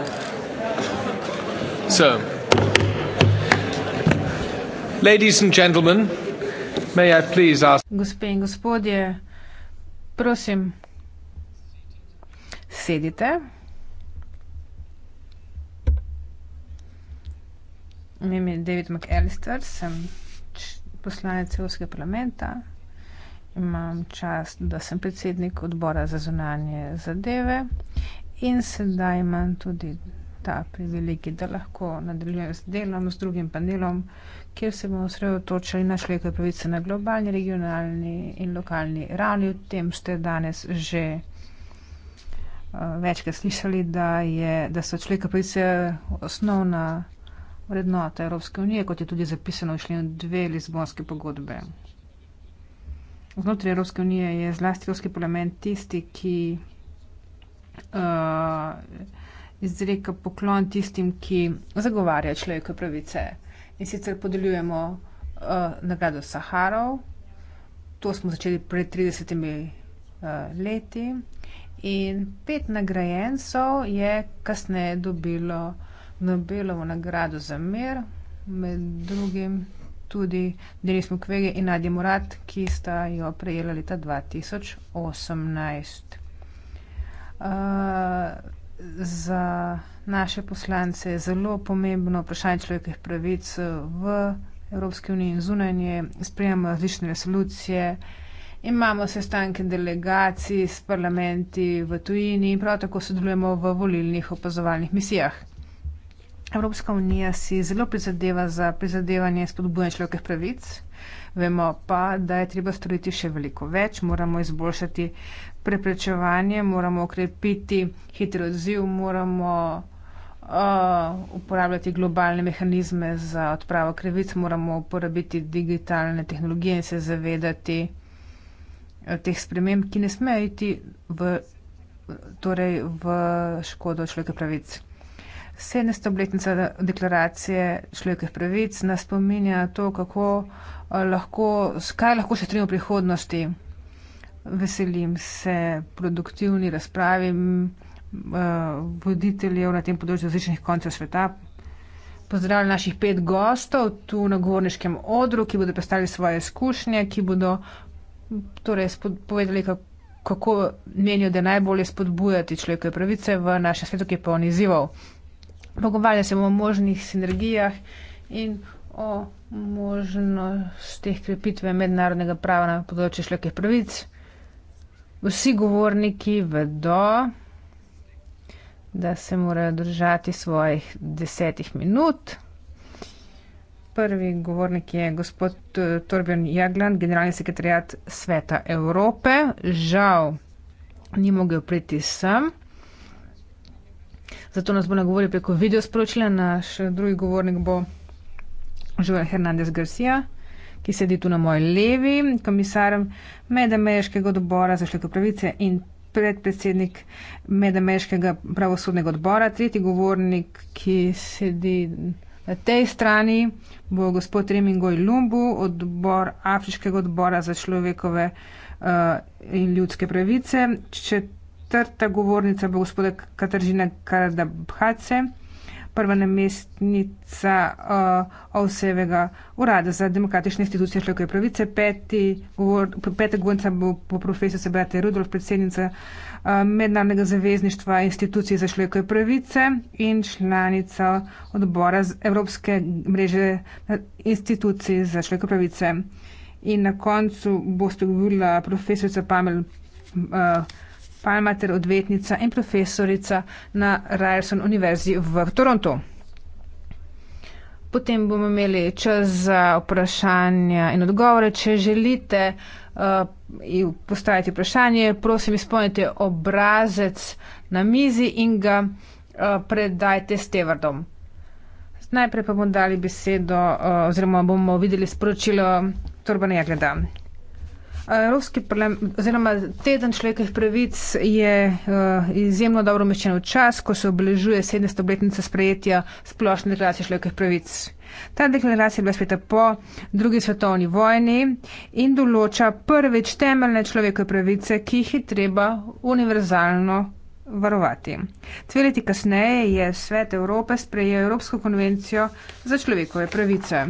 So, ladies and gentlemen, may I please ask. Gospe in gospodje, prosim, sedite. Moje ime je David McAllister, sem poslanec Evropskega parlamenta. Imam čast, da sem predsednik odbora za zunanje zadeve in sedaj imam tudi ta privilegij, da lahko nadaljujem z delom, z drugim panelom, kjer se bomo osredotočili na človekove pravice na globalni, regionalni in lokalni ravni. V tem ste danes že uh, večkrat slišali, da, je, da so človekove pravice osnovna vrednota Evropske unije, kot je tudi zapisano v členu dve Lizbonske pogodbe. Znotraj Evropske unije je zlasti Evropski parlament tisti, ki uh, izreka poklon tistim, ki zagovarjajo človekove pravice. In sicer podeljujemo uh, nagrado Saharov, to smo začeli pred 30 uh, eh, leti. In pet nagrajencev je kasneje dobilo Nobelovo nagrado za mir, med drugim tudi Denis Mukwege in Nadja Murat, ki sta jo prejela leta 2018. Eh, za naše poslance je zelo pomembno vprašanje človekovih pravic eh, v Evropski uniji in zunanje, sprejemamo različne resolucije, imamo sestanke delegacij s parlamenti v tujini in prav tako sodelujemo v volilnih opazovalnih misijah. Evropska unija si zelo prizadeva za prizadevanje spodbujanja človekovih pravic, vemo pa, da je treba storiti še veliko več, moramo izboljšati preprečevanje, moramo okrepiti hitro odziv, moramo uh, uporabljati globalne mehanizme za odpravo krivic, moramo uporabiti digitalne tehnologije in se zavedati eh, teh sprememb, ki ne smejo iti v, torej v škodo človekovih pravic. 70. obletnica deklaracije človekovih pravic nas spominja to, kako eh, lahko, kaj lahko še trimo v prihodnosti. Veselim se produktivni razpravi eh, voditeljev na tem področju različnih koncev sveta. Pozdravljam naših pet gostov tu na Gorniškem odru, ki bodo predstavili svoje izkušnje, ki bodo torej povedali, kako menijo, da je najbolje spodbujati človekove pravice v našem svetu, ki je poln izzivov. Pogovarjali se bomo o možnih sinergijah in o možnostih krepitve mednarodnega prava na področju človekovih pravic. Vsi govorniki vedo, da se morajo držati svojih desetih minut. Prvi govornik je gospod eh, Torbjörn Jagland, generalni sekretarjat Sveta Evrope. Žal ni mogel priti sem. Zato nas bo nagovoril preko video sporočila. Naš drugi govornik bo Žuel Hernandez Garcia, ki sedi tu na moji levi, komisar medameškega odbora za človekove pravice in predsednik medameškega pravosodnega odbora. Tretji govornik, ki sedi na tej strani, bo gospod Remingoj Lumbu, odbor Afriškega odbora za človekove uh, in ljudske pravice. Četrti četrta govornica bo gospoda Katržina Karadabhace, prva namestnica uh, Ovsevega urada za demokratične institucije človekove pravice, peti, govor, peta govornica bo po profesor Sebrate Rudolf, predsednica uh, Mednarodnega zavezništva institucij za človekove pravice in članica odbora z Evropske mreže eh, institucij za človekove pravice. In na koncu boste govorila profesorica Pamel uh, Palma ter odvetnica in profesorica na Ryerson Univerzi v Torontu. Potem bomo imeli čas za vprašanja in odgovore. Če želite uh, postaviti vprašanje, prosim, izpolnite obrazec na mizi in ga uh, predajte stevardom. Najprej pa bomo dali besedo, uh, oziroma bomo videli sporočilo Torbana Jagleda. Evropski parlament, oziroma teden človekovih pravic je eh, izjemno dobro umeščen v čas, ko se obeležuje 700 obletnica sprejetja splošne deklaracije človekovih pravic. Ta deklaracija je bila sprejeta po drugi svetovni vojni in določa prvič temeljne človekove pravice, ki jih je treba univerzalno varovati. Tveleti kasneje je svet Evrope sprejel Evropsko konvencijo za človekove pravice.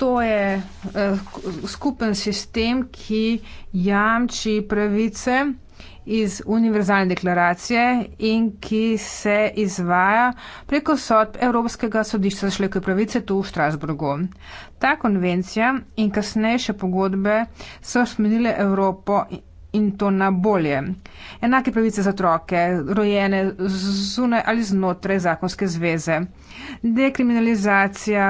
To je eh, skupen sistem, ki jamči pravice iz univerzalne deklaracije in ki se izvaja preko sodb Evropskega sodišča za človekove pravice tu v Štrasburgu. Ta konvencija in kasnejše pogodbe so spremenile Evropo in in to na bolje. Enake pravice za otroke, rojene zunaj ali znotraj zakonske zveze. Dekriminalizacija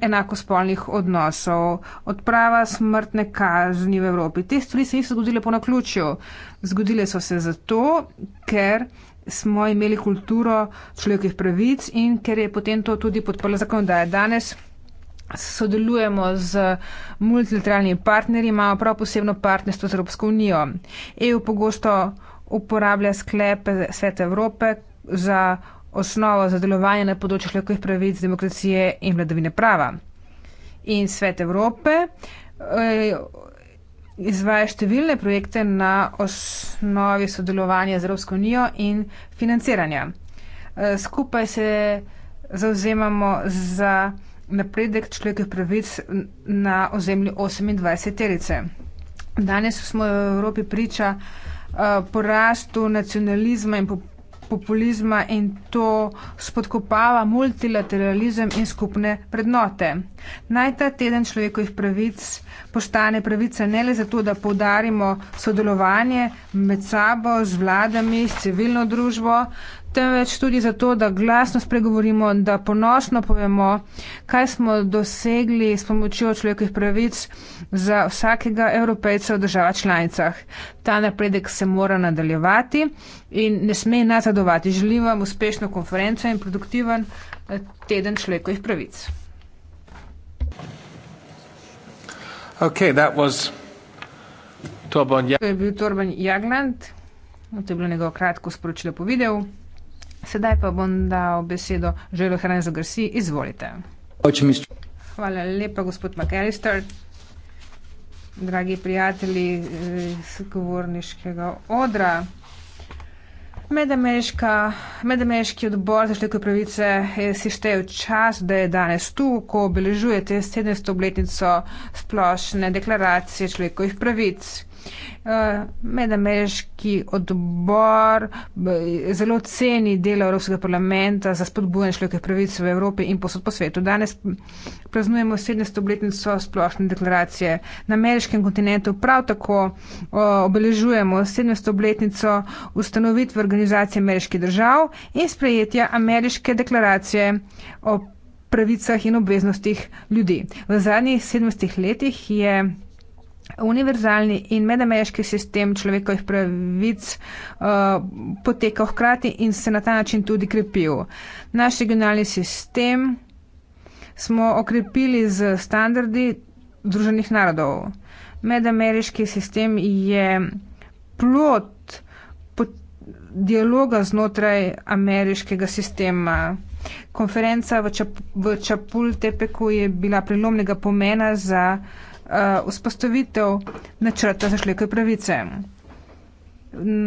enakospolnih odnosov, odprava smrtne kazni v Evropi. Te stvari se niso zgodile po naključju. Zgodile so se zato, ker smo imeli kulturo človekovih pravic in ker je potem to tudi podprla zakonodaja. Danes sodelujemo z multilateralnimi partnerji, imamo prav posebno partnerstvo z Evropsko unijo. EU pogosto uporablja sklepe Sveta Evrope za osnovo za delovanje na področju človekovih pravic, demokracije in vladavine prava. In Svet Evrope eh, izvaja številne projekte na osnovi sodelovanja z Evropsko unijo in financiranja. Eh, skupaj se zauzemamo za napredek človekovih pravic na ozemlju 28-terice. Danes smo v Evropi priča eh, porastu nacionalizma in populizma in to spodkopava multilateralizem in skupne prednote. Naj ta teden človekovih pravic postane pravica ne le zato, da poudarimo sodelovanje med sabo, z vladami, s civilno družbo, temveč tudi zato, da glasno spregovorimo, da ponosno povemo, kaj smo dosegli s pomočjo človekovih pravic za vsakega evropejca v država članicah. Ta napredek se mora nadaljevati in ne sme nazadovati. Želim vam uspešno konferenco in produktiven eh, teden človekovih pravic. Okay, ja- to je bil Torban Jagland. No, to je bilo njegovo kratko sporočilo po videu. Sedaj pa bom dal besedo Želo Hrenzo Grsi, izvolite. Hvala lepa, gospod McAllister. Dragi prijatelji z eh, govorniškega odra. Medameški odbor za človekove pravice je si štejo čas, da je danes tu, ko obeležujete 700. obletnico splošne deklaracije človekovih pravic. Eh, Medameriški odbor zelo ceni delo Evropskega parlamenta za spodbujanje človekovih pravic v Evropi in posod po svetu. Danes praznujemo 700. obletnico splošne deklaracije. Na ameriškem kontinentu prav tako obeležujemo 700. obletnico ustanovitve organizacije ameriških držav in sprejetja ameriške deklaracije o pravicah in obveznostih ljudi. V zadnjih 70 letih je univerzalni in medameški sistem človekovih pravic uh, eh, potekal hkrati in se na ta način tudi krepil. Naš regionalni sistem smo okrepili z standardi Združenih narodov. Medameriški sistem je plot dialoga znotraj ameriškega sistema. Konferenca v, Čap v Čapultepeku je bila prelomnega pomena za uh, Eh, vzpostavitev načrta za človekove pravice.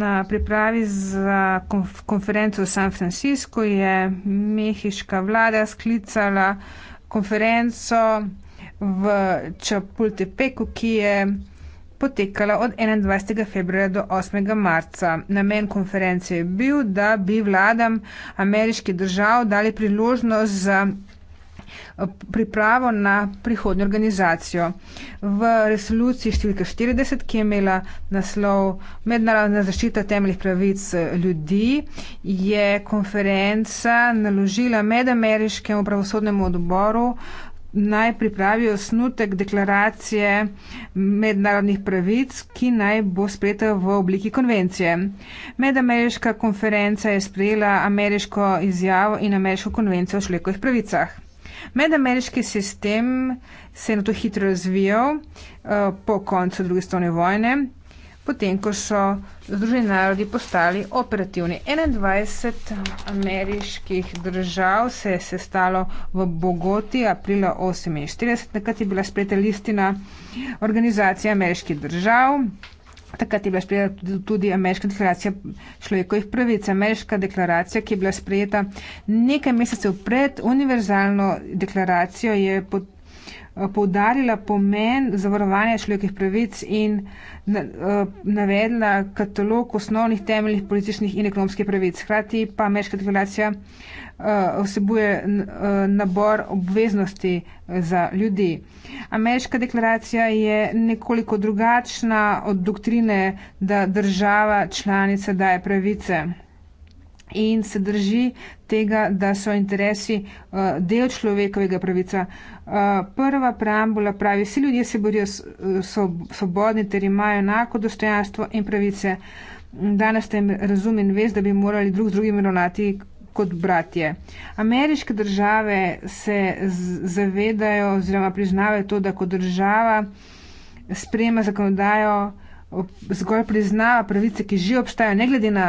Na pripravi za konferenco v San Francisco je mehiška vlada sklicala konferenco v Čapultepeku, ki je potekala od 21. februarja do 8. marca. Namen konference je bil, da bi vladam ameriških držav dali priložnost za pripravo na prihodnjo organizacijo. V resoluciji številka 40, ki je imela naslov Mednarodna zaščita temeljih pravic ljudi, je konferenca naložila medameriškemu pravosodnemu odboru naj pripravijo snutek deklaracije mednarodnih pravic, ki naj bo sprejeta v obliki konvencije. Medameriška konferenca je sprejela ameriško izjavo in ameriško konvencijo o človekovih pravicah. Medameriški sistem se je na to hitro razvijal eh, po koncu druge stone vojne, potem, ko so združeni narodi postali operativni. 21 ameriških držav se je sestalo v Bogoti aprila 48, takrat je bila spreta listina organizacije ameriških držav. Takrat je bila sprejeta tudi ameriška deklaracija človekovih pravic. Ameriška deklaracija, ki je bila sprejeta nekaj mesecev pred univerzalno deklaracijo, je pod Eh, poudarila pomen zavarovanja človekih pravic in eh, navedla katalog osnovnih temeljih političnih in ekonomskih pravic. Hkrati pa ameriška deklaracija eh, vsebuje nabor obveznosti za ljudi. Ameriška deklaracija je nekoliko drugačna od doktrine, da država članica daje pravice in se drži tega, da so interesi uh, del človekovega pravica. Uh, prva preambula pravi, vsi ljudje se borijo so, svobodni ter imajo enako dostojanstvo in pravice. Danes tem razumem vez, da bi morali drug z drugim ravnati kot bratje. Ameriške države se zavedajo oziroma priznavajo to, da kot država sprejema zakonodajo, uh, zgolj prizna pravice, ki že obstajajo, ne glede na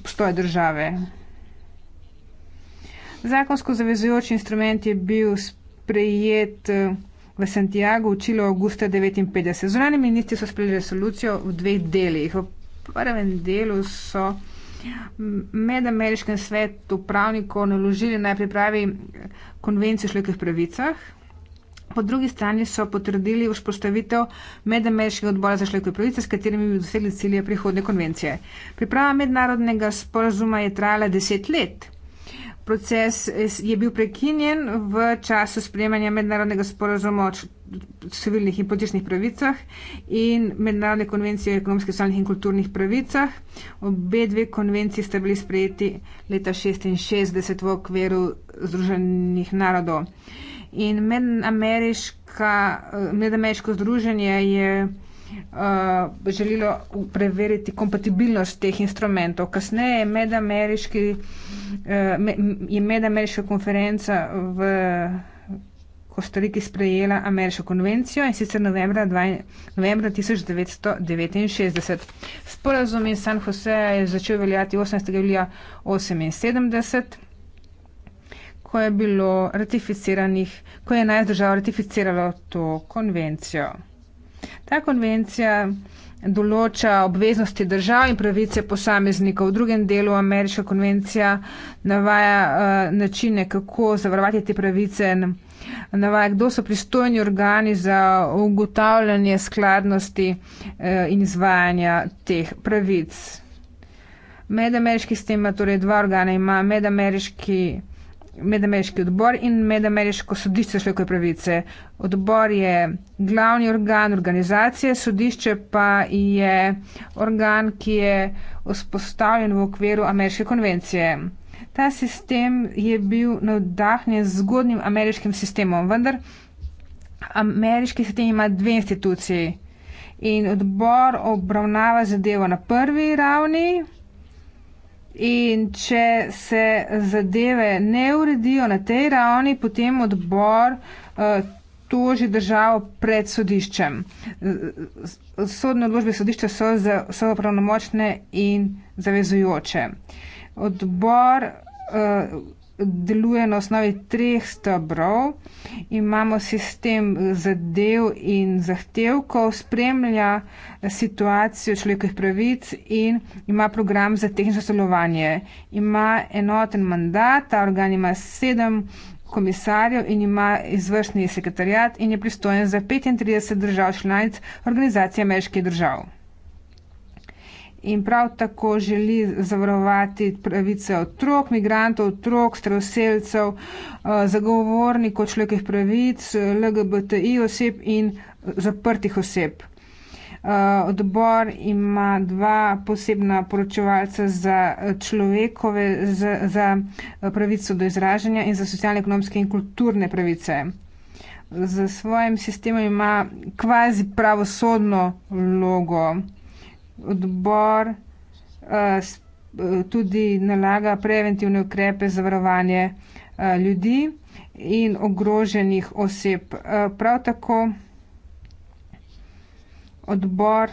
obstoj države. Zakonsko zavezujoč instrument je bil sprejet eh, v Santiago v Čilo augusta 1959. Zunani ministri so sprejeli resolucijo v dveh delih. V prvem delu so med ameriškem svetu pravnikov naložili naj pripravi konvencijo o človekovih pravicah, Po drugi strani so potrdili vzpostavitev medameriškega odbora za človekove pravice, s katerimi bi dosegli cilje prihodne konvencije. Priprava mednarodnega sporazuma je trajala deset let. Proces je bil prekinjen v času sprejemanja mednarodnega sporazuma o civilnih in političnih pravicah in mednarodne konvencije o ekonomskih, socialnih in kulturnih pravicah. Obe dve konvenciji sta bili sprejeti leta 1966 v okviru Združenih narodov in medameriška, medameriško združenje je uh, želelo preveriti kompatibilnost teh instrumentov. Kasneje je, medameriški, uh, je medameriška konferenca v Kostariki sprejela ameriško konvencijo in sicer novembra, 20, novembra 1969. Sporazum iz San Joseja je začel veljati 18. julija 1978 ko je bilo ratificiranih, ko je enajst držav ratificiralo to konvencijo. Ta konvencija določa obveznosti držav in pravice posameznikov. V drugem delu ameriška konvencija navaja uh, načine, kako zavarovati te pravice in navaja, kdo so pristojni organi za ugotavljanje skladnosti uh, in izvajanja teh pravic. Medameriški s tem, torej dva organa ima medameriški medameriški odbor in medameriško sodišče človekove pravice. Odbor je glavni organ organizacije, sodišče pa je organ, ki je vzpostavljen v okviru ameriške konvencije. Ta sistem je bil navdahnjen z zgodnim ameriškim sistemom, vendar ameriški sistem ima dve instituciji. In odbor obravnava zadevo na prvi ravni, In če se zadeve ne uredijo na tej ravni, potem odbor eh, toži državo pred sodiščem. Eh, sodne odložbe sodišča so, za, so pravnomočne in zavezujoče. Odbor eh, deluje na osnovi treh stebrov. Imamo sistem zadev in zahtevkov, spremlja situacijo človekovih pravic in ima program za tehnično sodelovanje. Ima enoten mandat, ta organ ima sedem komisarjev in ima izvršni sekretarjat in je pristojen za 35 držav članic organizacije ameriških držav in prav tako želi zavarovati pravice otrok, migrantov, otrok, staroseljcev, eh, zagovornikov človekovih pravic, LGBTI oseb in zaprtih oseb. Eh, odbor ima dva posebna poročevalca za človekove, za, za pravico do izražanja in za socialne, ekonomske in kulturne pravice. Za svojim sistemom ima kvazi pravosodno logo odbor uh, tudi nalaga preventivne ukrepe za varovanje uh, ljudi in ogroženih oseb. Uh, prav tako odbor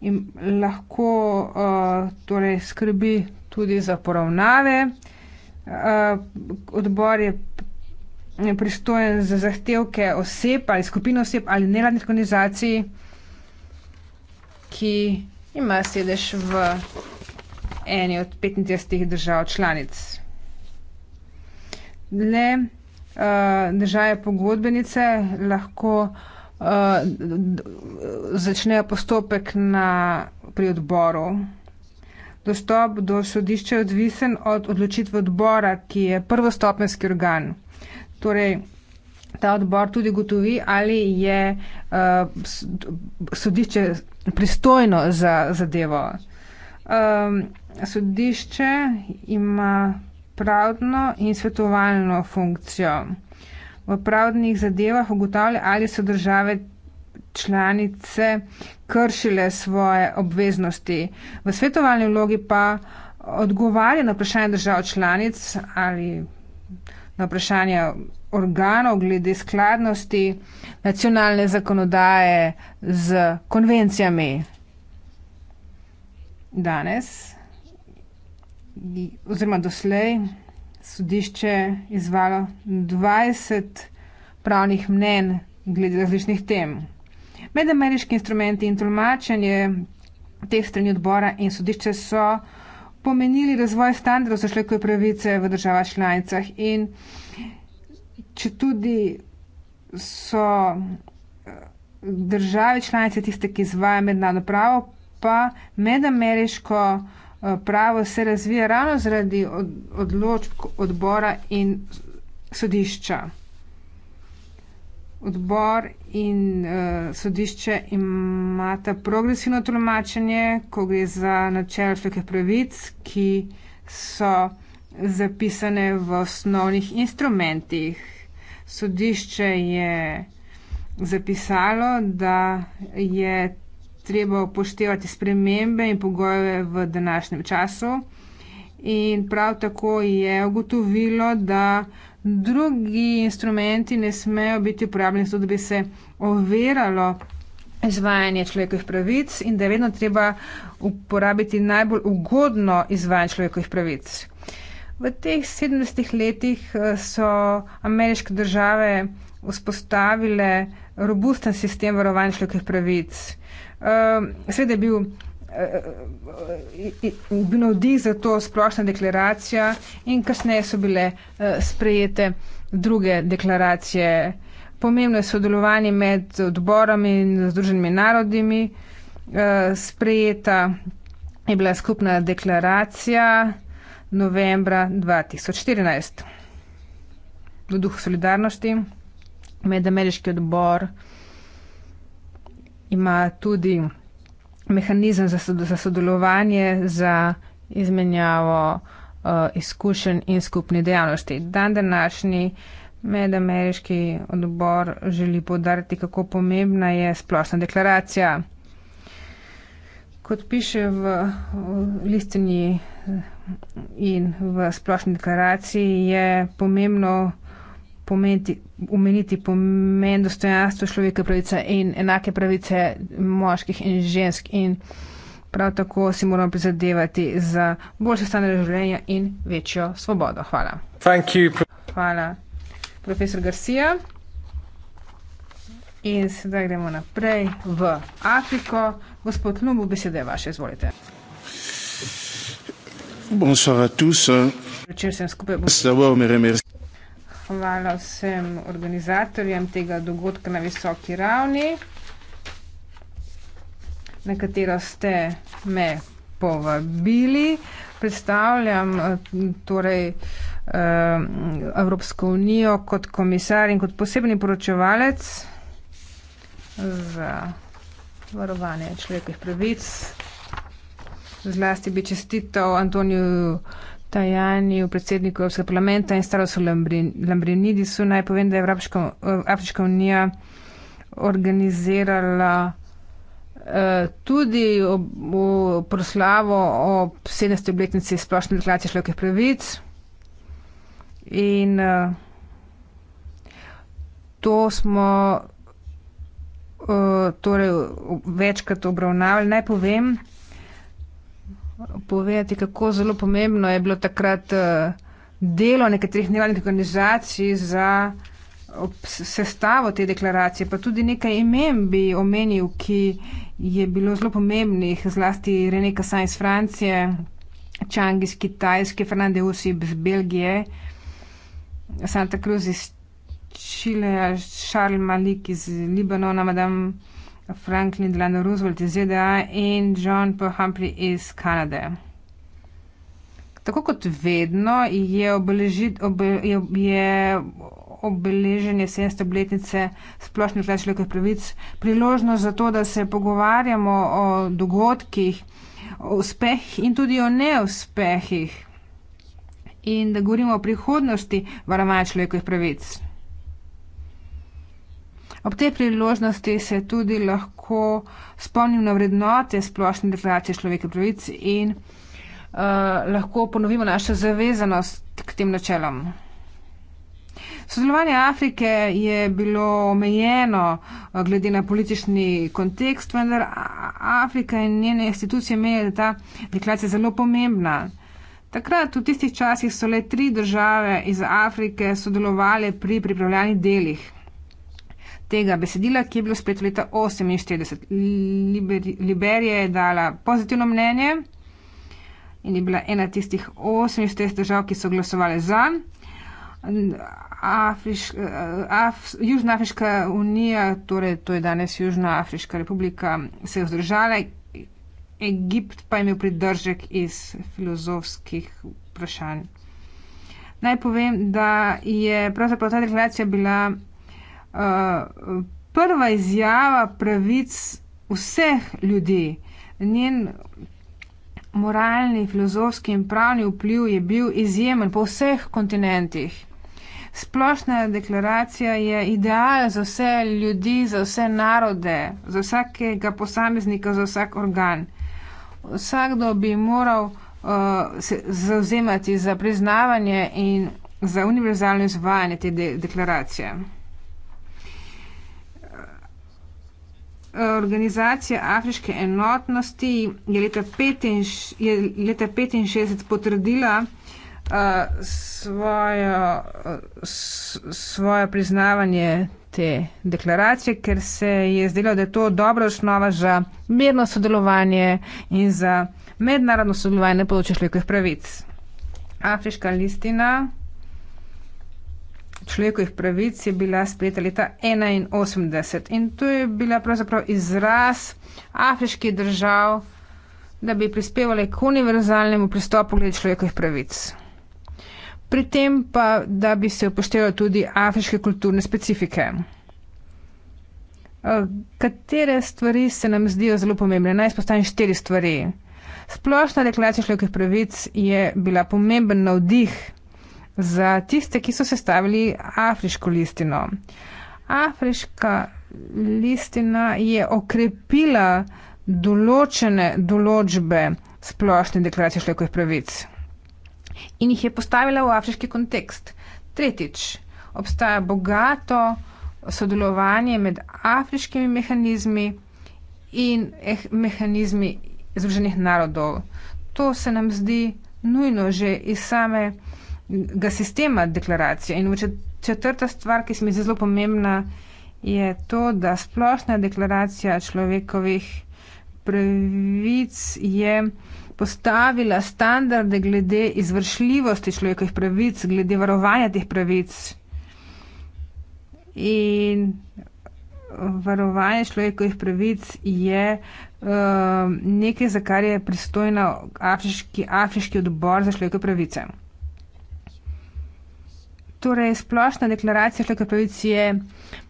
in lahko uh, torej skrbi tudi za poravnave. Uh, odbor je pristojen za zahtevke oseb ali skupino oseb ali neradnih organizacij, uh, ki ima sedež v eni od 35 držav članic. Le uh, države pogodbenice lahko uh, začnejo postopek na, pri odboru. Dostop do sodišča je odvisen od odločitve odbora, ki je prvostopenski organ. Torej, ta odbor tudi gotovi, ali je uh, sodišče pristojno za zadevo. Um, sodišče ima pravno in svetovalno funkcijo. V pravnih zadevah ugotavlja, ali so države članice kršile svoje obveznosti. V svetovalni vlogi pa odgovarja na vprašanje držav članic ali na vprašanje organov glede skladnosti nacionalne zakonodaje z konvencijami. Danes oziroma doslej sodišče izvalo 20 pravnih mnen glede različnih tem. Medameriški instrumenti in tolmačenje teh strani odbora in sodišče so pomenili razvoj standardov za človekove pravice v državah članicah in če tudi so eh, države članice tiste, ki izvaja mednarodno pravo, pa medameriško eh, pravo se razvija ravno zaradi odločb odbora in sodišča odbor in uh, sodišče imata progresivno tolmačenje, ko gre za načel človekovih pravic, ki so zapisane v osnovnih instrumentih. Sodišče je zapisalo, da je treba upoštevati spremembe in pogoje v današnjem času in prav tako je ugotovilo, da drugi instrumenti ne smejo biti uporabljeni, zato da bi se overalo izvajanje človekovih pravic in da je vedno treba uporabiti najbolj ugodno izvajanje človekovih pravic. V teh 70 letih eh, so ameriške države vzpostavile robusten sistem varovanja človekovih pravic. Eh, Sveda je bil gnodi za to splošna deklaracija in kasneje so bile eh, sprejete druge deklaracije. Pomembno je sodelovanje med odborami in združenimi narodimi. Eh, sprejeta je bila skupna deklaracija novembra 2014. V duhu solidarnosti med ameriški odbor ima tudi mehanizem za, za sodelovanje, za izmenjavo uh, izkušenj in skupni dejavnosti. Dan današnji medameriški odbor želi podariti, kako pomembna je splošna deklaracija. Kot piše v, v listini eh, in v splošni deklaraciji, je pomembno pomeniti, omeniti pomen dostojanstva človeka pravica in enake pravice moških in žensk in prav tako si moramo prizadevati za boljše standarde življenja in večjo svobodo. Hvala. You, Hvala, profesor Garcia. In sedaj gremo naprej v Afriko. Gospod Lumbu, besede je vaše, izvolite. Bonsoir a tous. Večer sem skupaj. Bon hvala vsem organizatorjem tega dogodka na visoki ravni, na katero ste me povabili. Predstavljam torej eh, Evropsko unijo kot komisar in kot posebni poročevalec za varovanje človekovih pravic. Zlasti bi čestitev Antoniju Tajaniju, predsedniku Evropskega parlamenta in starostu Lambrinidisu. Naj povem, da je Evropska, Evropska unija organizirala eh, tudi ob, proslavo ob 17. obletnici splošne deklaracije človekovih pravic. In eh, to smo eh, torej večkrat obravnavali. Naj povem, povedati, kako zelo pomembno je bilo takrat eh, delo nekaterih nevladnih organizacij za sestavo te deklaracije, pa tudi nekaj imen bi omenil, ki je bilo zelo pomembnih, zlasti René Cassin iz Francije, Chang iz Kitajske, Fernande Usib iz Belgije, Santa Cruz iz Čileja, Charles Malik iz Libanona, Madame Franklin Delano Roosevelt iz ZDA in John P. Humphrey iz Kanade. Tako kot vedno je, obeležit, obe, je, je obeleženje 700 obletnice splošne človekovih pravic priložnost za to, da se pogovarjamo o dogodkih, o uspehih in tudi o neuspehih in da govorimo o prihodnosti varovanja človekovih pravic. Ob tej priložnosti se tudi lahko spomnim na vrednote splošne deklaracije človekovih pravic in uh, lahko ponovimo našo zavezanost k tem načelom. Sodelovanje Afrike je bilo omejeno eh, glede na politični kontekst, vendar Afrika in njene institucije menijo, da je ta deklaracija zelo pomembna. Takrat v tistih časih so le tri države iz Afrike sodelovali pri pripravljanih delih tega besedila, ki je bilo spet leta 1948. Liberija je dala pozitivno mnenje in je bila ena tistih 48 držav, ki so glasovali za. Afriš, eh, Af, Južna Afriška unija, torej to je danes Južna Afriška republika, se je vzdržala, Egipt pa je imel pridržek iz filozofskih vprašanj. Naj povem, da je pravzaprav ta deklaracija bila prva izjava pravic vseh ljudi. Njen moralni, filozofski in pravni vpliv je bil izjemen po vseh kontinentih. Splošna deklaracija je ideal za vse ljudi, za vse narode, za vsakega posameznika, za vsak organ. Vsakdo bi moral uh, se zauzemati za priznavanje in za univerzalno izvajanje te de deklaracije. organizacija afriške enotnosti je leta 1965 potrdila uh, svojo, uh, svojo priznavanje te deklaracije, ker se je zdelo, da je to dobra osnova za mirno sodelovanje in za mednarodno sodelovanje na področju človekovih pravic. Afriška listina človekovih pravic je bila sprejeta leta 81 in to je bila pravzaprav izraz afriških držav, da bi prispevali k univerzalnemu pristopu glede človekovih pravic. Pri tem pa, da bi se upoštevalo tudi afriške kulturne specifike. Eh, katere stvari se nam zdijo zelo pomembne? Naj spostavim štiri stvari. Splošna deklaracija človekovih pravic je bila pomemben navdih za tiste, ki so sestavili afriško listino. Afriška listina je okrepila določene določbe splošne deklaracije človekovih pravic in jih je postavila v afriški kontekst. Tretjič, obstaja bogato sodelovanje med afriškimi mehanizmi in eh, mehanizmi Združenih narodov. To se nam zdi nujno že iz same ga sistema deklaracije. In četrta stvar, ki se mi zdi zelo pomembna, je to, da splošna deklaracija človekovih pravic je postavila standarde glede izvršljivosti človekovih pravic, glede varovanja teh pravic. In varovanje človekovih pravic je uh, nekaj, za kar je pristojna Afriški, Afriški odbor za človekove pravice. Torej, splošna deklaracija človekovih pravic je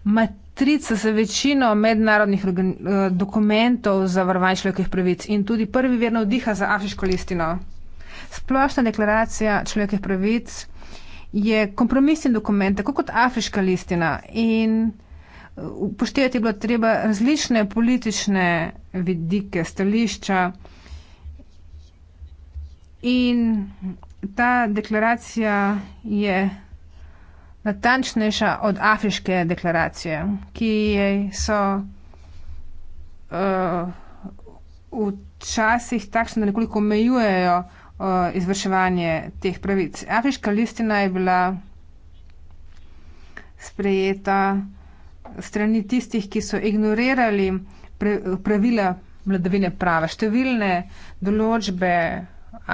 matrica za večino mednarodnih eh, dokumentov za varovanje človekovih pravic in tudi prvi verno vdiha za afriško listino. Splošna deklaracija človekovih pravic je kompromisni dokument, tako kot afriška listina in eh, upoštevati je bilo treba različne politične vidike, stališča in ta deklaracija je natančnejša od afriške deklaracije, ki so uh, včasih takšne, da nekoliko omejujejo uh, izvrševanje teh pravic. Afriška listina je bila sprejeta strani tistih, ki so ignorirali pravila vladavine prava. Številne določbe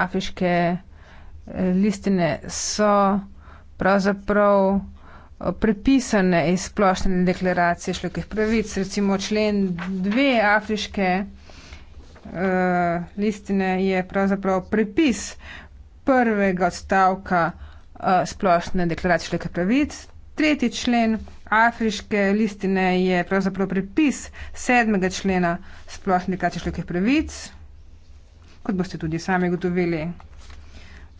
afriške eh, listine so pravzaprav eh, prepisane iz splošne deklaracije človekovih pravic, recimo člen dve afriške uh, listine je pravzaprav prepis prvega odstavka uh, splošne deklaracije človekovih pravic, tretji člen afriške listine je pravzaprav prepis sedmega člena splošne deklaracije človekovih pravic, kot boste tudi sami gotovili.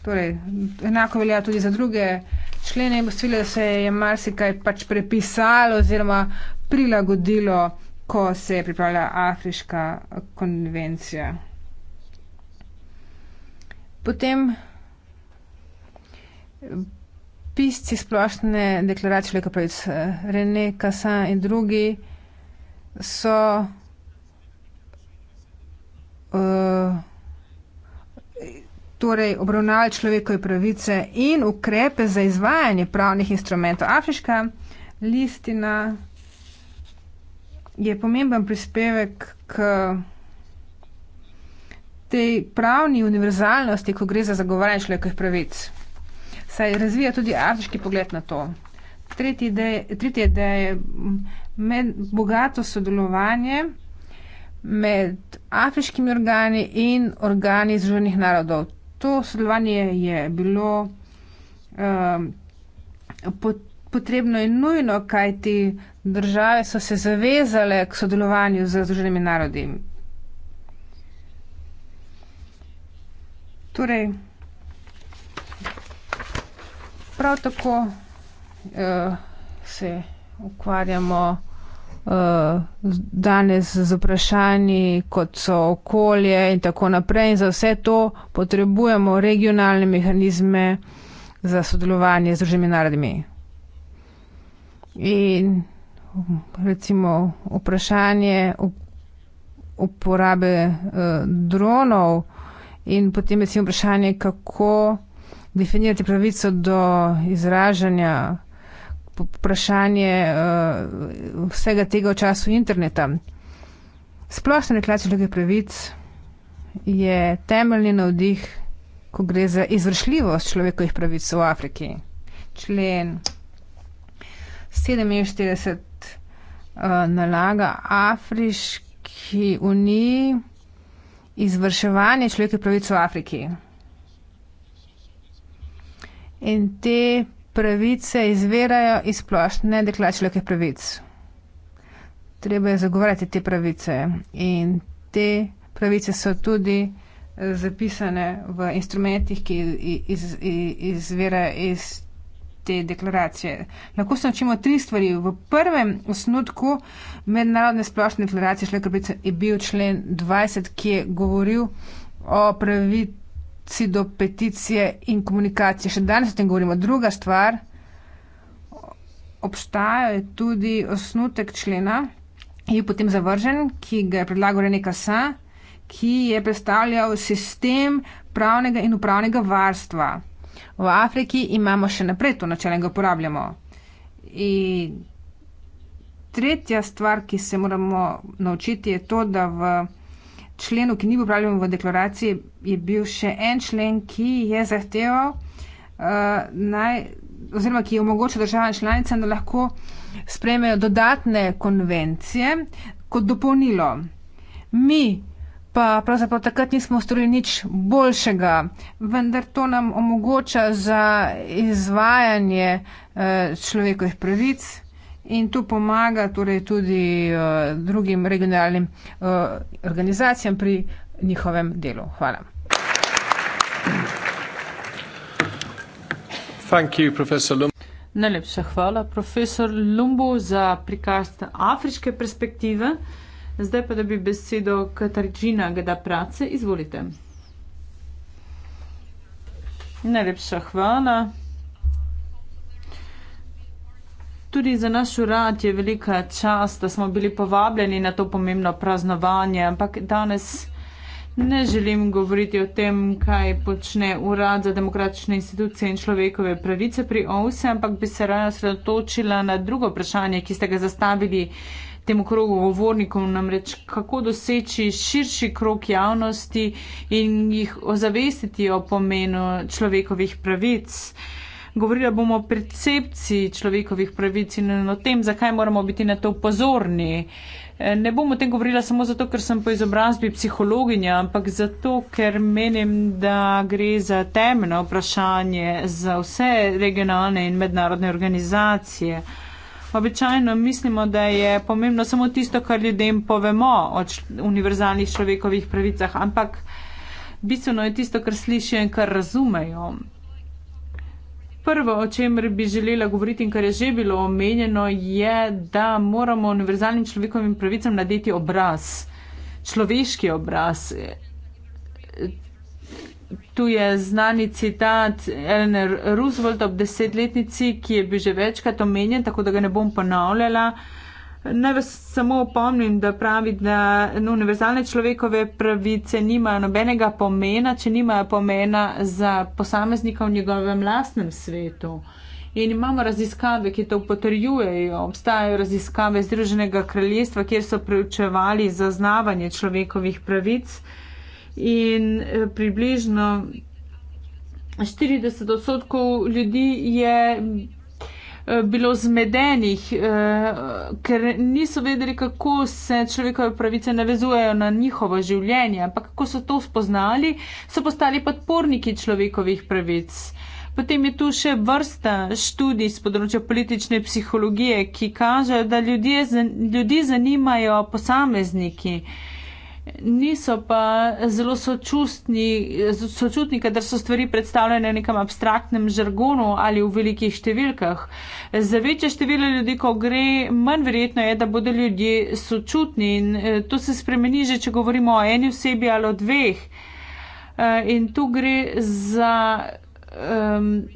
Torej, enako velja tudi za druge člene in postavili, da se je marsikaj pač prepisalo oziroma prilagodilo, ko se je pripravljala Afriška konvencija. Potem pisci splošne deklaracije, kot pravic René, Kassan in drugi, so uh, torej obravnavali človekove pravice in ukrepe za izvajanje pravnih instrumentov. Afriška listina je pomemben prispevek k tej pravni univerzalnosti, ko gre za zagovarjanje človekovih pravic. Saj razvija tudi afriški pogled na to. Tretje ideje je med bogato sodelovanje med afriškimi organi in organi Združenih narodov to sodelovanje je bilo um, potrebno in nujno, kajti države so se zavezale k sodelovanju z Združenimi narodi. Torej, prav tako uh, se ukvarjamo. Eh, danes z vprašanji, kot so okolje in tako naprej. In za vse to potrebujemo regionalne mehanizme za sodelovanje z družbenimi narodimi. In recimo vprašanje uporabe uh, dronov in potem recimo vprašanje, kako definirati pravico do izražanja vprašanje uh, vsega tega v času interneta. Splošna deklaracija človekovih pravic je temeljni navdih, ko gre za izvršljivost človekovih pravic v Afriki. Člen 47 uh, eh, nalaga Afriški uniji izvrševanje človekovih pravic v Afriki. In te pravice izvirajo iz splošne deklačljake pravic. Treba je zagovarjati te pravice in te pravice so tudi eh, zapisane v instrumentih, ki iz, iz, izvirajo iz te deklaracije. Lahko se naučimo tri stvari. V prvem osnutku mednarodne splošne deklaracije človekovih pravic je bil člen 20, ki je govoril o pravic reakciji do peticije in komunikacije. Še danes o tem govorimo. Druga stvar, obstaja tudi osnutek člena, ki je potem zavržen, ki ga je predlagal Reneka Sa, ki je predstavljal sistem pravnega in upravnega varstva. V Afriki imamo še naprej to načelo in ga uporabljamo. In tretja stvar, ki se moramo naučiti, je to, da v členu, ki ni bil upravljen v deklaraciji, je bil še en člen, ki je zahteval, uh, naj, oziroma ki je omogočil državam članicam, da lahko sprejmejo dodatne konvencije kot dopolnilo. Mi pa pravzaprav takrat nismo ustvarili nič boljšega, vendar to nam omogoča za izvajanje uh, človekovih pravic in to pomaga torej, tudi uh, drugim regionalnim uh, organizacijam pri njihovem delu. Hvala. Najlepša hvala, profesor Lumbu, za prikaz afriške perspektive. Zdaj pa da bi besedo Katarčina Gada Prace. Izvolite. Najlepša hvala, Tudi za naš urad je velika čast, da smo bili povabljeni na to pomembno praznovanje, ampak danes ne želim govoriti o tem, kaj počne urad za demokratične institucije in človekove pravice pri OVSE, ampak bi se raje osredotočila na drugo vprašanje, ki ste ga zastavili temu krogu govornikov, namreč kako doseči širši krog javnosti in jih ozavestiti o pomenu človekovih pravic govorila bomo o percepciji človekovih pravic in o tem, zakaj moramo biti na to pozorni. Eh, ne bom o tem govorila samo zato, ker sem po izobrazbi psihologinja, ampak zato, ker menim, da gre za temeljno vprašanje za vse regionalne in mednarodne organizacije. Običajno mislimo, da je pomembno samo tisto, kar ljudem povemo o univerzalnih človekovih pravicah, ampak bistveno je tisto, kar slišijo in kar razumejo. Prvo, o čemer bi želela govoriti in kar je že bilo omenjeno, je, da moramo univerzalnim človekovim pravicam nadeti obraz, človeški obraz. Tu je znani citat Elena Roosevelt ob desetletnici, ki je bil že večkrat omenjen, tako da ga ne bom ponavljala. Uh, Naj vas samo opomnim, da pravi, da no, univerzalne človekove pravice nima nobenega pomena, če nima pomena za posameznika v njegovem lastnem svetu. In imamo raziskave, ki to potrjujejo. Obstajajo raziskave Združenega kraljestva, kjer so preučevali zaznavanje človekovih pravic in eh, približno 40 odstotkov ljudi je Eh, bilo zmedenih, eh, ker niso vedeli, kako se človekove pravice navezujejo na njihovo življenje. Ampak ko so to spoznali, so postali podporniki človekovih pravic. Potem je tu še vrsta študij z področja politične psihologije, ki kažejo, da ljudje, ljudi zanimajo posamezniki niso pa zelo sočutni, kadar so stvari predstavljene v nekem abstraktnem žargonu ali v velikih številkah. Za večje število ljudi, ko gre, manj verjetno je, da bodo ljudje sočutni in eh, to se spremeni že, če govorimo o eni osebi ali o dveh. Eh, in tu gre za. Um,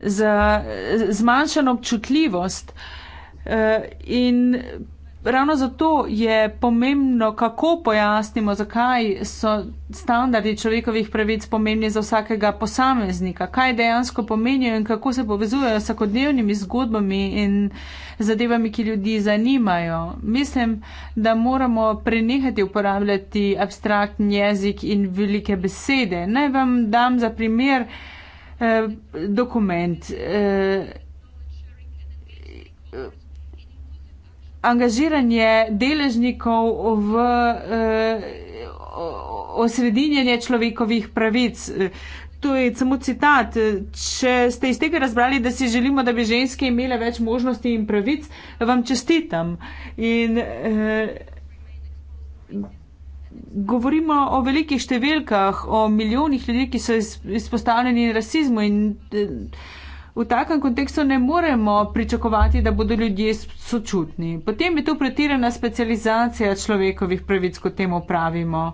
z zmanjšano občutljivost. Eh, in ravno zato je pomembno, kako pojasnimo, zakaj so standardi človekovih pravic pomembni za vsakega posameznika, kaj dejansko pomenijo in kako se povezujejo s vsakodnevnimi zgodbami in zadevami, ki ljudi zanimajo. Mislim, da moramo prenehati uporabljati abstraktni jezik in velike besede. Naj vam dam za primer, da eh, dokument. Eh, angažiranje deležnikov v eh, osredinjenje človekovih pravic. To je samo citat. Če ste iz tega razbrali, da si želimo, da bi ženske imele več možnosti in pravic, vam čestitam. In, eh, govorimo o velikih številkah, o milijonih ljudi, ki so izpostavljeni rasizmu in eh, v takem kontekstu ne moremo pričakovati, da bodo ljudje sočutni. Potem je tu pretirana specializacija človekovih pravic, ko temu pravimo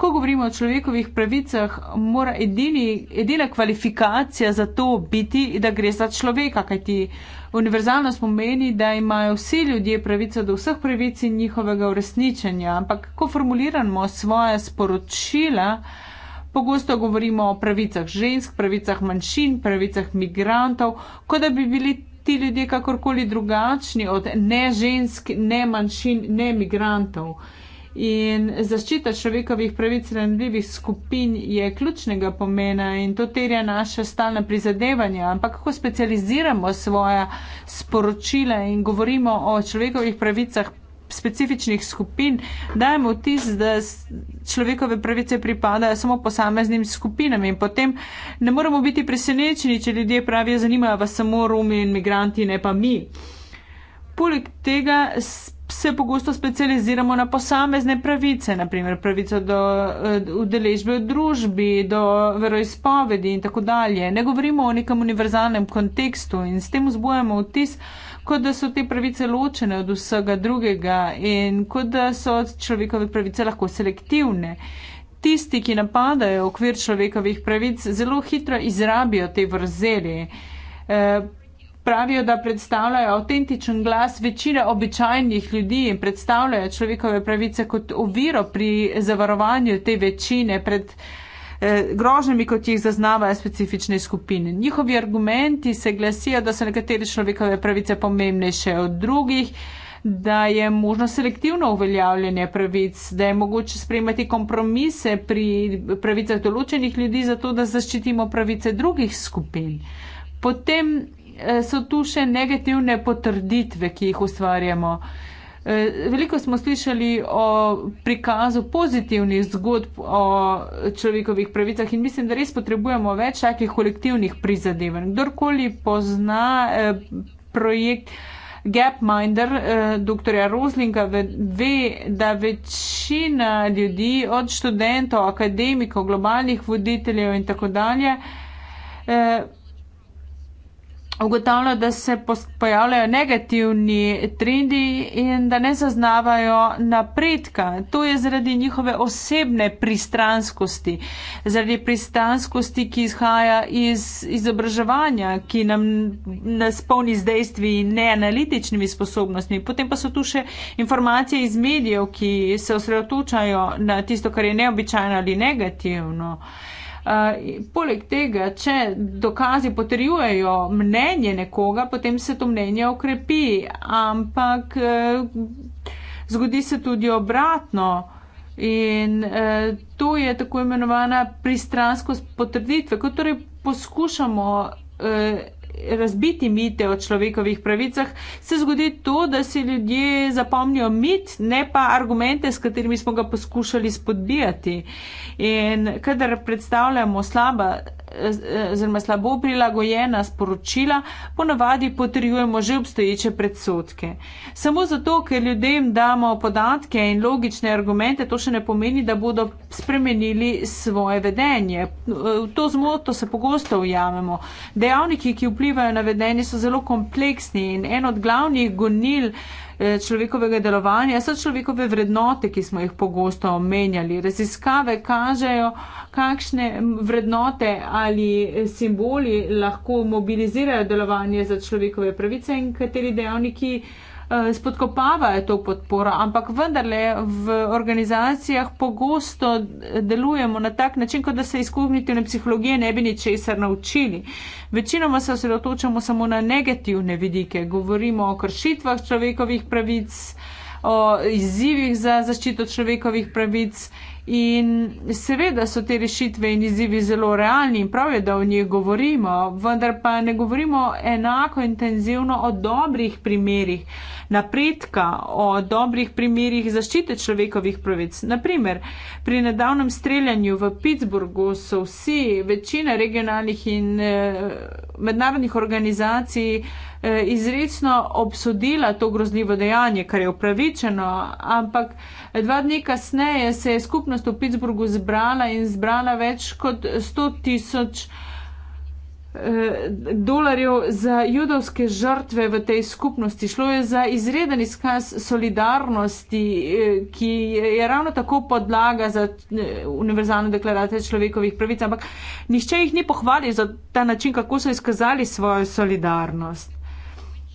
ko govorimo o človekovih pravicah, mora edini, edina kvalifikacija za to biti, da gre za človeka, kajti univerzalnost pomeni, da imajo vsi ljudje pravico do vseh pravic in njihovega uresničenja. Ampak, ko formuliramo svoje sporočila, pogosto govorimo o pravicah žensk, pravicah manjšin, pravicah migrantov, kot da bi bili. Ti ljudje kakorkoli drugačni od ne žensk, ne manjšin, ne migrantov. In zaščita človekovih pravic ranljivih skupin je ključnega pomena in to terja naše stalne prizadevanja. Ampak kako specializiramo svoje sporočile in govorimo o človekovih pravicah specifičnih skupin, dajemo vtis, da človekove pravice pripadajo samo posameznim skupinam in potem ne moramo biti presenečeni, če ljudje pravijo, zanimajo vas samo Romi in migranti, ne pa mi. Poleg tega se pogosto specializiramo na posamezne pravice, naprimer pravico do eh, udeležbe v družbi, do veroizpovedi in tako dalje. Ne govorimo o nekem univerzalnem kontekstu in s tem vzbujamo vtis, kot da so te pravice ločene od vsega drugega in kot da so človekove pravice lahko selektivne. Tisti, ki napadajo okvir človekovih pravic, zelo hitro izrabijo te vrzeli. Eh, pravijo, da predstavljajo avtentičen glas večine običajnih ljudi in predstavljajo človekove pravice kot oviro pri zavarovanju te večine pred eh, grožnjami, kot jih zaznavajo specifične skupine. Njihovi argumenti se glasijo, da so nekatere človekove pravice pomembnejše od drugih, da je možno selektivno uveljavljanje pravic, da je mogoče sprejemati kompromise pri pravicah določenih ljudi, zato da zaščitimo pravice drugih skupin. Potem Eh, so tu še negativne potrditve, ki jih ustvarjamo. Eh, veliko smo slišali o prikazu pozitivnih zgodb o človekovih pravicah in mislim, da res potrebujemo več takih kolektivnih prizadevanj. Kdorkoli pozna eh, projekt Gapminder dr. Roslinga, ve, da večina ljudi, od študentov, akademikov, globalnih voditeljev in tako dalje, ugotavlja, da se pojavljajo negativni trendi in da ne zaznavajo napredka. To je zaradi njihove osebne pristranskosti, zaradi pristranskosti, ki izhaja iz izobraževanja, ki nam nas polni z dejstvi in neanalitičnimi sposobnostmi. Potem pa so tu še informacije iz medijev, ki se osredotočajo na tisto, kar je neobičajno ali negativno. Eh, poleg tega, če dokazi potrjujejo mnenje nekoga, potem se to mnenje okrepi, ampak uh, zgodi se tudi obratno. In eh, to je tako imenovana pristranskost potrditve, ko torej poskušamo eh, razbiti mite o človekovih pravicah, se zgodi to, da si ljudje zapomnijo mit, ne pa argumente, s katerimi smo ga poskušali spodbijati. In kadar predstavljamo slaba, oziroma slabo prilagojena sporočila, ponavadi potrjujemo že obstoječe predsotke. Samo zato, ker ljudem damo podatke in logične argumente, to še ne pomeni, da bodo spremenili svoje vedenje. V to zmoto se pogosto ujamemo. Dejavniki, ki vplivajo vplivajo navedeni, so zelo kompleksni in en od glavnih gonil eh, človekovega delovanja so človekove vrednote, ki smo jih pogosto omenjali. Raziskave kažejo, kakšne vrednote ali simboli lahko mobilizirajo delovanje za človekove pravice in kateri dejavniki Eh, spodkopavajo to podporo, ampak vendarle v organizacijah pogosto delujemo na tak način, kot da se iz kognitivne psihologije ne bi ničesar naučili. Večinoma se osredotočamo samo na negativne vidike, govorimo o kršitvah človekovih pravic, o izzivih za zaščito človekovih pravic In seveda so te rešitve in izzivi zelo realni in prav je, da o njih govorimo, vendar pa ne govorimo enako intenzivno o dobrih primerih napredka, o dobrih primerih zaščite človekovih pravic. Naprimer, pri nedavnem streljanju v Pittsburghu so vsi, večina regionalnih in eh, mednarodnih organizacij, eh, Eh, izrecno obsodila to grozljivo dejanje, kar je upravičeno, ampak dva dni kasneje se je skupnost v Pittsburghu zbrala in zbrala več kot 100 tisoč eh, dolarjev za judovske žrtve v tej skupnosti. Šlo je za izreden izkaz solidarnosti, eh, ki je ravno tako podlaga za univerzalno deklaracijo človekovih pravic, ampak nihče jih ni pohvalil za ta način, kako so izkazali svojo solidarnost.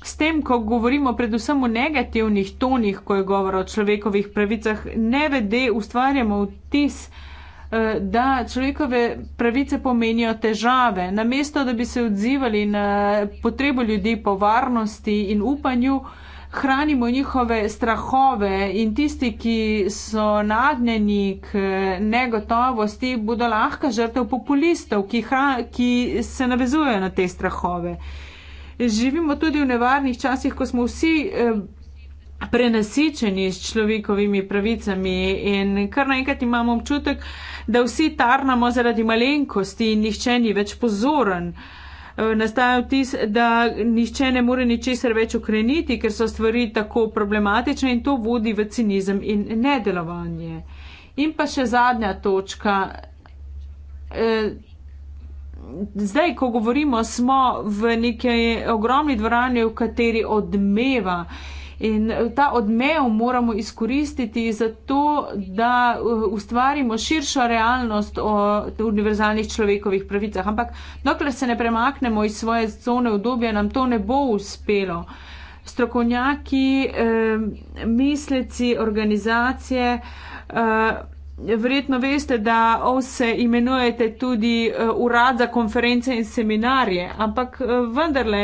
S tem, ko govorimo predvsem o negativnih tonih, ko je govor o človekovih pravicah, ne vede ustvarjamo vtis, eh, da človekove pravice pomenijo težave. Namesto, da bi se odzivali na potrebo ljudi po varnosti in upanju, hranimo njihove strahove in tisti, ki so nagnjeni k eh, negotovosti, bodo lahko žrtev populistov, ki, ki se navezujejo na te strahove živimo tudi v nevarnih časih, ko smo vsi eh, prenasičeni s človekovimi pravicami in kar naenkrat imamo občutek, da vsi tarnamo zaradi malenkosti in nihče ni več pozoren. Eh, nastaja vtis, da nihče ne more ničesar več ukreniti, ker so stvari tako problematične in to vodi v cinizem in nedelovanje. In pa še zadnja točka. E, zdaj, ko govorimo, smo v neki ogromni dvorani, v kateri odmeva. In eh, ta odmev moramo izkoristiti za to, da eh, ustvarimo širšo realnost o univerzalnih človekovih pravicah. Ampak dokler se ne premaknemo iz svoje zone vdobja, nam to ne bo uspelo. Strokovnjaki, eh, misleci, organizacije. Eh, Verjetno veste, da se imenujete tudi e, urad za konference in seminarje, ampak e, vendarle,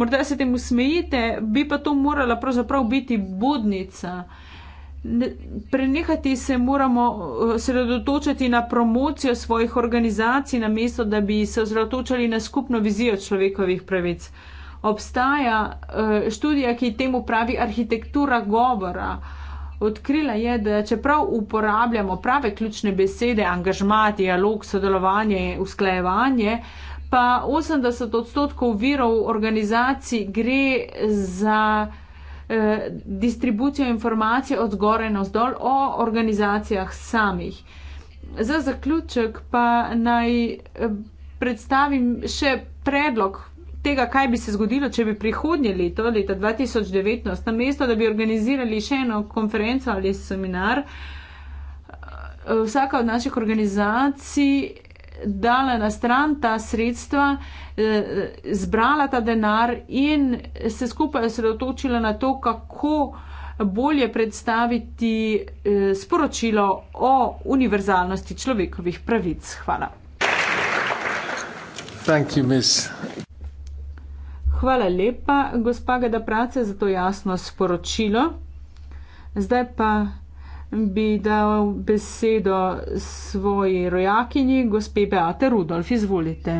morda se temu smejite, bi pa to morala pravzaprav biti budnica. Prenehati se moramo e, sredotočati na promocijo svojih organizacij, na mesto, da bi se osredotočali na skupno vizijo človekovih pravic. Obstaja študija, ki temu pravi arhitektura govora odkrila je, da čeprav uporabljamo prave ključne besede, angažma, dialog, sodelovanje, usklajevanje, pa 80 odstotkov virov organizacij gre za eh, distribucijo informacij od zgore na vzdolj o organizacijah samih. Za zaključek pa naj eh, predstavim še predlog, tega, kaj bi se zgodilo, če bi prihodnje leto, leta 2019, namesto da bi organizirali še eno konferenco ali seminar, eh, vsaka od naših organizacij dala na stran ta sredstva, eh, zbrala ta denar in se skupaj osredotočila na to, kako bolje predstaviti eh, sporočilo o univerzalnosti človekovih pravic. Hvala. Thank you, Ms hvala lepa, gospa Gada Prace, za to jasno sporočilo. Zdaj pa bi dal besedo svoji rojakinji, gospe Beate Rudolf, izvolite.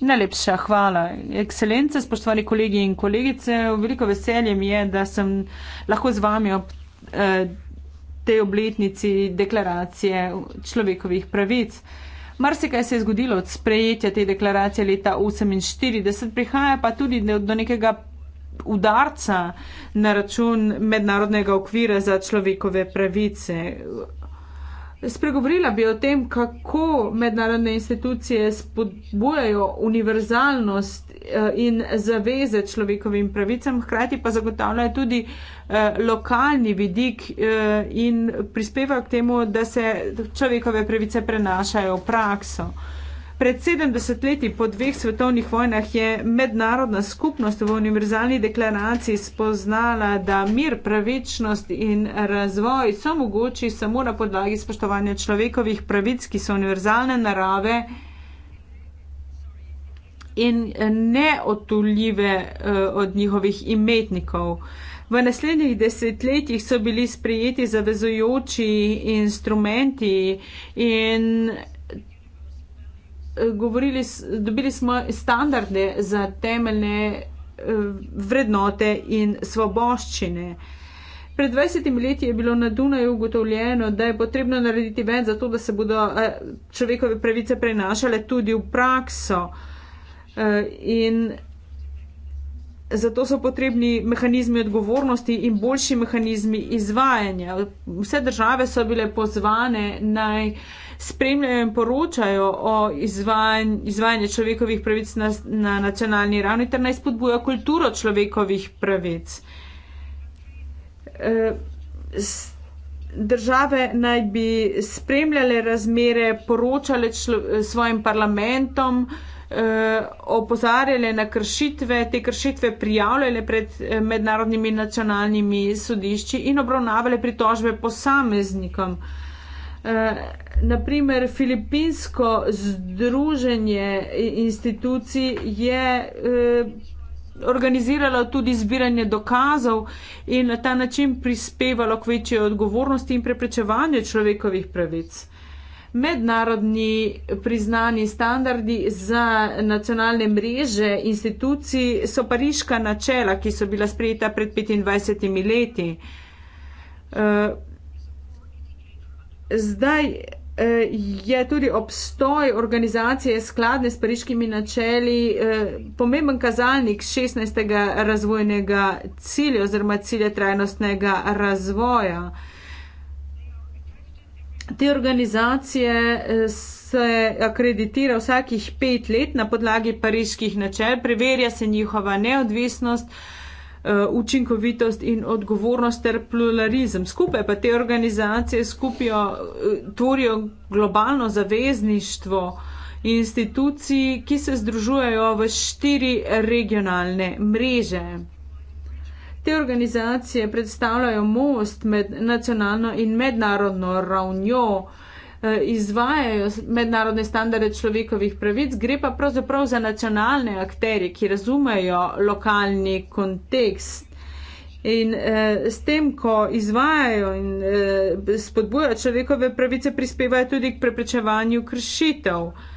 Najlepša hvala, ekscelence, spoštovani kolegi in kolegice. Veliko veselje mi je, da sem lahko z vami ob eh, tej obletnici deklaracije človekovih pravic. Eh, Mrsikaj se je zgodilo od sprejetja te deklaracije leta 1948, prihaja pa tudi do nekega udarca na račun mednarodnega okvira za človekove pravice. Spregovorila bi o tem, kako mednarodne institucije spodbujajo univerzalnost eh, in zaveze človekovim pravicam, hkrati pa zagotavljajo tudi eh, lokalni vidik eh, in prispevajo k temu, da se človekove pravice prenašajo v prakso. Pred 70 leti po dveh svetovnih vojnah je mednarodna skupnost v univerzalni deklaraciji spoznala, da mir, pravičnost in razvoj so mogoči samo na podlagi spoštovanja človekovih pravic, ki so univerzalne narave in neotuljive eh, od njihovih imetnikov. V naslednjih desetletjih so bili sprejeti zavezujoči instrumenti in Eh, govorili, dobili smo standarde za temeljne eh, vrednote in svoboščine. Pred 20 leti je bilo na Dunaju ugotovljeno, da je potrebno narediti več za to, da se bodo eh, človekove pravice prenašale tudi v prakso. In Zato so potrebni mehanizmi odgovornosti in boljši mehanizmi izvajanja. Vse države so bile pozvane naj spremljajo in poročajo o izvajanju človekovih pravic na, na nacionalni ravni ter naj spodbuja kulturo človekovih pravic. Eh, države naj bi spremljale razmere, poročale člo, eh, svojim parlamentom, Eh, opozarjale na kršitve, te kršitve prijavljale pred eh, mednarodnimi in nacionalnimi sodišči in obravnavale pritožbe posameznikom. Eh, Naprimer, Filipinsko združenje institucij je organiziralo tudi zbiranje dokazov in na ta način prispevalo k večji odgovornosti in preprečevanju človekovih pravic mednarodni priznani standardi za nacionalne mreže institucij so pariška načela, ki so bila sprejeta pred 25 leti. Eh, zdaj eh, je tudi obstoj organizacije skladne s pariškimi načeli eh, pomemben kazalnik 16. razvojnega cilja oziroma cilja trajnostnega razvoja. Te organizacije eh, se akreditira vsakih pet let na podlagi pariških načel, preverja se njihova neodvisnost, eh, učinkovitost in odgovornost ter pluralizem. Skupaj pa te organizacije skupijo, eh, tvorijo globalno zavezništvo institucij, ki se združujejo v štiri regionalne mreže. Te organizacije predstavljajo most med nacionalno in mednarodno ravnjo, eh, izvajajo mednarodne standarde človekovih pravic, gre pa pravzaprav za nacionalne akteri, ki razumejo lokalni kontekst. In eh, s tem, ko izvajajo in eh, spodbujajo človekove pravice, prispevajo tudi k preprečevanju kršitev. Eh,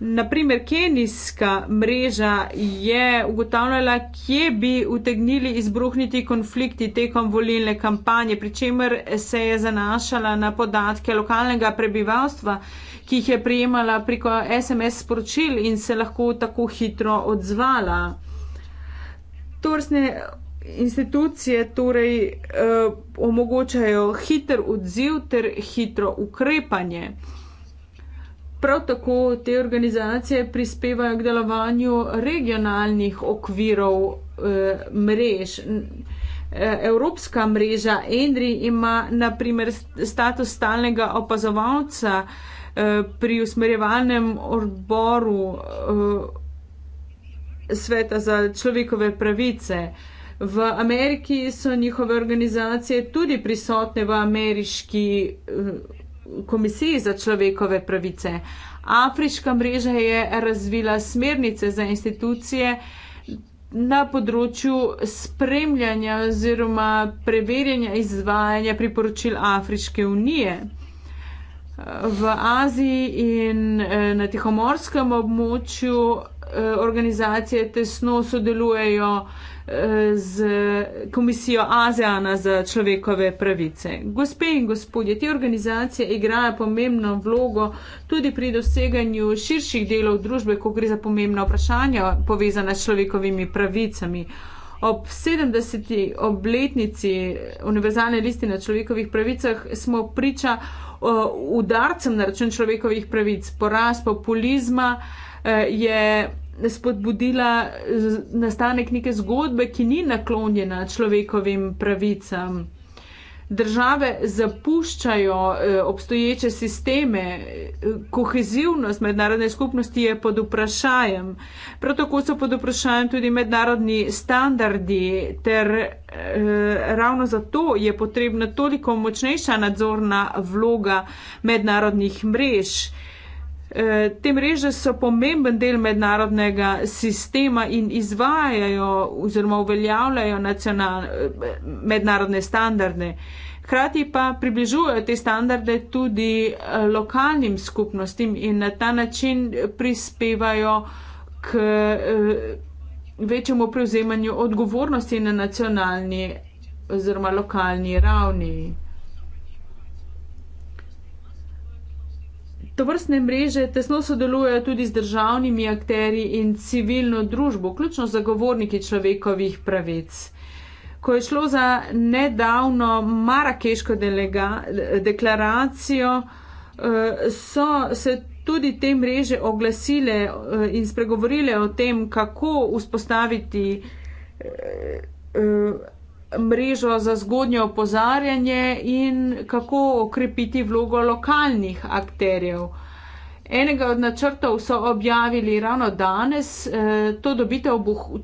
Naprimer, kenijska mreža je ugotavljala, kje bi utegnili izbruhniti konflikti tekom volilne kampanje, pri čemer se je zanašala na podatke lokalnega prebivalstva, ki jih je prijemala preko SMS sporočil in se lahko tako hitro odzvala. Torsne institucije torej eh, omogočajo hiter odziv ter hitro ukrepanje. Prav tako te organizacije prispevajo k delovanju regionalnih okvirov eh, mrež. Eh, Evropska mreža Enri ima naprimer status stalnega opazovalca eh, pri usmerjevalnem odboru eh, sveta za človekove pravice. V Ameriki so njihove organizacije tudi prisotne v ameriški. Eh, komisiji za človekove pravice. Afriška mreža je razvila smernice za institucije na področju spremljanja oziroma preverjanja izvajanja priporočil Afriške unije. V Aziji in eh, na tihomorskem območju eh, organizacije tesno sodelujejo z Komisijo ASEANA za človekove pravice. Gospe in gospodje, te organizacije igrajo pomembno vlogo tudi pri doseganju širših delov družbe, ko gre za pomembna vprašanja povezana s človekovimi pravicami. Ob 70. obletnici Univerzalne listine o človekovih pravicah smo priča udarcem na račun človekovih pravic. Poraz populizma eh, je spodbudila nastanek neke zgodbe, ki ni naklonjena človekovim pravicam. Države zapuščajo eh, obstoječe sisteme, eh, kohezivnost mednarodne skupnosti je pod vprašanjem. Prav tako so pod vprašanjem tudi mednarodni standardi, ter eh, ravno zato je potrebna toliko močnejša nadzorna vloga mednarodnih mrež. Eh, te mreže so pomemben del mednarodnega sistema in izvajajo oziroma uveljavljajo nacional, eh, mednarodne standarde. Hrati pa približujejo te standarde tudi eh, lokalnim skupnostim in na ta način prispevajo k večjemu prevzemanju odgovornosti na nacionalni oziroma lokalni ravni. To vrstne mreže tesno sodelujejo tudi z državnimi akteri in civilno družbo, vključno zagovorniki človekovih pravic. Ko je šlo za nedavno marakeško delega, deklaracijo, eh, so se tudi te mreže oglasile eh, in spregovorile o tem, kako vzpostaviti eh, mrežo za zgodnje opozarjanje in kako okrepiti vlogo lokalnih akterjev. Enega od načrtov so objavili ravno danes, eh, to, dobite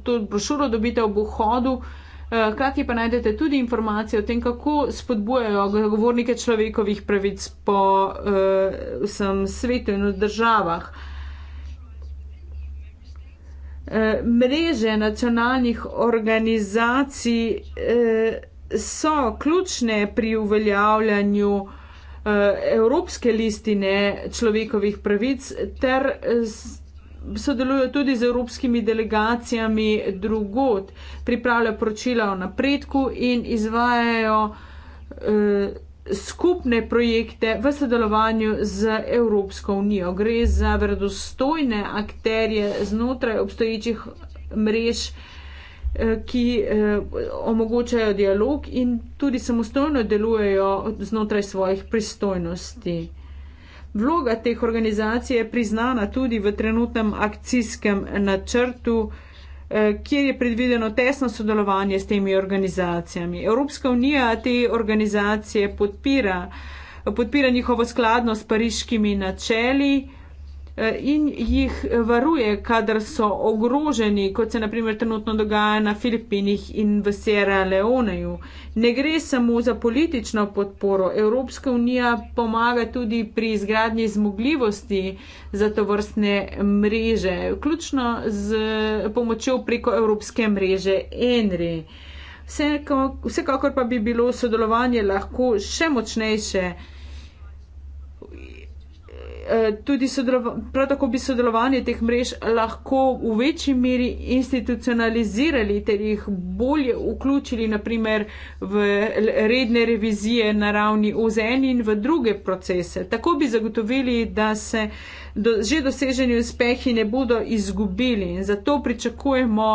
to brošuro dobite ob vhodu, eh, kakje pa najdete tudi informacije o tem, kako spodbujajo govornike človekovih pravic po eh, vsem svetu in v državah. Eh, mreže nacionalnih organizacij eh, so ključne pri uveljavljanju eh, Evropske listine človekovih pravic ter sodelujo tudi z evropskimi delegacijami drugot, pripravljajo poročila o napredku in izvajajo skupne projekte v sodelovanju z Evropsko unijo. Gre za verodostojne akterje znotraj obstoječih mrež, eh, ki eh, omogočajo dialog in tudi samostojno delujejo znotraj svojih pristojnosti. Vloga teh organizacij je priznana tudi v trenutnem akcijskem načrtu, Eh, kjer je predvideno tesno sodelovanje s temi organizacijami. Evropska unija te organizacije podpira, podpira njihovo skladnost s pariškimi načeli. Eh, in jih eh, varuje, kadar so ogroženi, kot se naprimer trenutno dogaja na Filipinih in v Sierra Leoneju. Ne gre samo za politično podporo. Evropska unija pomaga tudi pri izgradnji zmogljivosti za to vrstne mreže, vključno z pomočjo preko Evropske mreže ENRI. Vsekakor pa bi bilo sodelovanje lahko še močnejše. Eh, tudi prav tako bi sodelovanje teh mrež lahko v večji meri institucionalizirali ter jih bolje vključili naprimer v redne revizije na ravni OZN in v druge procese. Tako bi zagotovili, da se do, že doseženi uspehi ne bodo izgubili in zato pričakujemo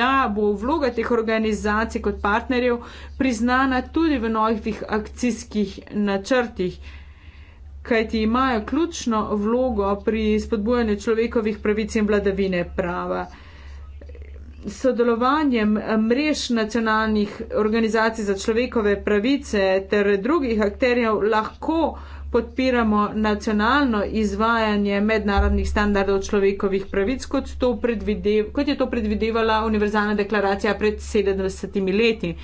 da bo vloga teh organizacij kot partnerjev priznana tudi v novih akcijskih načrtih kajti imajo ključno vlogo pri spodbujanju človekovih pravic in vladavine prava. Sodelovanjem mrež nacionalnih organizacij za človekove pravice ter drugih akterjev lahko podpiramo nacionalno izvajanje mednarodnih standardov človekovih pravic, kot, kot je to predvidevala Univerzalna deklaracija pred 70 leti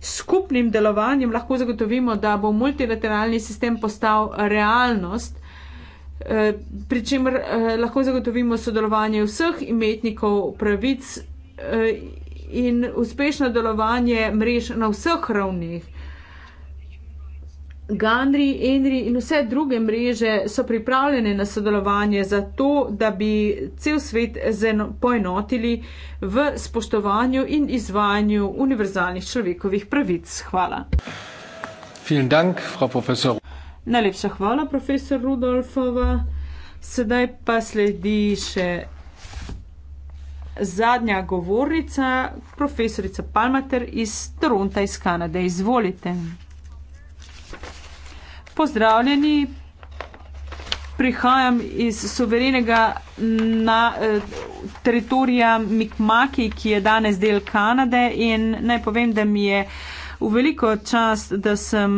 skupnim delovanjem lahko zagotovimo, da bo multilateralni sistem postal realnost, eh, pri čemer eh, lahko zagotovimo sodelovanje vseh imetnikov pravic eh, in uspešno delovanje mrež na vseh ravnih. Gandri, Enri in vse druge mreže so pripravljene na sodelovanje za to, da bi cel svet poenotili v spoštovanju in izvajanju univerzalnih človekovih pravic. Hvala. Dank, Najlepša hvala, profesor Rudolfova. Sedaj pa sledi še zadnja govornica, profesorica Palmater iz Toronta iz Kanade. Izvolite pozdravljeni. Prihajam iz suverenega na, eh, teritorija Mikmaki, ki je danes del Kanade in naj povem, da mi je v veliko čast, da sem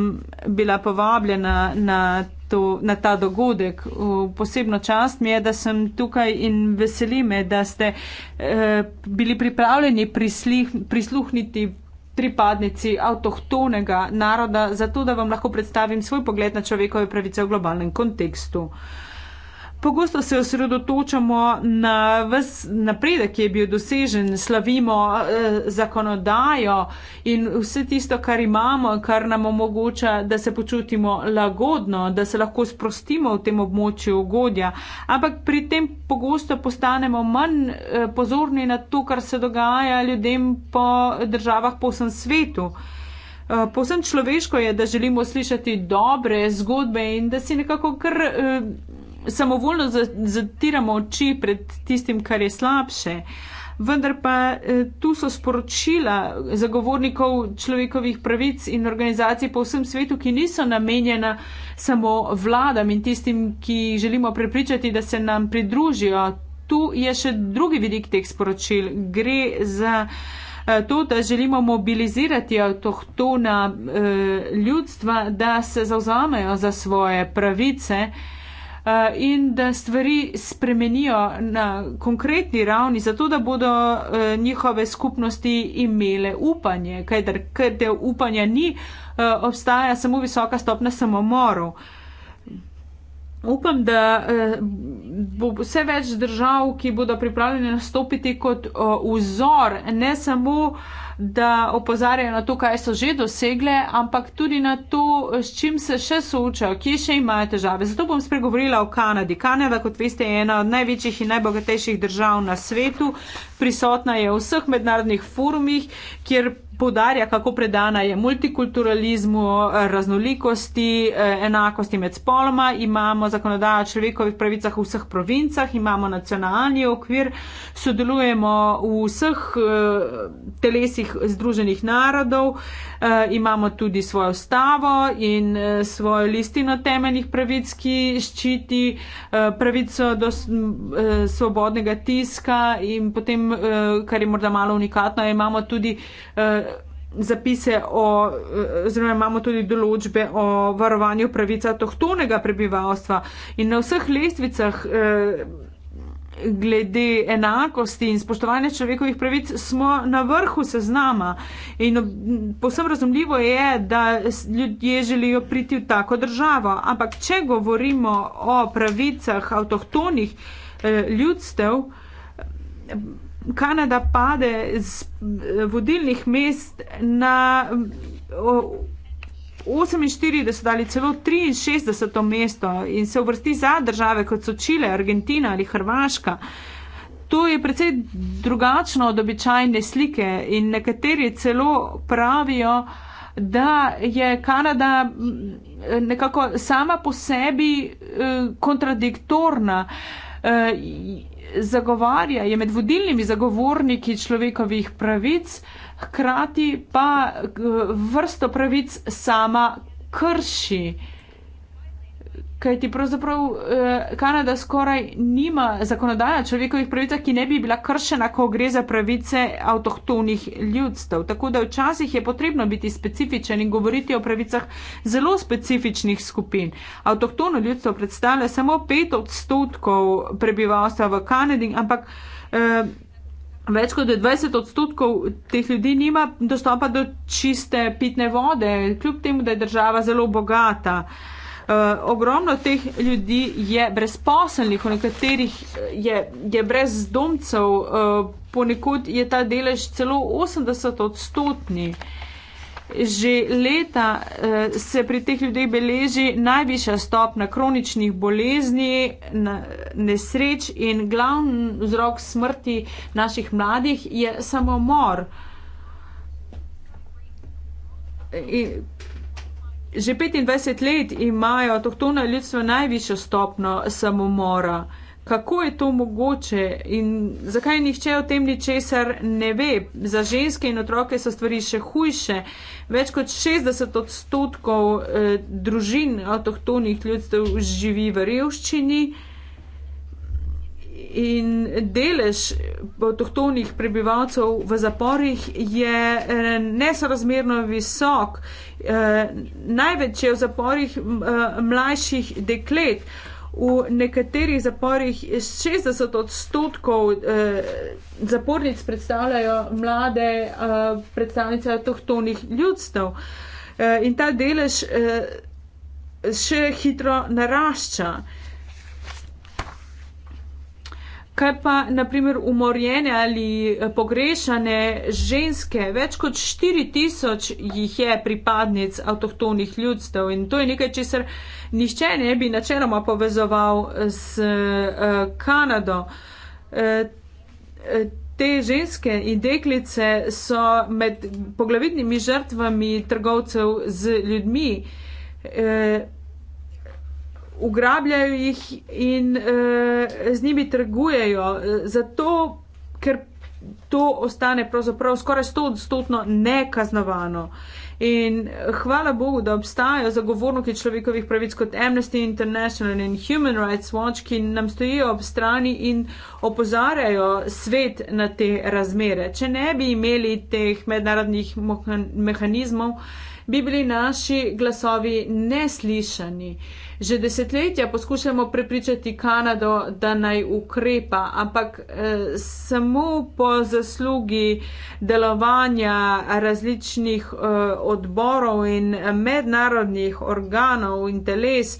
bila povabljena na, to, na ta dogodek. Posebno čast mi je, da sem tukaj in veseli me, da ste eh, bili pripravljeni prislih, prisluhniti pripadnici avtohtonega naroda, zato da vam lahko predstavim svoj pogled na človekove pravice v globalnem kontekstu. Pogosto se osredotočamo na vse napredek, ki je bil dosežen, slavimo eh, zakonodajo in vse tisto, kar imamo, kar nam omogoča, da se počutimo lagodno, da se lahko sprostimo v tem območju ugodja. Ampak pri tem pogosto postanemo manj eh, pozorni na to, kar se dogaja ljudem po državah po vsem svetu. Eh, povsem človeško je, da želimo slišati dobre zgodbe in da si nekako kar eh, samovoljno zatiramo oči pred tistim, kar je slabše. Vendar pa eh, tu so sporočila zagovornikov človekovih pravic in organizacij po vsem svetu, ki niso namenjena samo vladam in tistim, ki želimo prepričati, da se nam pridružijo. Tu je še drugi vidik teh sporočil. Gre za eh, to, da želimo mobilizirati avtohtona eh, ljudstva, da se zauzamejo za svoje pravice. Eh, in da stvari spremenijo na konkretni ravni, zato da bodo eh, njihove skupnosti imele upanje, kaj da upanja ni, eh, obstaja samo visoka stopna samomorov. Upam, da eh, bo vse več držav, ki bodo pripravljene nastopiti kot eh, vzor, ne samo, da opozarjajo na to, kaj so že dosegle, ampak tudi na to, s čim se še soočajo, kje še imajo težave. Zato bom spregovorila o Kanadi. Kanada, kot veste, je ena od največjih in najbogatejših držav na svetu. Prisotna je v vseh mednarodnih forumih, kjer poudarja, kako predana je multikulturalizmu, raznolikosti, eh, enakosti med spoloma. Imamo zakonodajo o človekovih pravicah v vseh provincah, imamo nacionalni okvir, sodelujemo v vseh eh, telesih Združenih narodov. Eh, imamo tudi svojo stavo in eh, svojo listino temeljnih pravic, ki ščiti eh, pravico do svobodnega tiska in potem, kar je morda malo unikatno, imamo tudi zapise o, oziroma imamo tudi določbe o varovanju pravica tohtonega prebivalstva in na vseh lestvicah eh, glede enakosti in spoštovanja človekovih pravic, smo na vrhu seznama. In posebno razumljivo je, da ljudje želijo priti v tako državo. Ampak, če govorimo o pravicah avtohtonih eh, ljudstev, Kanada pade z eh, vodilnih mest na. O, 48 ali celo 63 mesto in se uvrsti za države, kot so Čile, Argentina ali Hrvaška. To je precej drugačno od običajne slike in nekateri celo pravijo, da je Kanada mm, nekako sama po sebi eh, kontradiktorna. Eh, zagovarja je med vodilnimi zagovorniki človekovih pravic hkrati pa vrsto pravic sama krši. Kaj ti pravzaprav eh, Kanada skoraj nima zakonodaja o človekovih pravicah, ki ne bi bila kršena, ko gre za pravice avtohtonih ljudstev. Tako da včasih je potrebno biti specifičen in govoriti o pravicah zelo specifičnih skupin. Avtohtono ljudstvo predstavlja samo pet odstotkov prebivalstva v Kanadi, ampak. Eh, Več kot 20 odstotkov teh ljudi nima dostopa do čiste pitne vode, kljub temu, da je država zelo bogata. Uh, ogromno teh ljudi je brezposelnih, v nekaterih eh, je, je brez domcev, uh, eh, ponekud je ta delež celo 80 odstotni. Uh, Že leta eh, se pri teh ljudeh beleži najvišja stopna kroničnih bolezni, nesreč in glavni vzrok smrti naših mladih je samomor. In že 25 let imajo tohtona ljudstva najvišjo stopno samomora kako je to mogoče in zakaj nihče o tem ničesar ne ve. Za ženske in otroke so stvari še hujše. Več kot 60 odstotkov eh, družin avtohtonih ljudstev živi v revščini. In delež avtohtonih prebivalcev v zaporih je eh, nesorazmerno visok. Eh, največ je v zaporih eh, mlajših deklet v nekaterih zaporih 60 odstotkov eh, zapornic predstavljajo mlade eh, predstavnice avtohtonih ljudstev eh, in ta delež eh, še hitro narašča. Eh, Kaj pa, naprimer, umorjene ali eh, pogrešane ženske? Več kot 4000 jih je pripadnic avtohtonih ljudstev in to je nekaj, česar nišče ne bi načeloma povezoval s uh, eh, Kanado. Uh, te ženske in deklice so med poglavitnimi žrtvami trgovcev z ljudmi. Uh, ugrabljajo jih in uh, z njimi trgujejo, eh, zato ker to ostane pravzaprav skoraj stotno nekaznovano. In hvala Bogu, da obstajajo zagovorniki človekovih pravic kot Amnesty International in Human Rights Watch, ki nam stojijo ob strani in opozarjajo svet na te razmere. Če ne bi imeli teh mednarodnih mehanizmov, uh, bi bili naši glasovi neslišani. Že desetletja poskušamo prepričati Kanado, da naj ukrepa, ampak eh, samo po zaslugi delovanja različnih eh, odborov in eh, mednarodnih organov in teles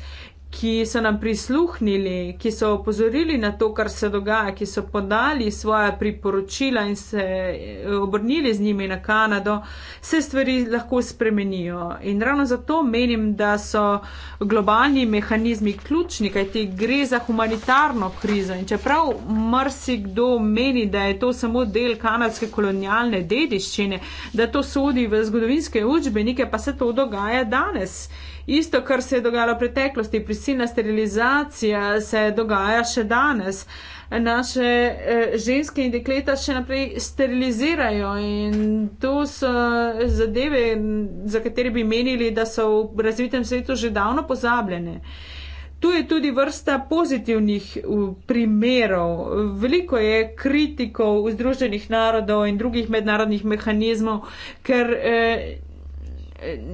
ki so nam prisluhnili, ki so opozorili na to, kar se dogaja, ki so podali svoje priporočila in se eh, obrnili z njimi na Kanado, se stvari lahko spremenijo. In ravno zato menim, da so globalni mehanizmi ključni, kajti gre za humanitarno krizo. In čeprav mrsikdo meni, da je to samo del kanadske kolonialne dediščine, da to sodi v zgodovinske učbenike, pa se to dogaja danes. Isto, kar se je dogajalo v preteklosti, prisilna sterilizacija se dogaja še danes. Naše eh, ženske in dekleta še naprej sterilizirajo in to so zadeve, za katere bi menili, da so v razvitem svetu že davno pozabljene. Tu je tudi vrsta pozitivnih primerov. Veliko je kritikov v Združenih narodov in drugih mednarodnih mehanizmov, ker eh,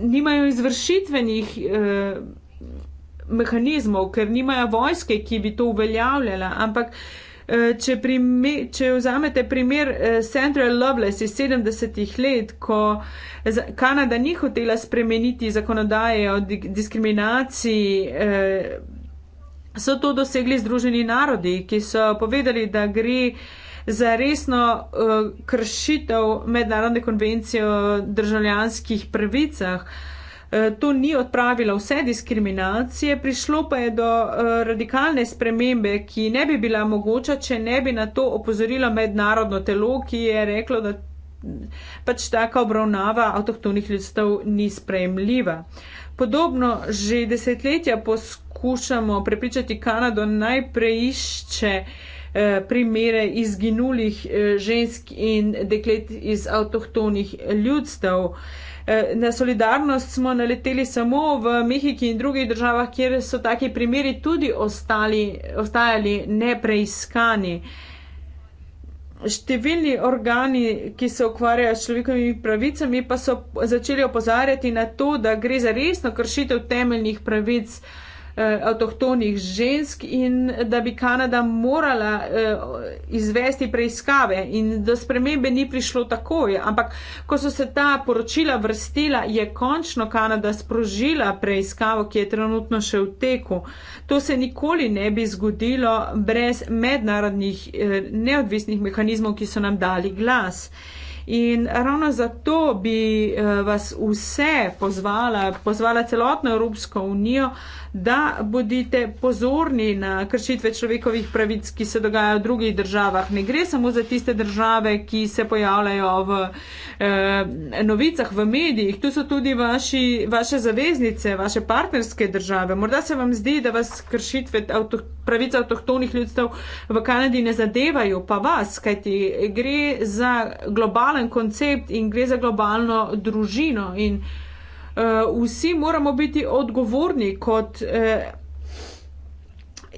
nimajo izvršitvenih eh, mehanizmov, ker nimajo vojske, ki bi to uveljavljala. Ampak, eh, če, prime, če vzamete primer Central eh, Lovelace iz 70-ih let, ko Kanada ni hotela spremeniti zakonodaje o diskriminaciji, so to dosegli Združeni narodi, ki so povedali, da gre za resno uh, kršitev mednarodne konvencije o državljanskih pravicah. Eh, to ni odpravilo vse diskriminacije, prišlo pa je do eh, radikalne spremembe, ki ne bi bila mogoča, če ne bi na to opozorilo mednarodno telo, ki je reklo, da pač taka obravnava avtohtonih ljudstv ni sprejemljiva. Podobno že desetletja poskušamo prepričati Kanado najprej išče. Eh, primere izginulih eh, žensk in deklet iz avtohtonih ljudstev. Eh, na solidarnost smo naleteli samo v Mehiki in drugih državah, kjer so taki primeri tudi ostali, ostajali nepreiskani. Številni organi, ki se ukvarjajo s človekovimi pravicami, pa so začeli opozarjati na to, da gre za resno kršitev temeljnih pravic uh, Eh, avtohtonih žensk in da bi Kanada morala eh, izvesti preiskave in do spremembe ni prišlo takoj. Ampak, ko so se ta poročila vrstila, je končno Kanada sprožila preiskavo, ki je trenutno še v teku. To se nikoli ne bi zgodilo brez mednarodnih eh, neodvisnih mehanizmov, ki so nam dali glas. In ravno zato bi vas vse pozvala, pozvala celotno Evropsko unijo, da bodite pozorni na kršitve človekovih pravic, ki se dogajajo v drugih državah. Ne gre samo za tiste države, ki se pojavljajo v eh, novicah, v medijih. Tu so tudi vaši, vaše zaveznice, vaše partnerske države. Morda se vam zdi, da vas kršitve avto, pravic avtohtonih ljudstev v Kanadi ne zadevajo, pa vas, kajti gre za globalen koncept in gre za globalno družino. In, eh, uh, vsi moramo biti odgovorni kot, uh,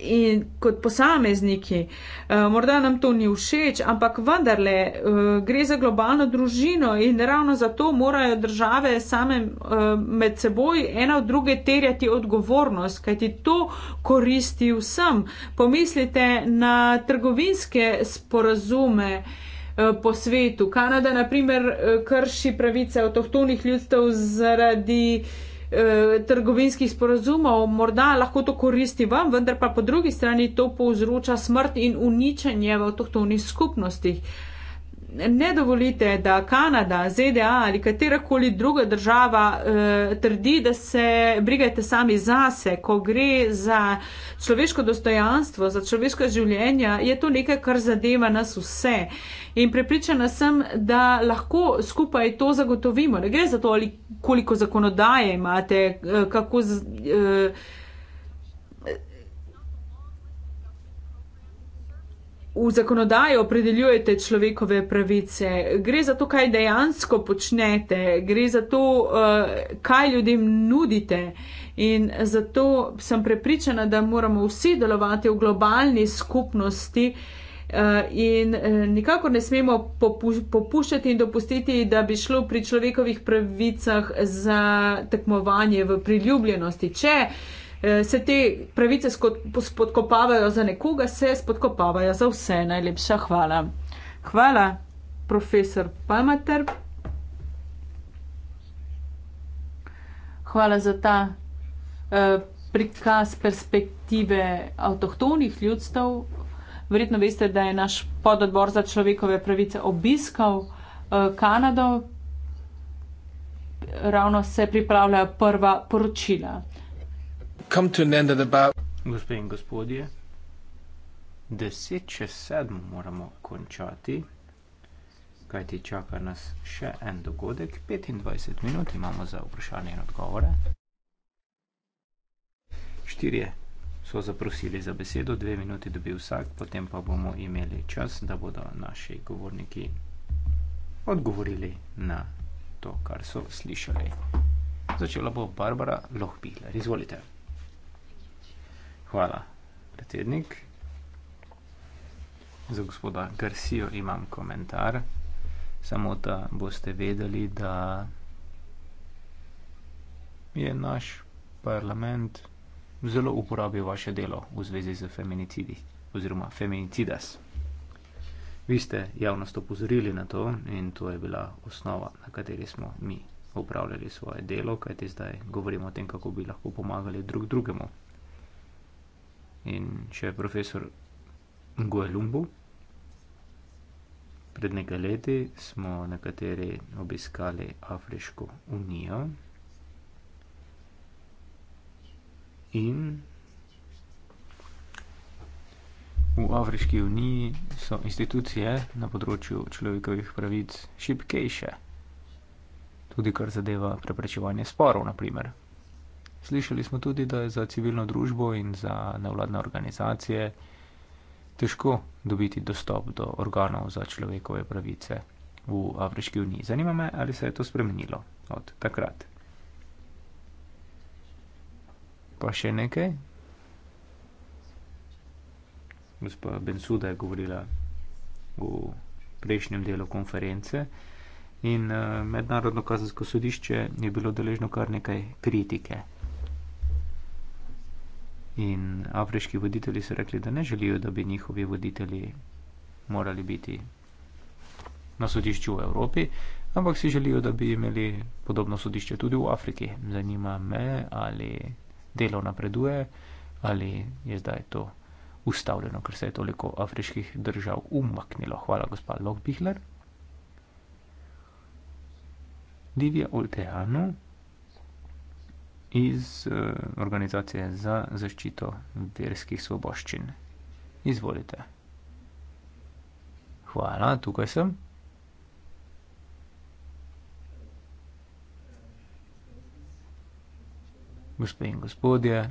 in, kot posamezniki. Uh, morda nam to ni všeč, ampak vendarle uh, gre za globalno družino in ravno zato morajo države same uh, med seboj ena od druge terjati odgovornost, kajti to koristi vsem. Pomislite na trgovinske sporazume. Uh, Eh, po svetu. Kanada, na primer, eh, krši pravice avtohtonih ljudstev zaradi eh, trgovinskih sporazumov, morda lahko to koristi vam, vendar pa po drugi strani to povzroča smrt in uničenje v avtohtonih skupnostih. Ne dovolite, da Kanada, ZDA ali katerakoli druga država eh, trdi, da se brigajte sami zase, ko gre za človeško dostojanstvo, za človeško življenje, je to nekaj, kar zadeva nas vse. In prepričana sem, da lahko skupaj to zagotovimo. Ne gre za to, ali koliko zakonodaje imate, eh, kako. Z, uh, V zakonodaji opredeljujete človekove pravice, gre za to, kaj dejansko počnete, gre za to, eh, kaj ljudem nudite. In zato sem prepričana, da moramo vsi delovati v globalni skupnosti, Eh, in eh, nikakor ne smemo popuščati in dopustiti, da bi šlo pri človekovih pravicah za tekmovanje v priljubljenosti. Če eh, se te pravice spodkopavajo za nekoga, se spodkopavajo za vse. Najlepša hvala. Hvala, profesor Pamater. Hvala za ta uh, prikaz perspektive avtohtonih ljudstv Verjetno veste, da je naš pododbor za človekove pravice obiskal eh, Kanado, ravno se pripravljajo prva poročila. Gospe in gospodje, deset čez sedem moramo končati, kajti čaka nas še en dogodek, 25 minut imamo za vprašanje in odgovore. Štirje so zaprosili za besedo, dve minuti dobi vsak, potem pa bomo imeli čas, da bodo naši govorniki odgovorili na to, kar so slišali. Začela bo Barbara Lohbihler. Izvolite. Hvala, predsednik. Za gospoda Garcijo imam komentar. Samo da boste vedeli, da je naš parlament zelo uporabil vaše delo v zvezi z feminicidi oziroma feminicidas. Vi ste javnost opozorili na to in to je bila osnova, na kateri smo mi upravljali svoje delo, kajti zdaj govorimo o tem, kako bi lahko pomagali drug drugemu. In še profesor Goelumbu, pred nekaj leti smo nekateri obiskali Afriško unijo. in v Afriški uniji so institucije na področju človekovih pravic šipkejše, tudi kar zadeva preprečevanje sporov, naprimer. Slišali smo tudi, da je za civilno družbo in za nevladne organizacije težko dobiti dostop do organov za človekove pravice v Afriški uniji. Zanima me, ali se je to spremenilo od takrat. Pa še nekaj? Gospa Bensuda je govorila v prejšnjem delu konference. In uh, mednarodno kazensko sodišče je bilo deležno kar nekaj kritike. In afriški voditelji so rekli, da ne želijo, da bi njihovi voditelji morali biti na sodišču v Evropi, ampak si želijo, da bi imeli podobno sodišče tudi v Afriki. Zanima me, ali delo napreduje, ali je zdaj to ustavljeno, ker se je toliko afriških držav umaknilo. Hvala, gospa Lokbihler. Divja Olteano iz eh, organizacije za zaščito verskih svoboščin. Izvolite. Hvala, tukaj sem. gospe in gospodje.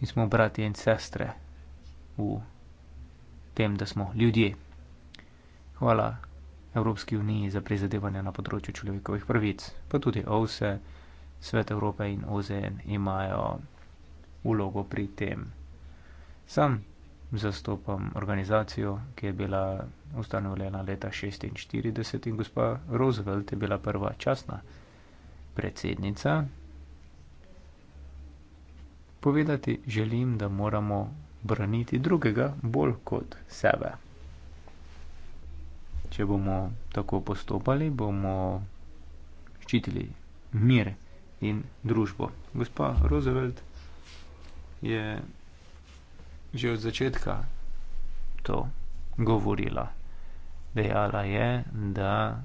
Mi smo brati in sestre v tem, da smo ljudje. Hvala Evropski uniji za prizadevanje na področju človekovih pravic, pa tudi OVSE, Svet Evrope in OZN imajo vlogo pri tem. Sam zastopam organizacijo, ki je bila ustanovljena leta 1946 in gospa Roosevelt je bila prva časna predsednica. Povedati želim, da moramo braniti drugega bolj kot sebe. Če bomo tako postopali, bomo ščitili mir in družbo. Gospa Roosevelt je že od začetka to govorila. Dejala je, da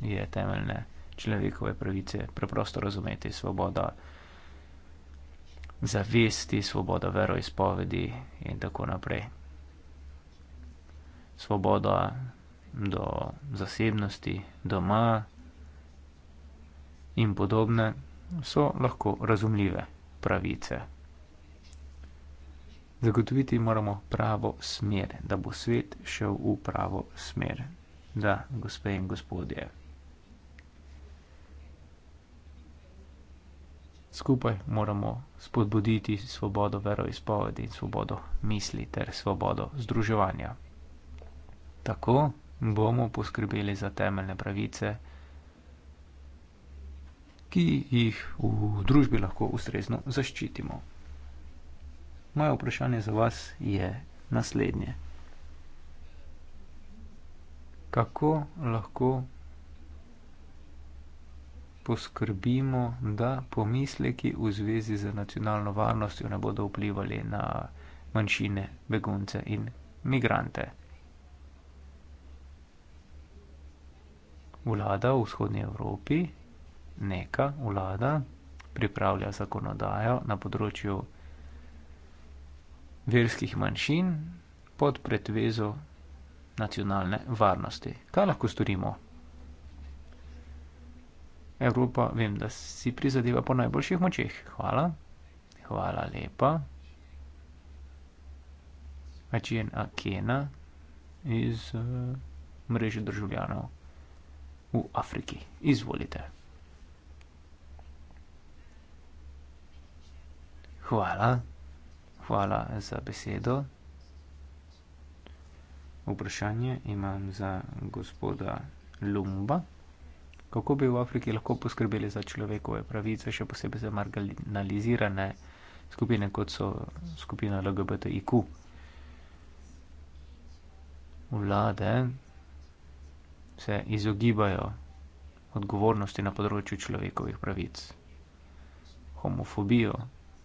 je temeljne človekove pravice preprosto razumeti, svoboda zavesti, svoboda veroizpovedi in tako naprej. Svoboda do zasebnosti doma in podobne so lahko razumljive pravice. Zagotoviti moramo pravo smer, da bo svet šel v pravo smer. Da, gospe in gospodje. Skupaj moramo spodbuditi svobodo veroizpovedi in svobodo misli ter svobodo združevanja. Tako bomo poskrbeli za temeljne pravice, ki jih v družbi lahko ustrezno zaščitimo. Moje vprašanje za vas je naslednje. Kako lahko poskrbimo, da pomisleki v zvezi z nacionalno varnostjo ne bodo vplivali na manjšine, begunce in migrante? Vlada v vzhodnji Evropi, neka vlada, pripravlja zakonodajo na področju verskih manjšin pod pretvezo nacionalne varnosti. Kaj lahko storimo? Evropa, vem, da si prizadeva po najboljših močeh. Hvala. Hvala lepa. Ačen Akena iz eh, mreže državljanov v Afriki. Izvolite. Hvala. Hvala za besedo. Vprašanje imam za gospoda Lumba. Kako bi v Afriki lahko poskrbeli za človekove pravice, še posebej za marginalizirane skupine, kot so skupina LGBTIQ? Vlade se izogibajo odgovornosti na področju človekovih pravic. Homofobijo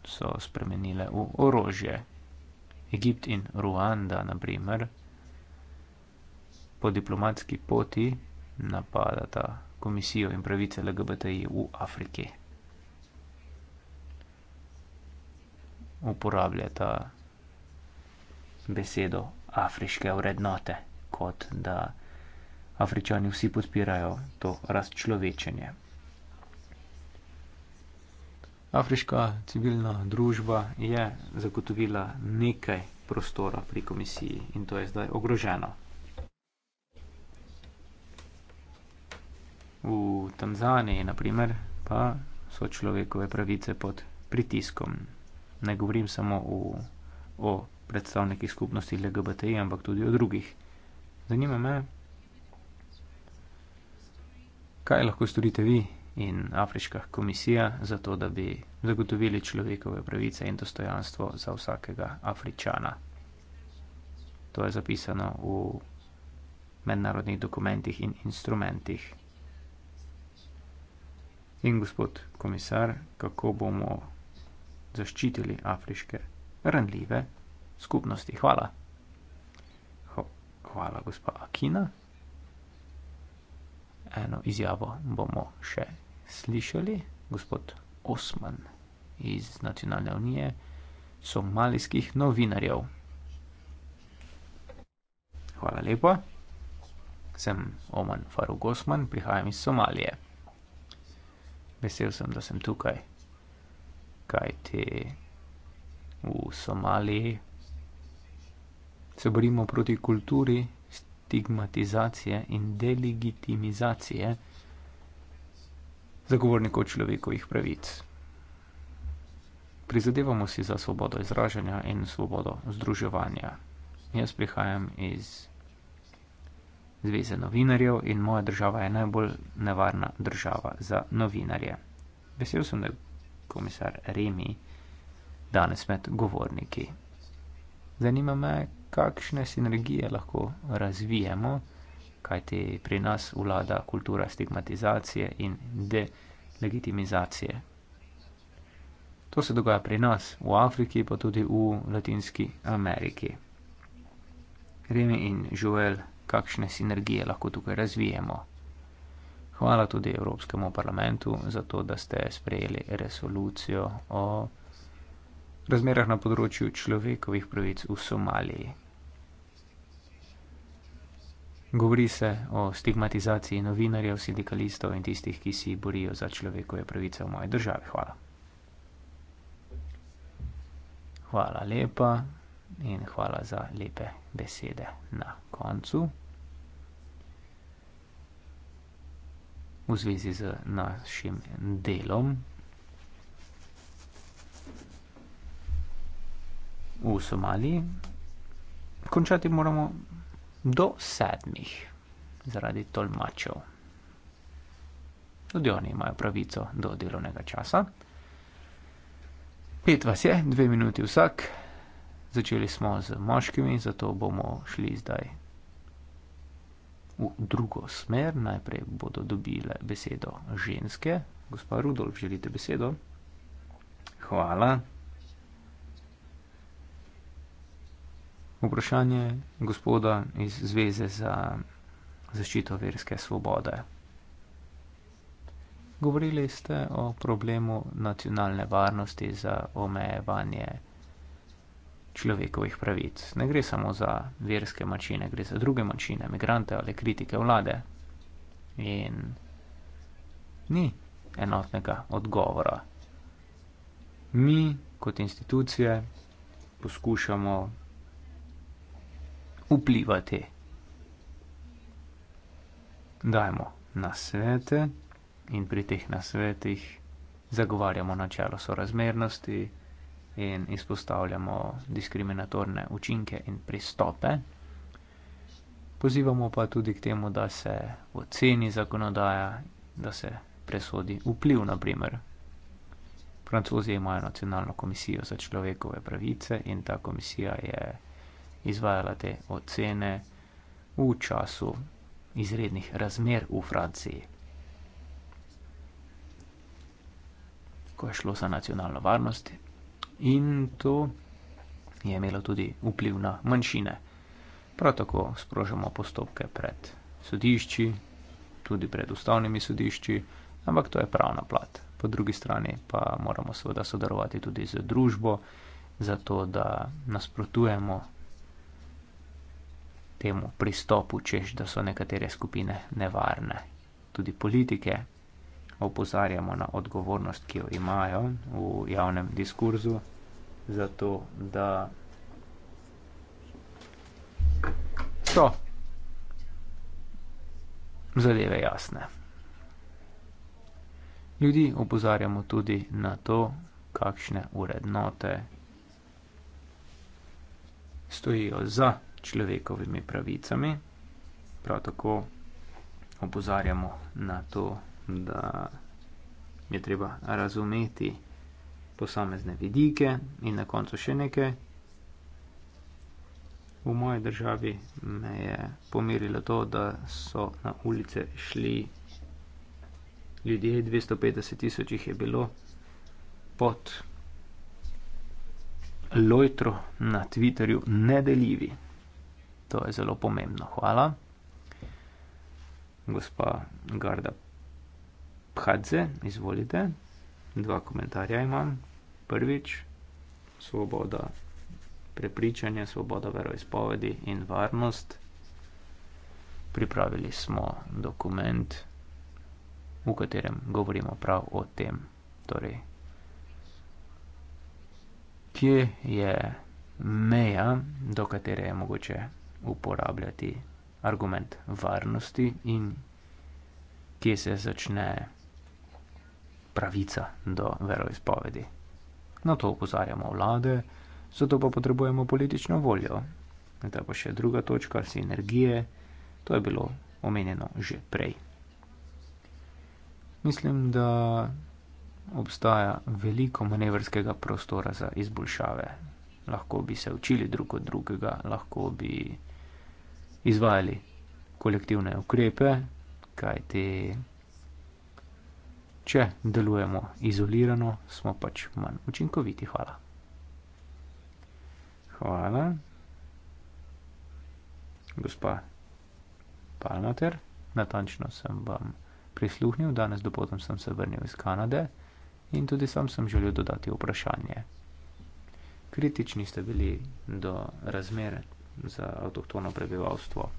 so spremenile v orožje. Egipt in Ruanda, na primer, po diplomatski poti napadata komisijo in pravice LGBTI v Afriki. Uporabljata besedo afriške vrednote, kot da afričani vsi podpirajo to razčlovečenje. Afriška civilna družba je zagotovila nekaj prostora pri komisiji in to je zdaj ogroženo. V Tanzaniji, naprimer, pa so človekove pravice pod pritiskom. Ne govorim samo o, o predstavnikih skupnosti LGBTI, ampak tudi o drugih. Zanima me, kaj lahko storite vi in Afriška komisija za to, da bi zagotovili človekove pravice in dostojanstvo za vsakega Afričana. To je zapisano v mednarodnih dokumentih in instrumentih. In gospod komisar, kako bomo zaščitili afriške ranljive skupnosti? Hvala. Ho, hvala, gospa Akina. Eno izjavo bomo še slišali, gospod Osman iz Nacionalne unije somalijskih novinarjev. Hvala lepa. Sem Oman Farug Osman, prihajam iz Somalije. Vesel sem, da sem tukaj, kajti v Somaliji se borimo proti kulturi stigmatizacije in delegitimizacije zagovornikov človekovih pravic. Prizadevamo si za svobodo izražanja in svobodo združevanja. Jaz prihajam iz Zveze novinarjev in moja država je najbolj nevarna država za novinarje. Vesel sem, da je komisar Remi danes med govorniki. Zanima me, kakšne sinergije lahko razvijemo kajti pri nas vlada kultura stigmatizacije in delegitimizacije. To se dogaja pri nas, v Afriki, pa tudi v Latinski Ameriki. Remi in Joel, kakšne sinergije lahko tukaj razvijemo? Hvala tudi Evropskemu parlamentu za to, da ste sprejeli resolucijo o razmerah na področju človekovih pravic v Somaliji. Govori se o stigmatizaciji novinarjev, sindikalistov in tistih, ki si borijo za človekove pravice v moji državi. Hvala. Hvala lepa in hvala za lepe besede na koncu. V zvezi z našim delom v Somaliji. Končati moramo do sedmih zaradi tolmačev. Tudi oni imajo pravico do delovnega časa. Pet vas je, dve minuti vsak. Začeli smo z moškimi, zato bomo šli zdaj v drugo smer. Najprej bodo dobile besedo ženske. Gospa Rudolf, želite besedo? Hvala. vprašanje gospoda iz Zveze za zaščito verske svobode. Govorili ste o problemu nacionalne varnosti za omejevanje človekovih pravic. Ne gre samo za verske mačine, gre za druge mačine, migrante ali kritike vlade. In ni enotnega odgovora. Mi kot institucije poskušamo vplivati. Dajmo nasvete in pri teh nasvetih zagovarjamo načelo sorazmernosti in izpostavljamo diskriminatorne učinke in pristope. Pozivamo pa tudi k temu, da se oceni zakonodaja, da se presodi vpliv, naprimer. Francozi imajo nacionalno komisijo za človekove pravice in ta komisija je izvajala te ocene v času izrednih razmer v Franciji. Ko je šlo za nacionalno varnost in to je imelo tudi vpliv na manjšine. Prav tako sprožamo postopke pred sodišči, tudi pred ustavnimi sodišči, ampak to je pravna plat. Po drugi strani pa moramo seveda sodelovati tudi z družbo, zato da nasprotujemo temu pristopu, češ da so nekatere skupine nevarne. Tudi politike opozarjamo na odgovornost, ki jo imajo v javnem diskurzu, zato da so zadeve jasne. Ljudi opozarjamo tudi na to, kakšne urednote stojijo za človekovimi pravicami. Prav tako opozarjamo na to, da je treba razumeti posamezne vidike in na koncu še nekaj. V moji državi me je pomirilo to, da so na ulice šli ljudje, 250 tisoč jih je bilo pod lojtro na Twitterju nedeljivi. To je zelo pomembno. Hvala. Gospa Garda Phadze, izvolite. Dva komentarja imam. Prvič, svoboda prepričanja, svoboda veroizpovedi in varnost. Pripravili smo dokument, v katerem govorimo prav o tem. Torej, kje je meja, do katere je mogoče uporabljati argument varnosti in kje se začne pravica do veroizpovedi. Na to upozarjamo vlade, zato pa potrebujemo politično voljo. Zdaj pa še druga točka, sinergije, to je bilo omenjeno že prej. Mislim, da obstaja veliko manevrskega prostora za izboljšave. Lahko bi se učili drug od drugega, lahko bi izvajali kolektivne ukrepe, kajti če delujemo izolirano, smo pač manj učinkoviti. Hvala. Hvala. Gospa Palmater, natančno sem vam prisluhnil, danes dopotem sem se vrnil iz Kanade in tudi sam sem želel dodati vprašanje. Kritični ste bili do razmere za avtohtono prebivalstvo.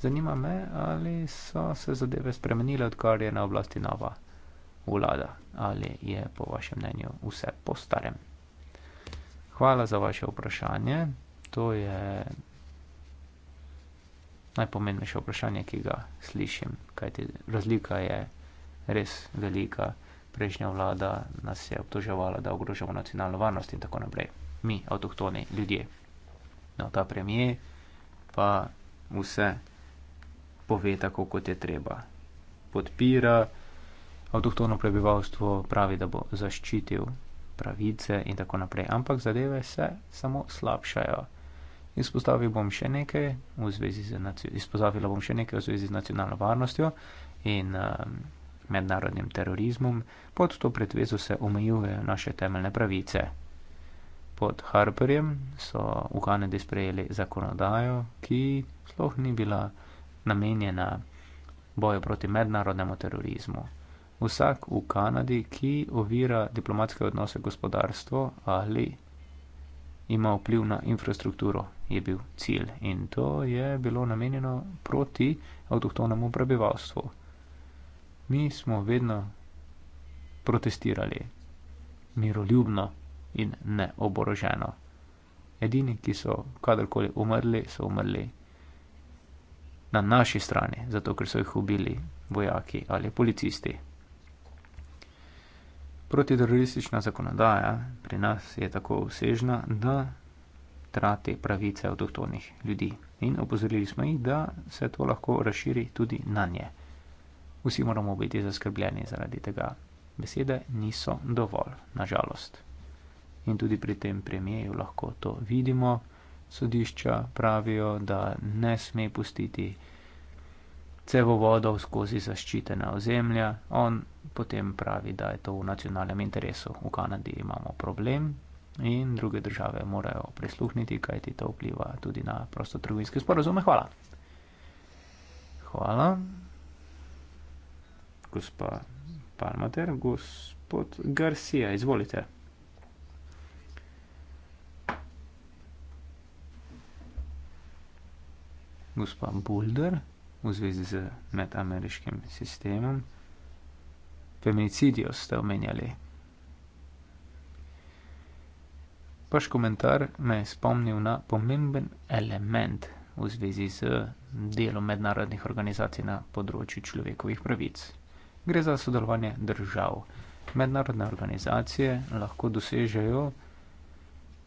Zanima me, ali so se zadeve spremenile, odkar je na oblasti nova vlada, ali je po vašem mnenju vse po starem. Hvala za vaše vprašanje. To je najpomembnejše vprašanje, ki ga slišim, kajti razlika je res velika. Prejšnja vlada nas je obtoževala, da ogrožamo nacionalno varnost in tako naprej. Mi, avtohtoni ljudje no, ta premijer pa vse pove tako, kot je treba. Podpira avtohtono prebivalstvo, pravi, da bo zaščitil pravice in tako naprej, ampak zadeve se samo slabšajo. Izpostavil bom še nekaj v zvezi z, nacio bom še nekaj v zvezi z nacionalno varnostjo in uh, mednarodnim terorizmom. Pod to pretvezo se omejujejo naše temeljne pravice pod Harperjem so v Kanadi sprejeli zakonodajo, ki sploh ni bila namenjena boju proti mednarodnemu terorizmu. Vsak v Kanadi, ki ovira diplomatske odnose gospodarstvo ali ima vpliv na infrastrukturo, je bil cilj in to je bilo namenjeno proti avtohtonemu prebivalstvu. Mi smo vedno protestirali miroljubno in neoboroženo. Edini, ki so kadarkoli umrli, so umrli na naši strani, zato ker so jih ubili vojaki ali policisti. Protiteroristična zakonodaja pri nas je tako vsežna, da trati pravice avtohtonih ljudi. In opozorili smo jih, da se to lahko razširi tudi na nje. Vsi moramo biti zaskrbljeni zaradi tega. Besede niso dovolj, nažalost in tudi pri tem premijeju lahko to vidimo. Sodišča pravijo, da ne sme pustiti cevovodov skozi zaščitena ozemlja. On potem pravi, da je to v nacionalnem interesu. V Kanadi imamo problem in druge države morajo prisluhniti, kajti to vpliva tudi na prostotrgovinske sporozume. Hvala. Hvala. Gospa Palmater, gospod Garcia, izvolite. gospa Boulder v zvezi z medameriškim sistemom. Feminicidijo ste omenjali. Vaš komentar me je spomnil na pomemben element v zvezi z delom mednarodnih organizacij na področju človekovih pravic. Gre za sodelovanje držav. Mednarodne organizacije lahko dosežejo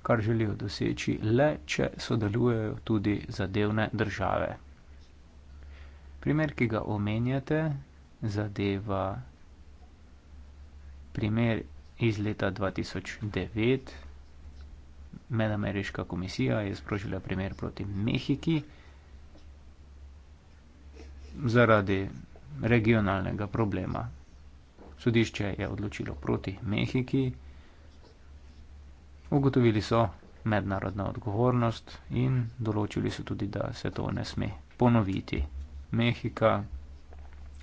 kar želijo doseči, le če sodelujejo tudi zadevne države. Primer, ki ga omenjate, zadeva primer iz leta 2009. Medameriška komisija je sprožila primer proti Mehiki zaradi regionalnega problema. Sodišče je odločilo proti Mehiki. Ugotovili so mednarodno odgovornost in določili so tudi, da se to ne sme ponoviti. Mehika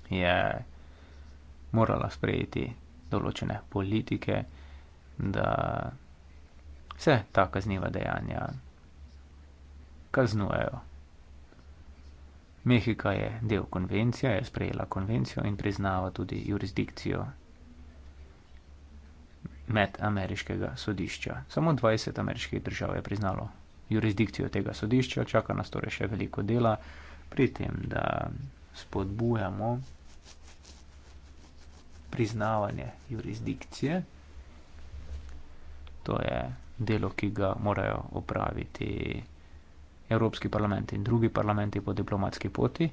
je morala sprejeti določene politike, da se ta kazniva dejanja kaznujejo. Mehika je del konvencije, je sprejela konvencijo in priznava tudi jurisdikcijo med ameriškega sodišča. Samo 20 ameriških držav je priznalo jurisdikcijo tega sodišča, čaka nas torej še veliko dela pri tem, da spodbujamo priznavanje jurisdikcije. To je delo, ki ga morajo opraviti Evropski parlament in drugi parlamenti po diplomatski poti.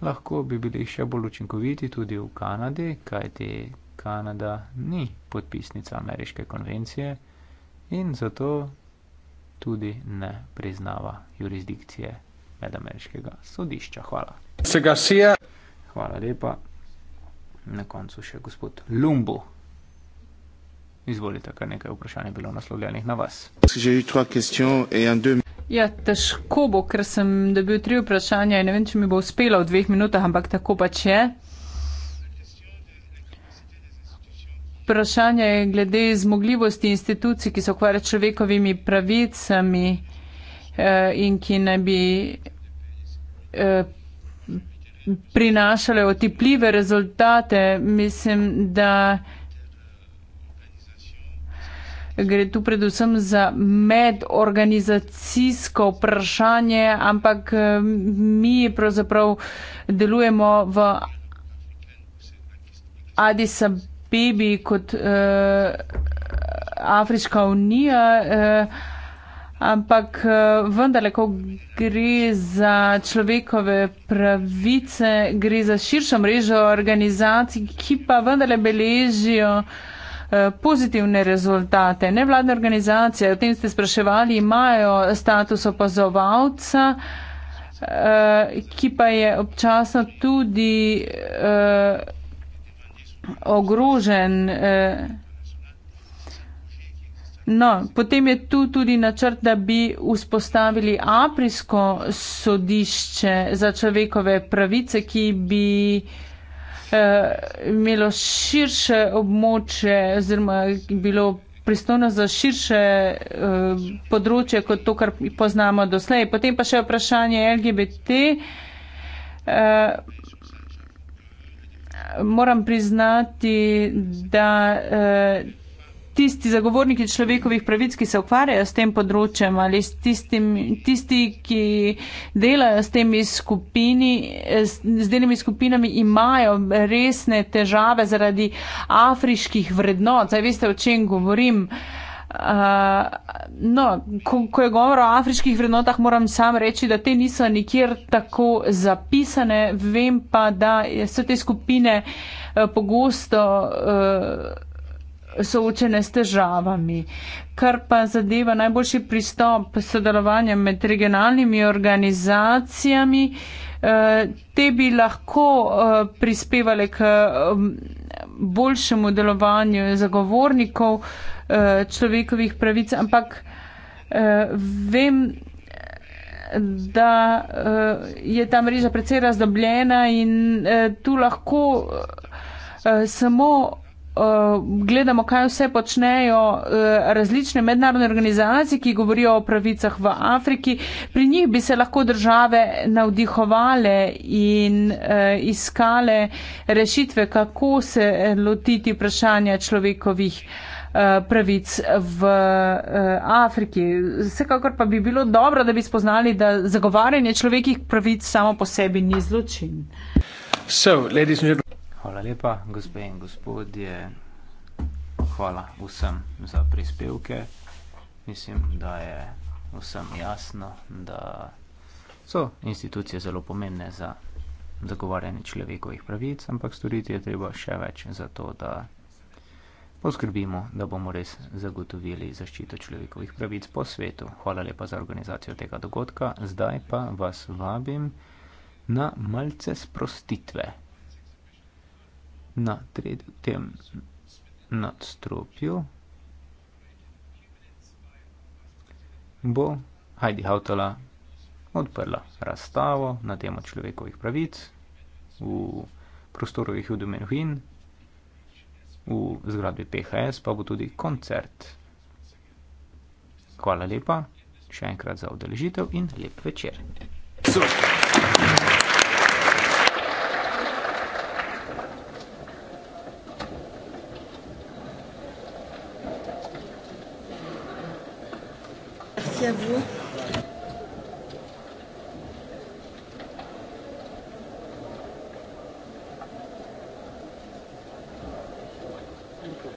Lahko bi bili še bolj učinkoviti tudi v Kanadi, kajti Kanada ni podpisnica ameriške konvencije in zato tudi ne priznava jurisdikcije medameriškega sodišča. Hvala. Hvala lepa. Na koncu še gospod Lumbo. Izvolite, kar nekaj vprašanj je bilo naslovljenih na vas. Ja, težko bo, ker sem dobil tri vprašanja in ne vem, če mi bo uspelo v dveh minutah, ampak tako pač je. vprašanje glede zmogljivosti institucij, ki se ukvarja človekovimi pravicami eh, in ki ne bi eh, prinašale otipljive rezultate. Mislim, da gre tu predvsem za medorganizacijsko vprašanje, ampak eh, mi pravzaprav delujemo v Adisab PEBI kot uh, Afriška unija, uh, ampak uh, vendarle, ko gre za človekove pravice, gre za širšo mrežo organizacij, ki pa vendarle beležijo pozitivne rezultate. Nevladne organizacije, o tem ste spraševali, imajo status opazovalca, ki pa je občasno tudi ogrožen. Eh, no, potem je tu tudi načrt, da bi vzpostavili aprijsko sodišče za človekove pravice, ki bi eh, imelo širše območje oziroma bilo pristojno za širše eh, področje kot to, kar poznamo doslej. Potem pa še vprašanje LGBT. Eh, moram priznati, da eh, tisti zagovorniki človekovih pravic, ki se ukvarjajo s tem področjem ali s tistim, tisti, ki delajo s temi skupini, eh, s delimi skupinami, imajo resne težave zaradi afriških vrednot. Zdaj veste, o čem govorim. Uh, Eh, no, ko, ko je govor o afriških vrednotah, moram sam reči, da te niso nikjer tako zapisane. Vem pa, da so te skupine uh, pogosto. Uh, soočene s težavami. Kar pa zadeva najboljši pristop sodelovanja med regionalnimi organizacijami, uh, Eh, te bi lahko eh, prispevale k eh, boljšemu delovanju zagovornikov človekovih pravic, ampak vem, da je ta mreža precej razdobljena in tu lahko samo Eh, gledamo, kaj vse počnejo eh, različne mednarodne organizacije, ki govorijo o pravicah v Afriki, pri njih bi se lahko države navdihovale in eh, iskale rešitve, kako se lotiti vprašanja človekovih pravic v Afriki. Vsekakor pa bi bilo dobro, da bi spoznali, da zagovarjanje človekih pravic samo po sebi ni zločin. So, Hvala lepa, gospe in gospodje. Hvala vsem za prispevke. Mislim, da je vsem jasno, da so institucije zelo pomembne za zagovarjanje človekovih pravic, ampak storiti je treba še več za to, da poskrbimo, da bomo res zagotovili zaščito človekovih pravic po svetu. Hvala lepa za organizacijo tega dogodka, zdaj pa vas vabim na malce sprostitve na tretjem nadstropju bo Heidi Hautala odprla razstavo na temo človekovih pravic v prostoru Hudo Menuhin, v zgradbi PHS pa bo tudi koncert. Hvala lepa še enkrat za udeležitev in lep večer. Super. merci à vous.